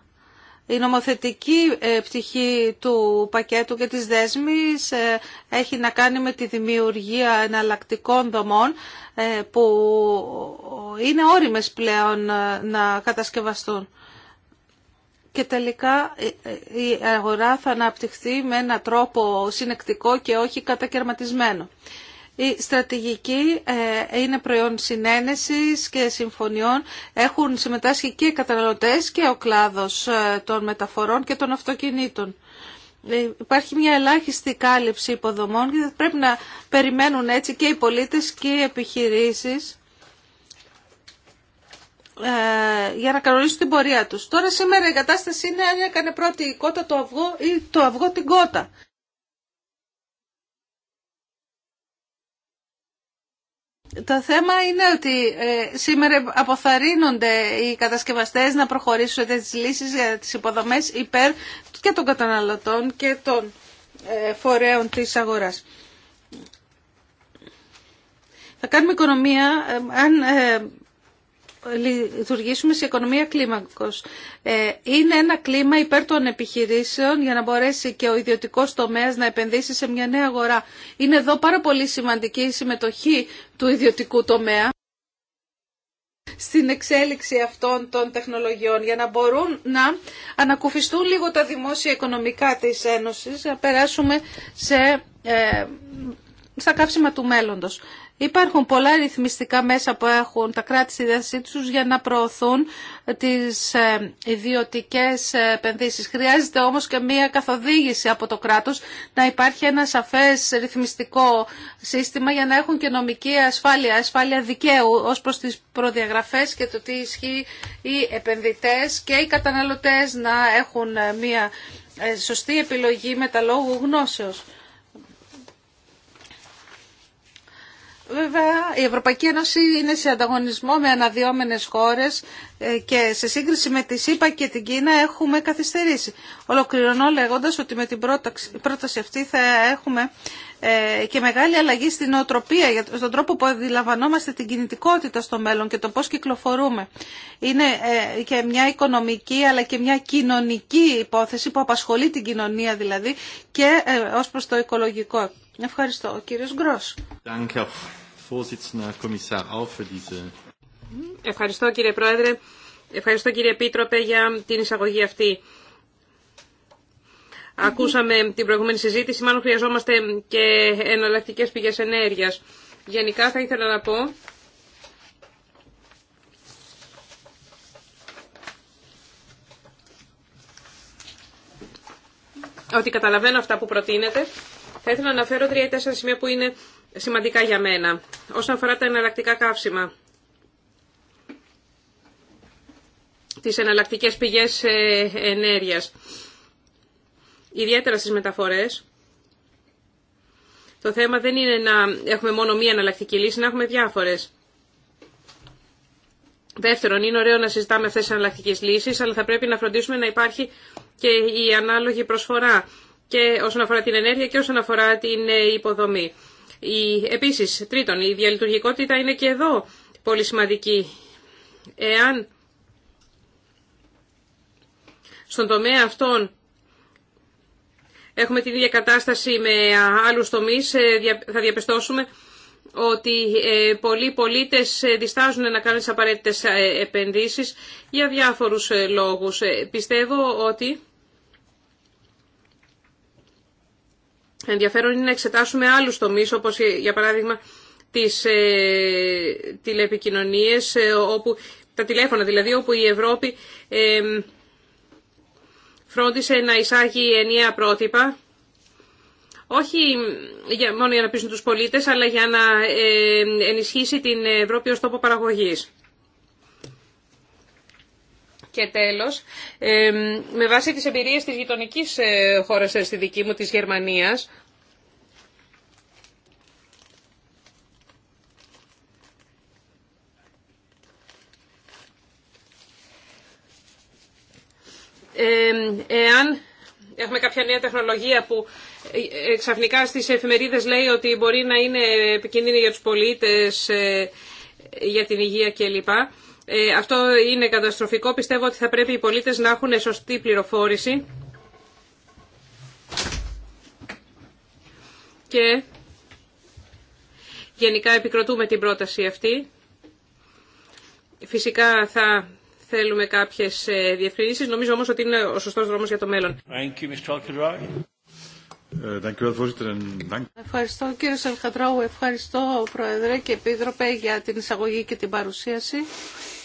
Η νομοθετική ε, πτυχή του πακέτου και της δέσμης ε, έχει να κάνει με τη δημιουργία εναλλακτικών δομών ε, που είναι όριμες πλέον να κατασκευαστούν. Και τελικά η αγορά θα αναπτυχθεί με έναν τρόπο συνεκτικό και όχι κατακαιρματισμένο. Η στρατηγική ε, είναι προϊόν συνένεσης και συμφωνιών. Έχουν συμμετάσχει και οι καταναλωτές και ο κλάδος ε, των μεταφορών και των αυτοκινήτων. Ε, υπάρχει μια ελάχιστη κάλυψη υποδομών και πρέπει να περιμένουν έτσι και οι πολίτες και οι επιχειρήσεις για να κανονίσουν την πορεία τους. Τώρα σήμερα η κατάσταση είναι αν έκανε πρώτη η κότα το αυγό ή το αυγό την κότα. Το θέμα είναι ότι ε, σήμερα αποθαρρύνονται οι κατασκευαστές να προχωρήσουν τις λύσεις για τις υποδομές υπέρ και των καταναλωτών και των ε, φορέων της αγοράς. Θα κάνουμε οικονομία ε, αν λειτουργήσουμε σε οικονομία κλίμακος. Ε, είναι ένα κλίμα υπέρ των επιχειρήσεων για να μπορέσει και ο ιδιωτικός τομέας να επενδύσει σε μια νέα αγορά. Είναι εδώ πάρα πολύ σημαντική η συμμετοχή του ιδιωτικού τομέα στην εξέλιξη αυτών των τεχνολογιών για να μπορούν να ανακουφιστούν λίγο τα δημόσια οικονομικά της Ένωσης, να περάσουμε σε, ε, στα κάψιμα του μέλλοντος. Υπάρχουν πολλά ρυθμιστικά μέσα που έχουν τα κράτη στη τους για να προωθούν τις ε, ιδιωτικές επενδύσεις. Χρειάζεται όμως και μία καθοδήγηση από το κράτος να υπάρχει ένα σαφές ρυθμιστικό σύστημα για να έχουν και νομική ασφάλεια, ασφάλεια δικαίου ως προς τις προδιαγραφές και το τι ισχύει οι επενδυτές και οι καταναλωτές να έχουν μία ε, σωστή επιλογή με τα λόγου γνώσεως. Βέβαια, η Ευρωπαϊκή Ένωση είναι σε ανταγωνισμό με αναδυόμενες χώρες ε, και σε σύγκριση με τη ΣΥΠΑ και την Κίνα έχουμε καθυστερήσει. Ολοκληρωνώ λέγοντας ότι με την πρόταση αυτή θα έχουμε ε, και μεγάλη αλλαγή στην νοοτροπία, στον τρόπο που αντιλαμβανόμαστε την κινητικότητα στο μέλλον και το πώς κυκλοφορούμε. Είναι ε, και μια οικονομική αλλά και μια κοινωνική υπόθεση που απασχολεί την κοινωνία δηλαδή και ως προς το οικολογικό. Ευχαριστώ. Ο κύριος Γκρός. Ευχαριστώ κύριε Πρόεδρε, ευχαριστώ κύριε Επίτροπε για την εισαγωγή αυτή. Ακούσαμε την προηγούμενη συζήτηση, μάλλον χρειαζόμαστε και εναλλακτικέ πηγές ενέργειας. Γενικά θα ήθελα να πω ότι καταλαβαίνω αυτά που προτείνετε. Θα ήθελα να αναφέρω τρία ή τέσσερα σημεία που είναι σημαντικά για μένα. Όσον αφορά τα εναλλακτικά καύσιμα, τις εναλλακτικές πηγές ε, ενέργειας, ιδιαίτερα στις μεταφορές, το θέμα δεν είναι να έχουμε μόνο μία εναλλακτική λύση, να έχουμε διάφορες. Δεύτερον, είναι ωραίο να συζητάμε αυτές τις εναλλακτικές λύσεις, αλλά θα πρέπει να φροντίσουμε να υπάρχει και η ανάλογη προσφορά και όσον αφορά την ενέργεια και όσον αφορά την ε, υποδομή. Η, επίσης, τρίτον, η διαλειτουργικότητα είναι και εδώ πολύ σημαντική. Εάν στον τομέα αυτών έχουμε την ίδια κατάσταση με άλλους τομείς, ε, θα διαπιστώσουμε ότι ε, πολλοί πολίτες ε, διστάζουν να κάνουν τις απαραίτητες επενδύσεις για διάφορους λόγους. Πιστεύω ότι ενδιαφέρον είναι να εξετάσουμε άλλους τομείς, όπως ε, για παράδειγμα τις ε, τηλεπικοινωνίες, ε, όπου, τα τηλέφωνα δηλαδή, όπου η Ευρώπη φρόντισε να εισάγει ενιαία πρότυπα, όχι για, μόνο για να πείσουν τους πολίτες, αλλά για να ενισχύσει την Ευρώπη ως τόπο παραγωγής. Και τέλος, με βάση τις εμπειρίες της γειτονικής ε, χώρας ε, στη δική μου, της Γερμανίας, εάν έχουμε κάποια νέα τεχνολογία που ε, ξαφνικά στις εφημερίδες λέει ότι μπορεί να είναι επικίνδυνη για τους πολίτες, για την υγεία κλπ. Ε, αυτό είναι καταστροφικό. Πιστεύω ότι θα πρέπει οι πολίτες να έχουν σωστή πληροφόρηση. Και γενικά επικροτούμε την πρόταση αυτή. Φυσικά θα θέλουμε κάποιες ε, διευκρινήσεις. Νομίζω όμως ότι είναι ο σωστός δρόμος για το μέλλον. Ε, ευχαριστώ κύριε Σαλχαντράου, ευχαριστώ Πρόεδρε και Επίτροπε για την εισαγωγή και την παρουσίαση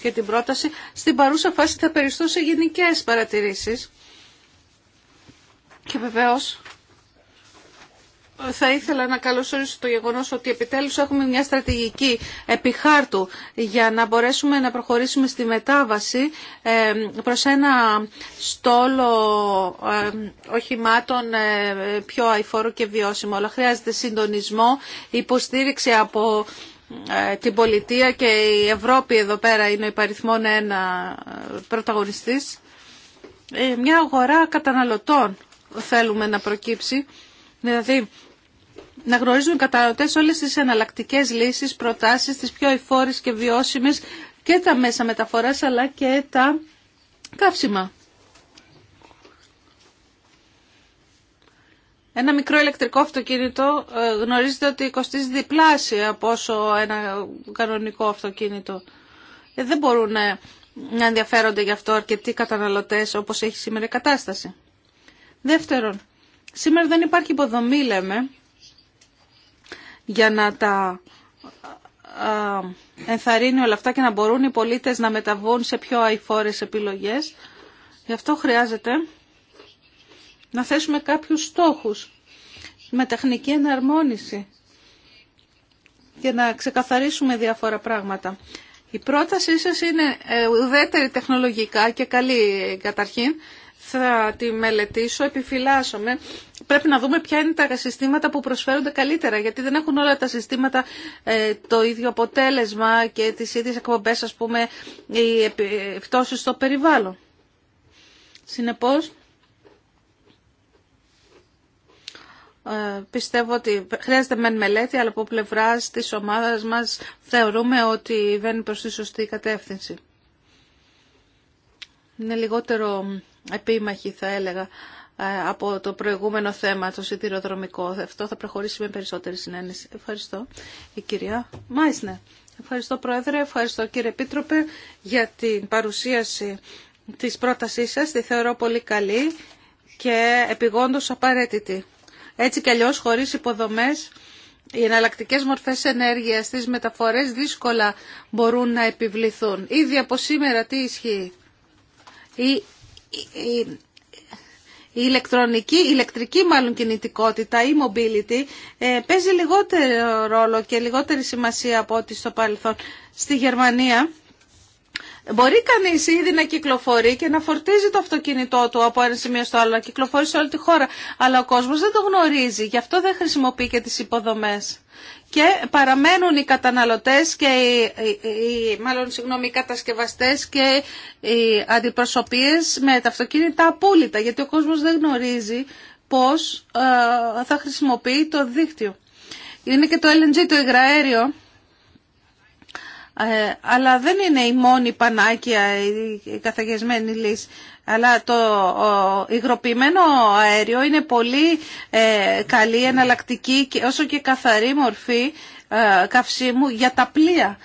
και την πρόταση. Στην παρούσα φάση θα περιστώ σε γενικές παρατηρήσεις. Και βεβαίω, θα ήθελα να καλωσορίσω το γεγονό ότι επιτέλους έχουμε μια στρατηγική επιχάρτου για να μπορέσουμε να προχωρήσουμε στη μετάβαση προς ένα στόλο οχημάτων ε, πιο αηφόρο και βιώσιμο. Αλλά χρειάζεται συντονισμό, υποστήριξη από ε, την πολιτεία και η Ευρώπη εδώ πέρα είναι υπαριθμόν ένα ε, πρωταγωνιστής. Ε, μια αγορά καταναλωτών θέλουμε να προκύψει, δηλαδή να γνωρίζουν οι καταναλωτές όλες τις εναλλακτικές λύσεις, προτάσεις, τις πιο ευφόρες και βιώσιμες και τα μέσα μεταφοράς αλλά και τα καύσιμα. Ένα μικρό ηλεκτρικό αυτοκίνητο ε, γνωρίζετε ότι κοστίζει διπλάσια από όσο ένα κανονικό αυτοκίνητο. Ε, δεν μπορούν ε, να ενδιαφέρονται γι' αυτό αρκετοί καταναλωτές όπως έχει σήμερα η κατάσταση. Δεύτερον, σήμερα δεν υπάρχει υποδομή λέμε για να τα ενθαρρύνει όλα αυτά και να μπορούν οι πολίτες να μεταβούν σε πιο αηφόρες επιλογές. Γι' αυτό χρειάζεται να θέσουμε κάποιους στόχους με τεχνική εναρμόνιση και να ξεκαθαρίσουμε διάφορα πράγματα. Η πρότασή σας είναι ε, ουδέτερη τεχνολογικά και καλή καταρχήν. Θα τη μελετήσω, επιφυλάσσομαι. Πρέπει να δούμε ποια είναι τα συστήματα που προσφέρονται καλύτερα, γιατί δεν έχουν όλα τα συστήματα ε, το ίδιο αποτέλεσμα και τις ίδιες εκπομπές, πούμε, οι επιπτώσεις στο περιβάλλον. Συνεπώς, Ε, πιστεύω ότι χρειάζεται μεν μελέτη, αλλά από πλευρά τη ομάδα μα θεωρούμε ότι βαίνει προ τη σωστή κατεύθυνση. Είναι λιγότερο επίμαχη, θα έλεγα, ε, από το προηγούμενο θέμα, το σιδηροδρομικό. Αυτό θα προχωρήσει με περισσότερη συνένεση. Ευχαριστώ. Η κυρία Μάισνε. Ευχαριστώ, Πρόεδρε. Ευχαριστώ, κύριε Επίτροπε, για την παρουσίαση της πρότασής σας. Τη θεωρώ πολύ καλή και επιγόντως απαραίτητη. Έτσι κι αλλιώς χωρίς υποδομές οι εναλλακτικέ μορφές ενέργειας στις μεταφορές δύσκολα μπορούν να επιβληθούν. Ήδη από σήμερα τι ισχύει. Η, ηλεκτρονική, ηλεκτρική μάλλον κινητικότητα, η mobility, ε, παίζει λιγότερο ρόλο και λιγότερη σημασία από ό,τι στο παρελθόν. Στη Γερμανία Μπορεί κανείς ήδη να κυκλοφορεί και να φορτίζει το αυτοκίνητό του από ένα σημείο στο άλλο, να κυκλοφορεί σε όλη τη χώρα, αλλά ο κόσμος δεν το γνωρίζει, γι' αυτό δεν χρησιμοποιεί και τις υποδομές. Και παραμένουν οι καταναλωτές και οι, μάλλον, συγγνώμη, οι κατασκευαστέ και οι αντιπροσωπείες με τα αυτοκίνητα απόλυτα, γιατί ο κόσμο δεν γνωρίζει πώς ε, θα χρησιμοποιεί το δίκτυο. Είναι και το LNG, το υγραέριο, ε, αλλά δεν είναι η μόνη πανάκια η καθαγεσμένη λύση. Αλλά το υγροποιημένο αέριο είναι πολύ ε, καλή, εναλλακτική και όσο και καθαρή μορφή ε, καυσίμου για τα πλοία.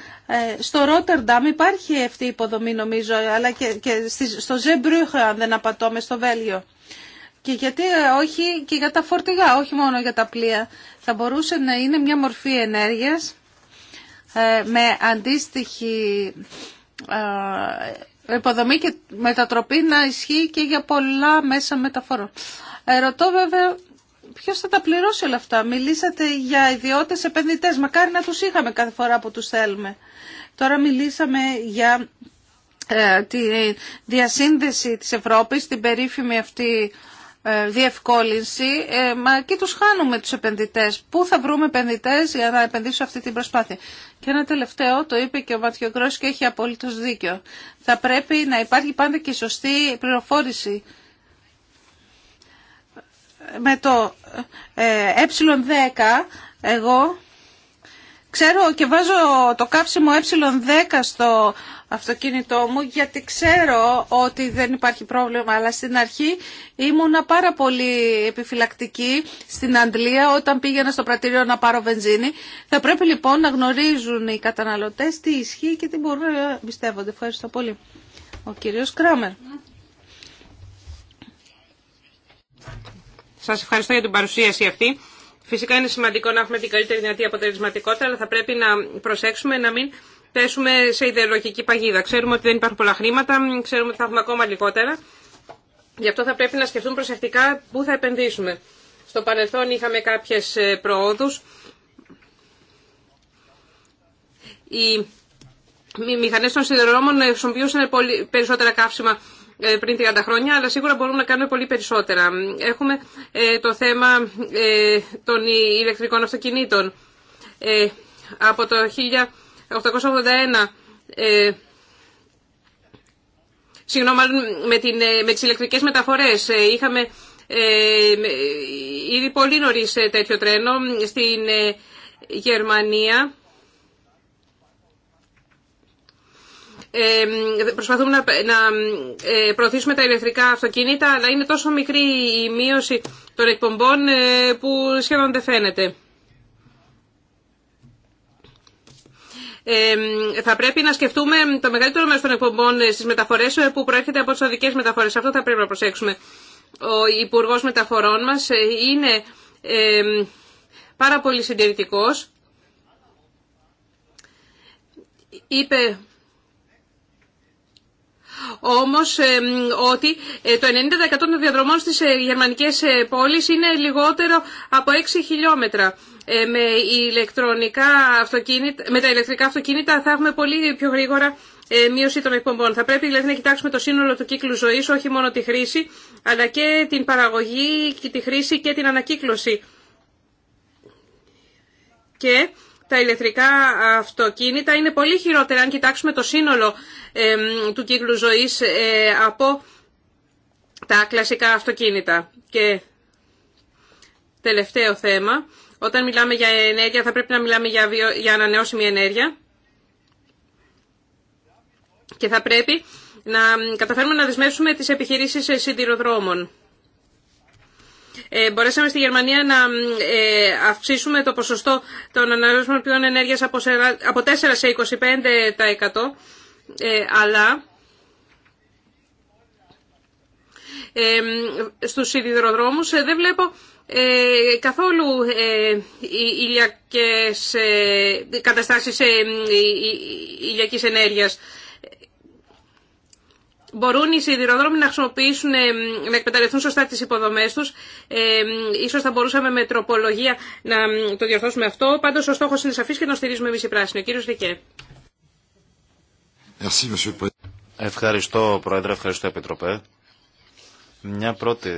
Στο Ρότερνταμ υπάρχει αυτή η υποδομή νομίζω, αλλά και στο Ζεμπρούχα αν δεν απατώμε στο Βέλγιο. Και γιατί όχι και για τα φορτηγά, όχι μόνο για τα πλοία. Θα μπορούσε να είναι μια μορφή ενέργειας ε, με αντίστοιχη ε, υποδομή και μετατροπή να ισχύει και για πολλά μέσα μεταφορών. Ε, ρωτώ βέβαια ποιος θα τα πληρώσει όλα αυτά. Μιλήσατε για ιδιώτες επενδυτές. Μακάρι να τους είχαμε κάθε φορά που τους θέλουμε. Τώρα μιλήσαμε για τη διασύνδεση της Ευρώπης, την περίφημη αυτή διευκόλυνση, μα εκεί τους χάνουμε τους επενδυτές. Πού θα βρούμε επενδυτές για να επενδύσουν αυτή την προσπάθεια. Και ένα τελευταίο, το είπε και ο Ματιογκρός και έχει απολύτως δίκιο. Θα πρέπει να υπάρχει πάντα και σωστή πληροφόρηση με το ε10 εγώ Ξέρω και βάζω το κάψιμο ε10 στο αυτοκίνητό μου γιατί ξέρω ότι δεν υπάρχει πρόβλημα αλλά στην αρχή ήμουνα πάρα πολύ επιφυλακτική στην Αντλία όταν πήγαινα στο πρατήριο να πάρω βενζίνη. Θα πρέπει λοιπόν να γνωρίζουν οι καταναλωτές τι ισχύει και τι μπορούν να πιστεύονται. Ευχαριστώ πολύ. Ο κύριος Κράμερ. Σας ευχαριστώ για την παρουσίαση αυτή. Φυσικά είναι σημαντικό να έχουμε την καλύτερη δυνατή αποτελεσματικότητα, αλλά θα πρέπει να προσέξουμε να μην πέσουμε σε ιδεολογική παγίδα. Ξέρουμε ότι δεν υπάρχουν πολλά χρήματα, ξέρουμε ότι θα έχουμε ακόμα λιγότερα. Γι' αυτό θα πρέπει να σκεφτούμε προσεκτικά πού θα επενδύσουμε. Στο παρελθόν είχαμε κάποιε προόδου. Οι μηχανέ των σιδηροδρόμων χρησιμοποιούσαν περισσότερα καύσιμα ε, πριν 30 χρόνια, αλλά σίγουρα μπορούμε να κάνουμε πολύ περισσότερα. Έχουμε ε, το θέμα ε, των ηλεκτρικών αυτοκινήτων. Από το 1881 Συγγνώμη, με, την, με τις ηλεκτρικές μεταφορές είχαμε ε, ήδη πολύ νωρίς τέτοιο τρένο στην Γερμανία. προσπαθούμε να ε, προωθήσουμε τα ηλεκτρικά αυτοκίνητα, αλλά είναι τόσο μικρή η μείωση των εκπομπών ε, που σχεδόν δεν φαίνεται. θα πρέπει να σκεφτούμε το μεγαλύτερο μέρος των εκπομπών στις μεταφορές ε, που προέρχεται από τις οδικές μεταφορές. Αυτό θα πρέπει να προσέξουμε. Ο υπουργό Μεταφορών μας είναι πάρα πολύ συντηρητικός. Είπε όμως ότι ε, το 90% των διαδρομών στις ε, γερμανικές ε, πόλεις είναι λιγότερο από 6 χιλιόμετρα. Με, ηλεκτρονικά αυτοκίνητα, με τα ηλεκτρικά αυτοκίνητα θα έχουμε πολύ πιο γρήγορα μείωση των εκπομπών. Θα πρέπει δηλαδή να κοιτάξουμε το σύνολο του κύκλου ζωής, όχι μόνο τη χρήση, αλλά και την παραγωγή, και τη χρήση και την ανακύκλωση. Και τα ηλεκτρικά αυτοκίνητα είναι πολύ χειρότερα αν κοιτάξουμε το σύνολο του κύκλου ζωής ε, από τα κλασικά αυτοκίνητα. Και τελευταίο θέμα, όταν μιλάμε για ενέργεια θα πρέπει να μιλάμε για, για ανανεώσιμη ενέργεια και θα πρέπει να καταφέρουμε να δεσμεύσουμε τις επιχειρήσεις ε, συντηροδρόμων. Ε, μπορέσαμε στη Γερμανία να ε, αυξήσουμε το ποσοστό των αναλογισμών πηγών ενέργειας από 4 σε 25% ε, αλλά στους σιδηροδρόμους δεν βλέπω καθόλου ηλιακές καταστάσεις ηλιακής ενέργειας μπορούν οι σιδηροδρόμοι να χρησιμοποιήσουν, ε, να εκμεταλλευτούν σωστά τις υποδομές τους. Ε, ίσως θα μπορούσαμε με τροπολογία να το διορθώσουμε αυτό. Πάντως ο στόχος είναι σαφής και να στηρίζουμε εμείς οι πράσινοι. Ο κύριος Ρικέ. Ευχαριστώ Πρόεδρε, ευχαριστώ Επιτροπέ. Μια πρώτη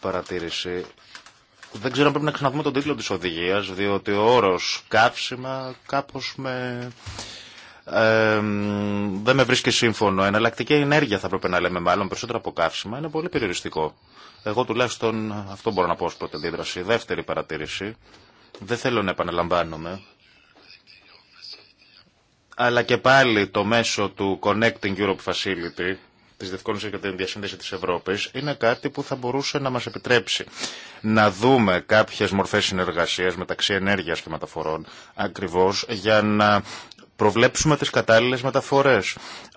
παρατήρηση. Δεν ξέρω αν πρέπει να ξαναδούμε τον τίτλο της οδηγίας, διότι ο όρος καύσιμα κάπως με δεν με βρίσκει σύμφωνο. Εναλλακτική ενέργεια θα πρέπει να λέμε μάλλον περισσότερο από καύσιμα. Είναι πολύ περιοριστικό. Εγώ τουλάχιστον αυτό μπορώ να πω ως πρώτη αντίδραση. Δεύτερη παρατήρηση. Δεν θέλω να επαναλαμβάνομαι. Αλλά και πάλι το μέσο του Connecting Europe Facility, της διευκόλυνσης και την διασύνδεση της Ευρώπης, είναι κάτι που θα μπορούσε να μας επιτρέψει να δούμε κάποιες μορφές συνεργασίας μεταξύ ενέργειας και μεταφορών, ακριβώς για να προβλέψουμε τις κατάλληλες μεταφορές.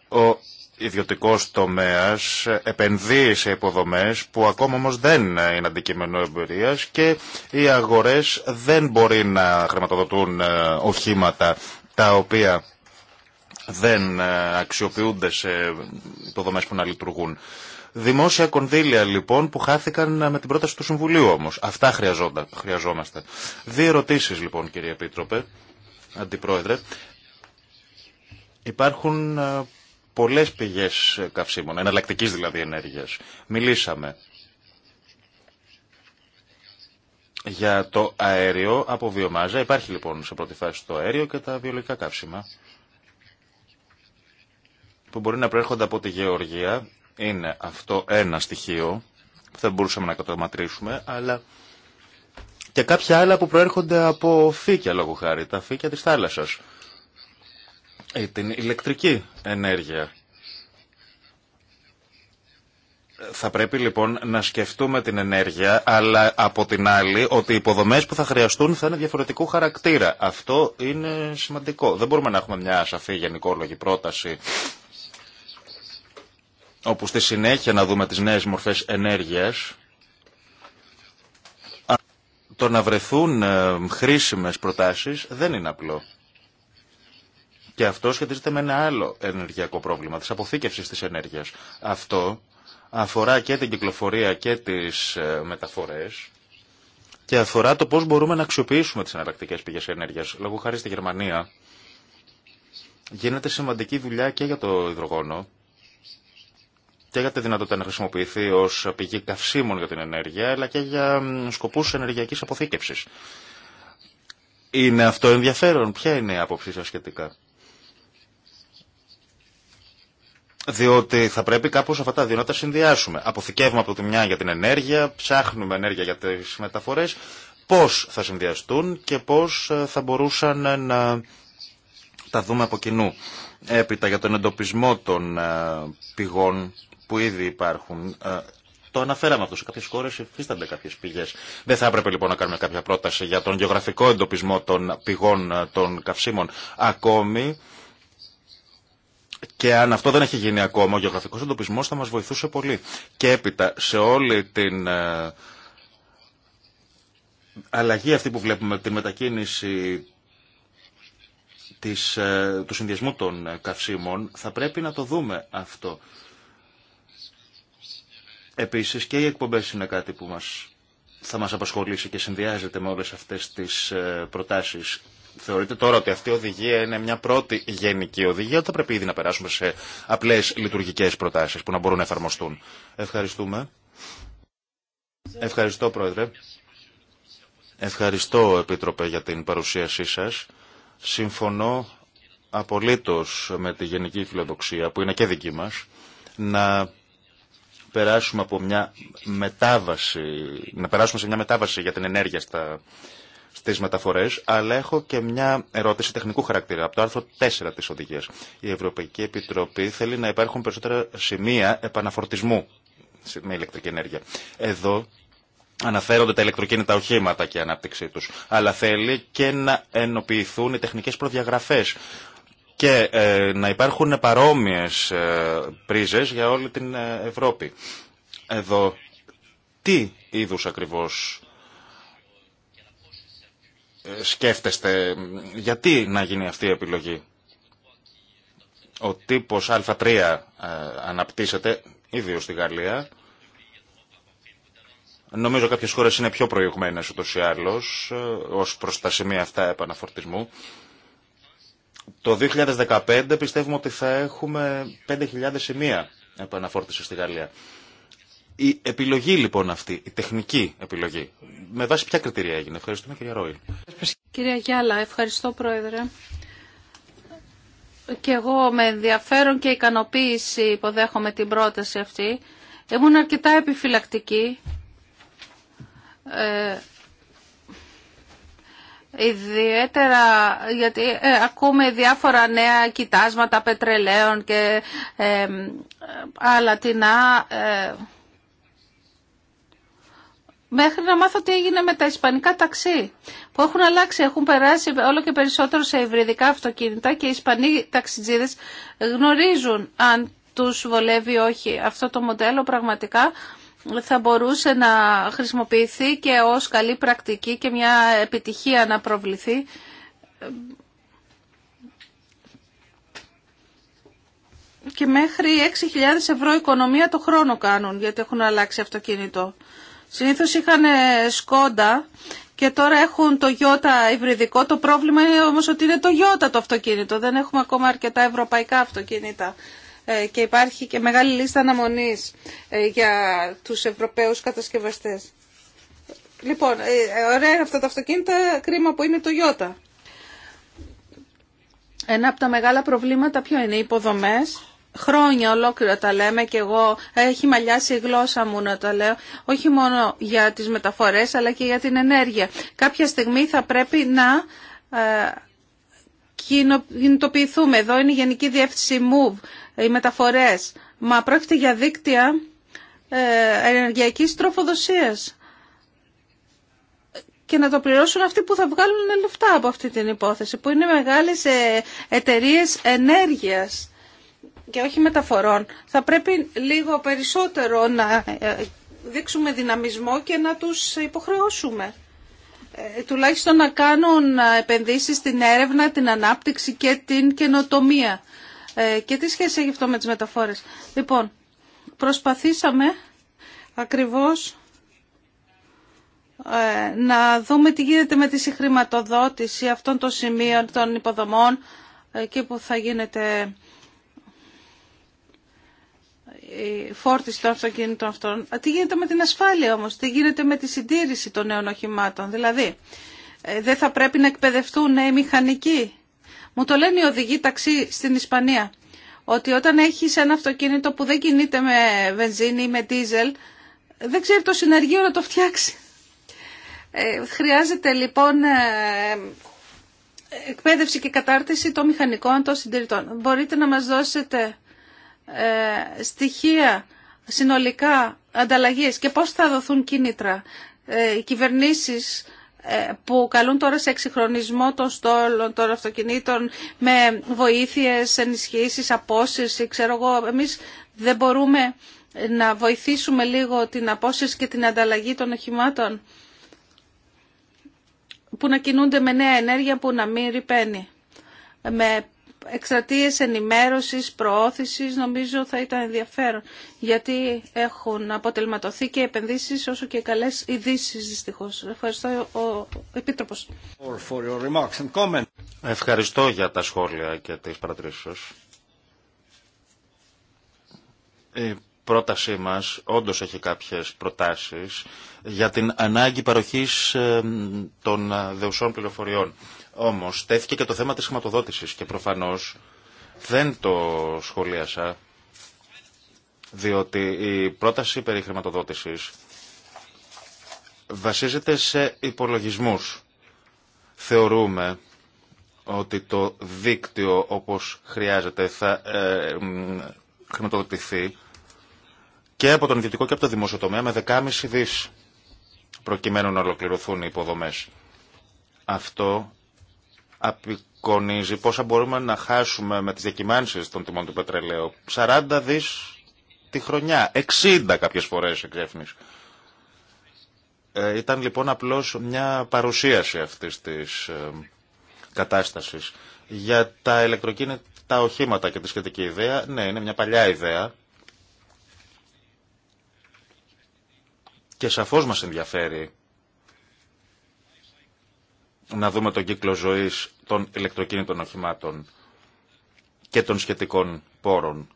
Ο ιδιωτικός τομέας επενδύει σε υποδομές που ακόμα όμως δεν είναι αντικείμενο εμπειρίας και οι αγορές δεν μπορεί να χρηματοδοτούν ε, οχήματα τα οποία δεν ε, αξιοποιούνται σε υποδομές που να λειτουργούν. Δημόσια κονδύλια λοιπόν που χάθηκαν ε, με την πρόταση του Συμβουλίου όμως. Αυτά χρειαζόμαστε. Δύο ερωτήσεις λοιπόν κύριε Επίτροπε, Αντιπρόεδρε. Υπάρχουν ε, πολλές πηγές καυσίμων, εναλλακτικής δηλαδή ενέργειας. Μιλήσαμε για το αέριο από βιομάζα. Υπάρχει λοιπόν σε πρώτη φάση το αέριο και τα βιολογικά καύσιμα που μπορεί να προέρχονται από τη γεωργία. Είναι αυτό ένα στοιχείο που δεν μπορούσαμε να καταματρήσουμε, αλλά και κάποια άλλα που προέρχονται από φύκια λόγω χάρη, τα φύκια της θάλασσας. Ε, την ηλεκτρική ενέργεια. Θα πρέπει λοιπόν να σκεφτούμε την ενέργεια, αλλά από την άλλη ότι οι υποδομές που θα χρειαστούν θα είναι διαφορετικού χαρακτήρα. Αυτό είναι σημαντικό. Δεν μπορούμε να έχουμε μια σαφή γενικόλογη πρόταση όπου στη συνέχεια να δούμε τις νέες μορφές ενέργειας, το να βρεθούν ε, χρήσιμες προτάσεις δεν είναι απλό. Και αυτό σχετίζεται με ένα άλλο ενεργειακό πρόβλημα, της αποθήκευσης της ενέργειας. Αυτό αφορά και την κυκλοφορία και τις ε, μεταφορές και αφορά το πώς μπορούμε να αξιοποιήσουμε τις εναλλακτικέ πηγές ενέργειας. Λόγω χάρη στη Γερμανία γίνεται σημαντική δουλειά και για το υδρογόνο και για τη δυνατότητα να χρησιμοποιηθεί ω πηγή καυσίμων για την ενέργεια, αλλά και για σκοπού ενεργειακή αποθήκευση. Είναι αυτό ενδιαφέρον. Ποια είναι η άποψή σα σχετικά. Διότι θα πρέπει κάπω αυτά τα δύο να τα συνδυάσουμε. Αποθηκεύουμε από τη μια για την ενέργεια, ψάχνουμε ενέργεια για τι μεταφορέ. Πώ θα συνδυαστούν και πώ ε, θα μπορούσαν να τα δούμε από κοινού. Έπειτα για τον εντοπισμό των ε, πηγών που ήδη υπάρχουν. Ε, το αναφέραμε αυτό. Σε κάποιε χώρε υφίστανται κάποιε πηγέ. Δεν θα έπρεπε λοιπόν να κάνουμε κάποια πρόταση για τον γεωγραφικό εντοπισμό των πηγών των καυσίμων. Ακόμη και αν αυτό δεν έχει γίνει ακόμα, ο γεωγραφικός εντοπισμός θα μας βοηθούσε πολύ. Και έπειτα, σε όλη την ε, αλλαγή αυτή που βλέπουμε, την μετακίνηση της, ε, του συνδυασμού των ε, καυσίμων, θα πρέπει να το δούμε αυτό. Επίσης και οι εκπομπές είναι κάτι που μας, θα μας απασχολήσει και συνδυάζεται με όλες αυτές τις προτάσεις θεωρείτε τώρα ότι αυτή η οδηγία είναι μια πρώτη γενική οδηγία, ότι θα πρέπει ήδη να περάσουμε σε απλέ λειτουργικέ προτάσει που να μπορούν να εφαρμοστούν. Ευχαριστούμε. Ευχαριστώ, Πρόεδρε. Ευχαριστώ, Επίτροπε, για την παρουσίασή σας. Συμφωνώ απολύτως με τη γενική φιλοδοξία, που είναι και δική μας, να περάσουμε από μια μετάβαση, να περάσουμε σε μια μετάβαση για την ενέργεια στα στι μεταφορέ, αλλά έχω και μια ερώτηση τεχνικού χαρακτήρα από το άρθρο 4 τη οδηγία. Η Ευρωπαϊκή Επιτροπή θέλει να υπάρχουν περισσότερα σημεία επαναφορτισμού με ηλεκτρική ενέργεια. Εδώ αναφέρονται τα ηλεκτροκίνητα οχήματα και η ανάπτυξή του, αλλά θέλει και να ενοποιηθούν οι τεχνικέ προδιαγραφέ και ε, να υπάρχουν παρόμοιε ε, για όλη την ε, Ευρώπη. Εδώ τι είδους ακριβώς σκέφτεστε γιατί να γίνει αυτή η επιλογή. Ο τύπος α3 ε, αναπτύσσεται, ιδίως στη Γαλλία. Νομίζω κάποιες χώρες είναι πιο προηγμένες ούτως ή άλλως, ε, ως προς τα σημεία αυτά επαναφορτισμού. Το 2015 πιστεύουμε ότι θα έχουμε 5.000 σημεία επαναφορτισης στη Γαλλία. Η επιλογή λοιπόν αυτή, η τεχνική επιλογή, με βάση ποια κριτήρια έγινε. Ευχαριστούμε κυρία Ρόιλ. Κυρία Γιάλα, ευχαριστώ πρόεδρε. Και εγώ με ενδιαφέρον και ικανοποίηση υποδέχομαι την πρόταση αυτή. Ήμουν αρκετά επιφυλακτική. Ε, ιδιαίτερα γιατί ε, ακούμε διάφορα νέα κοιτάσματα πετρελαίων και ε, ε άλλα Ε, Μέχρι να μάθω τι έγινε με τα ισπανικά ταξί που έχουν αλλάξει, έχουν περάσει όλο και περισσότερο σε υβριδικά αυτοκίνητα και οι ισπανοί ταξιτζίδες γνωρίζουν αν τους βολεύει ή όχι αυτό το μοντέλο πραγματικά θα μπορούσε να χρησιμοποιηθεί και ως καλή πρακτική και μια επιτυχία να προβληθεί. Και μέχρι 6.000 ευρώ οικονομία το χρόνο κάνουν γιατί έχουν αλλάξει αυτοκίνητο. Συνήθως είχαν ε, σκόντα και τώρα έχουν το Ιότα υβριδικό. Το πρόβλημα είναι όμως ότι είναι το Ιότα το αυτοκίνητο. Δεν έχουμε ακόμα αρκετά ευρωπαϊκά αυτοκίνητα. Ε, και υπάρχει και μεγάλη λίστα αναμονής ε, για τους ευρωπαίους κατασκευαστές. Λοιπόν, ωραία είναι αυτά τα αυτοκίνητα, κρίμα που είναι το Ιότα Ένα από τα μεγάλα προβλήματα ποιο είναι, οι υποδομές χρόνια ολόκληρα τα λέμε και εγώ ε, έχει μαλλιάσει η γλώσσα μου να τα λέω όχι μόνο για τις μεταφορές αλλά και για την ενέργεια. Κάποια στιγμή θα πρέπει να ε, κινητοποιηθούμε. Εδώ είναι η Γενική Διεύθυνση MOVE, οι μεταφορές. Μα πρόκειται για δίκτυα ε, ενεργειακής τροφοδοσίας και να το πληρώσουν αυτοί που θα βγάλουν λεφτά από αυτή την υπόθεση, που είναι μεγάλες εταιρείες ενέργειας και όχι μεταφορών. Θα πρέπει λίγο περισσότερο να ε, δείξουμε δυναμισμό και να τους υποχρεώσουμε. Ε, τουλάχιστον να κάνουν ε, επενδύσεις στην έρευνα, την ανάπτυξη και την καινοτομία. Και τι σχέση έχει αυτό με τις μεταφόρες. Λοιπόν, προσπαθήσαμε ακριβώς να δούμε τι γίνεται με τη συγχρηματοδότηση αυτών των σημείων, των υποδομών, και που θα γίνεται φόρτιση των αυτοκινήτων αυτών. Τι γίνεται με την ασφάλεια όμως, τι γίνεται με τη συντήρηση των νέων οχημάτων. Δηλαδή, ε, δεν θα πρέπει να εκπαιδευτούν νέοι μηχανικοί. Μου το λένε οι οδηγοί ταξί στην Ισπανία, ότι όταν έχεις ένα αυτοκίνητο που δεν κινείται με βενζίνη ή με δίζελ, δεν ξέρει το συνεργείο να το φτιάξει. Ε, χρειάζεται λοιπόν ε, εκπαίδευση και κατάρτιση των μηχανικών των συντηρητών. Μπορείτε να μας δώσετε ε, στοιχεία συνολικά ανταλλαγής και πώς θα δοθούν κίνητρα ε, οι κυβερνήσεις ε, που καλούν τώρα σε εξυγχρονισμό των στόλων, των αυτοκινήτων με βοήθειες, ενισχύσεις, απόσυρση, ξέρω εγώ, εμείς δεν μπορούμε να βοηθήσουμε λίγο την απόσυρση και την ανταλλαγή των οχημάτων που να κινούνται με νέα ενέργεια που να μην ρηπαίνει. Εξαρτήσεις, ενημέρωση, προώθηση νομίζω θα ήταν ενδιαφέρον γιατί έχουν αποτελματωθεί και επενδύσεις όσο και καλές ειδήσει δυστυχώ. Ευχαριστώ ο επιτρόπο. Ευχαριστώ για τα σχόλια και τις παρατηρήσεις σα. Η πρότασή μας όντω έχει κάποιες προτάσεις για την ανάγκη παροχής ε, των δεουσών πληροφοριών όμως τέθηκε και το θέμα της χρηματοδότησης και προφανώς δεν το σχολίασα διότι η πρόταση περί χρηματοδότησης βασίζεται σε υπολογισμούς. Θεωρούμε ότι το δίκτυο όπως χρειάζεται θα ε, χρηματοδοτηθεί και από τον ιδιωτικό και από το δημόσιο τομέα με 10,5 δις προκειμένου να ολοκληρωθούν οι υποδομές. Αυτό απεικονίζει πόσα μπορούμε να χάσουμε με τις διακυμάνσεις των τιμών του πετρελαίου. 40 δις τη χρονιά, 60 κάποιες φορές εξέφνης. Ε, ήταν λοιπόν απλώς μια παρουσίαση αυτής της ε, κατάστασης. Για τα ηλεκτροκίνητα οχήματα και τη σχετική ιδέα, ναι, είναι μια παλιά ιδέα. Και σαφώς μας ενδιαφέρει να δούμε τον κύκλο ζωής των ηλεκτροκίνητων οχημάτων και των σχετικών πόρων.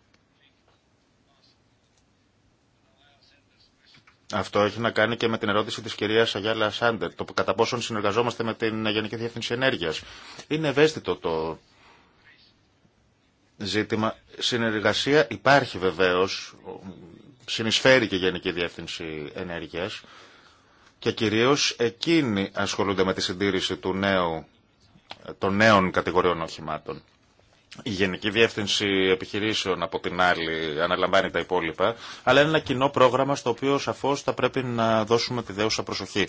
Αυτό έχει να κάνει και με την ερώτηση της κυρίας Αγιάλα Σάντερ, το κατά πόσον συνεργαζόμαστε με την Γενική Διεύθυνση Ενέργειας. Είναι ευαίσθητο το ζήτημα. Συνεργασία υπάρχει βεβαίως, συνεισφέρει και η Γενική Διεύθυνση Ενέργειας και κυρίως εκείνοι ασχολούνται με τη συντήρηση του νέου, των νέων κατηγοριών οχημάτων. Η Γενική Διεύθυνση Επιχειρήσεων από την άλλη αναλαμβάνει τα υπόλοιπα, αλλά είναι ένα κοινό πρόγραμμα στο οποίο σαφώς θα πρέπει να δώσουμε τη δέουσα προσοχή.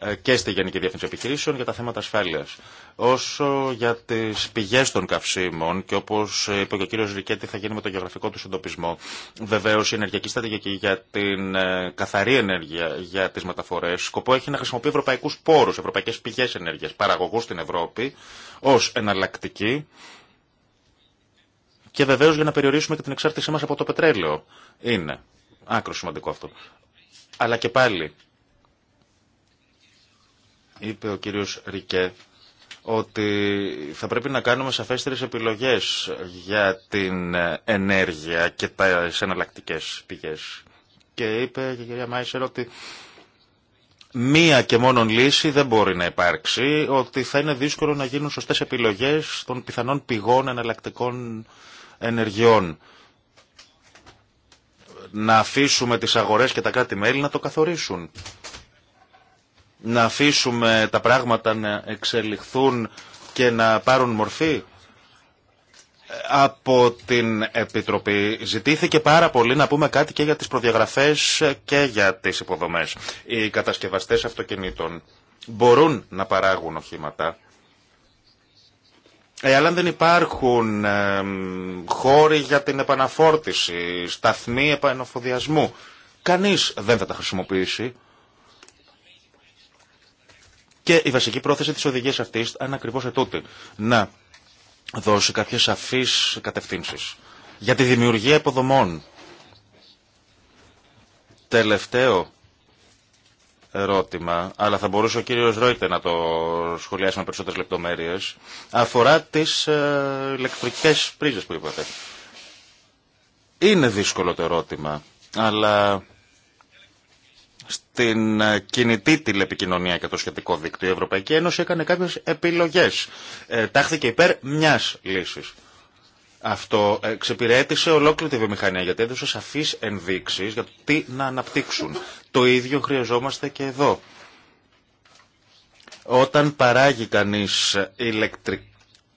Ε, και στη Γενική Διεύθυνση Επιχειρήσεων για τα θέματα ασφάλεια. Όσο για τι πηγέ των καυσίμων και όπω είπε και ο κύριο Ρικέτη, θα γίνει με το γεωγραφικό του συντοπισμό. Βεβαίω, η ενεργειακή στρατηγική για την ε, καθαρή ενέργεια για τι μεταφορέ σκοπό έχει να χρησιμοποιεί ευρωπαϊκού πόρου, ευρωπαϊκέ πηγέ ενέργεια, παραγωγού στην Ευρώπη ω εναλλακτική και βεβαίω για να περιορίσουμε και την εξάρτησή μα από το πετρέλαιο. Είναι άκρο σημαντικό αυτό. Αλλά και πάλι, είπε ο κύριος Ρικέ ότι θα πρέπει να κάνουμε σαφέστερες επιλογές για την ενέργεια και τα εναλλακτικέ πηγές. Και είπε η κυρία Μάισερ ότι μία και μόνον λύση δεν μπορεί να υπάρξει, ότι θα είναι δύσκολο να γίνουν σωστές επιλογές των πιθανών πηγών εναλλακτικών ενεργειών. Να αφήσουμε τις αγορές και τα κράτη-μέλη να το καθορίσουν να αφήσουμε τα πράγματα να εξελιχθούν και να πάρουν μορφή. Από την Επιτροπή ζητήθηκε πάρα πολύ να πούμε κάτι και για τις προδιαγραφές και για τις υποδομές. Οι κατασκευαστές αυτοκινήτων μπορούν να παράγουν οχήματα, ε, αλλά δεν υπάρχουν χώροι για την επαναφόρτιση, σταθμοί επαναφοδιασμού, κανείς δεν θα τα χρησιμοποιήσει. Και η βασική πρόθεση της οδηγίας αυτής ήταν ακριβώς ετούτη. Να δώσει κάποιες σαφείς κατευθύνσεις για τη δημιουργία υποδομών. Τελευταίο ερώτημα, αλλά θα μπορούσε ο κύριος Ρόιτε να το σχολιάσει με περισσότερες λεπτομέρειες, αφορά τις ε, ηλεκτρικές πρίζες που είπατε. Είναι δύσκολο το ερώτημα, αλλά στην ε, κινητή τηλεπικοινωνία και το σχετικό δίκτυο, η Ευρωπαϊκή Ένωση έκανε κάποιες επιλογές. Ε, τάχθηκε υπέρ μιας λύσης. Αυτό ε, εξυπηρέτησε ολόκληρη τη βιομηχανία γιατί έδωσε σαφείς ενδείξεις για το τι να αναπτύξουν. Το ίδιο χρειαζόμαστε και εδώ. Όταν παράγει κανείς ηλεκτρικό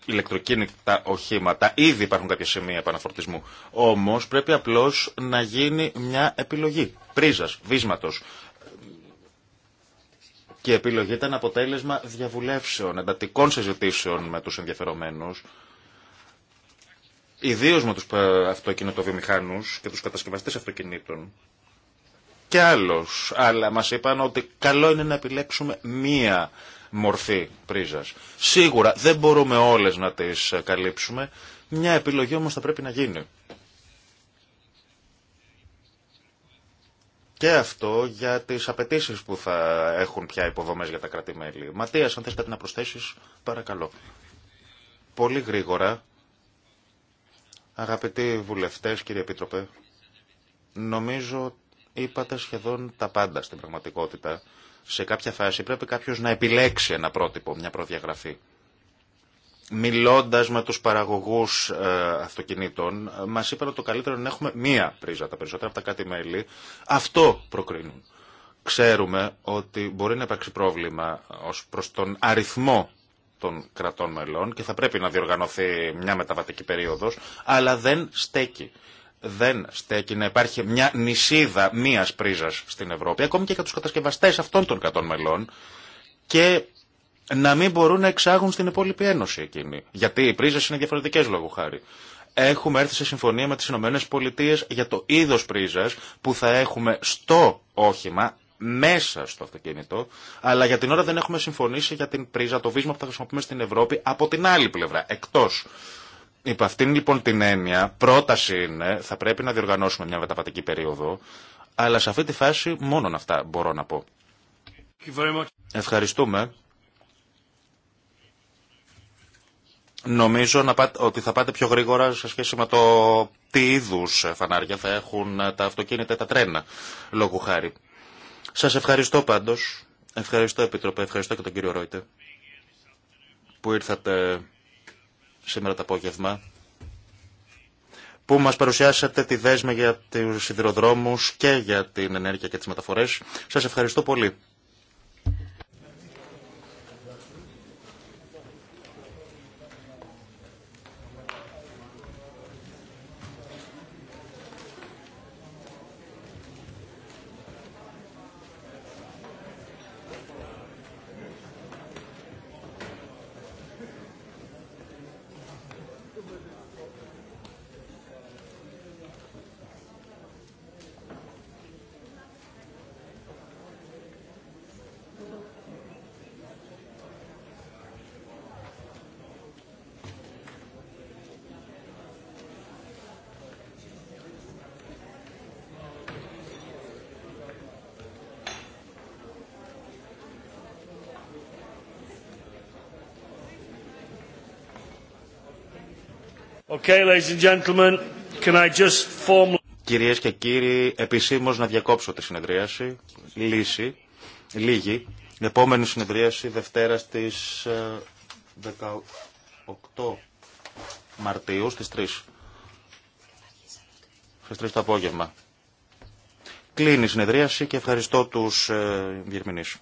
ηλεκτροκίνητα οχήματα. Ήδη υπάρχουν κάποια σημεία επαναφορτισμού. Όμω πρέπει απλώ να γίνει μια επιλογή πρίζα, βίσματο. Και η επιλογή ήταν αποτέλεσμα διαβουλεύσεων, εντατικών συζητήσεων με του ενδιαφερομένου. Ιδίω με του αυτοκινητοβιομηχάνου και του κατασκευαστέ αυτοκινήτων και άλλος. Αλλά μας είπαν ότι καλό είναι να επιλέξουμε μία μορφή πρίζας. Σίγουρα δεν μπορούμε όλες να τις ε, καλύψουμε, μια επιλογή όμως θα πρέπει να γίνει. Και αυτό για τις απαιτήσει που θα έχουν πια υποδομές για τα κρατημέλη. Ματίας, αν θες κάτι να προσθέσεις, παρακαλώ. Πολύ γρήγορα, αγαπητοί βουλευτές, κύριε Επίτροπε, νομίζω είπατε σχεδόν τα πάντα στην πραγματικότητα σε κάποια φάση πρέπει κάποιος να επιλέξει ένα πρότυπο, μια προδιαγραφή. Μιλώντας με τους παραγωγούς ε, αυτοκινήτων, ε, μας είπαν ότι το καλύτερο είναι να έχουμε μία πρίζα τα περισσότερα από τα κάτι μέλη. Αυτό προκρίνουν. Ξέρουμε ότι μπορεί να υπάρξει πρόβλημα ε, ως προς τον αριθμό των κρατών μελών και θα πρέπει να διοργανωθεί μια μεταβατική περίοδος, αλλά δεν στέκει δεν στέκει να υπάρχει μια νησίδα μία πρίζα στην Ευρώπη, ακόμη και για του κατασκευαστέ αυτών των 100 μελών, και να μην μπορούν να εξάγουν στην υπόλοιπη Ένωση εκείνη. Γιατί οι πρίζε είναι διαφορετικέ λόγω χάρη. Έχουμε έρθει σε συμφωνία με τι ΗΠΑ για το είδο πρίζα που θα έχουμε στο όχημα, μέσα στο αυτοκίνητο, αλλά για την ώρα δεν έχουμε συμφωνήσει για την πρίζα, το βίσμα που θα χρησιμοποιούμε στην Ευρώπη από την άλλη πλευρά, εκτό. Υπ' αυτήν λοιπόν την έννοια, πρόταση είναι, θα πρέπει να διοργανώσουμε μια μεταβατική περίοδο, αλλά σε αυτή τη φάση μόνο αυτά μπορώ να πω. Ευχαριστούμε. Νομίζω να πάτε, ότι θα πάτε πιο γρήγορα σε σχέση με το τι είδου φανάρια θα έχουν τα αυτοκίνητα τα τρένα, λόγου χάρη. Σας ευχαριστώ πάντως. Ευχαριστώ Επίτροπε, ευχαριστώ και τον κύριο Ρόιτε που ήρθατε σήμερα το απόγευμα που μας παρουσιάσατε τη δέσμη για τους σιδηροδρόμους και για την ενέργεια και τις μεταφορές. Σας ευχαριστώ πολύ. Κυρίες και κύριοι, επισήμως να διακόψω τη συνεδρίαση. Λύση. Λίγη. επόμενη συνεδρίαση Δευτέρα στις 18 ε, Μαρτίου στις 3. Στις 3 το απόγευμα. Κλείνει η συνεδρίαση και ευχαριστώ τους ε, διερμηνήσεις.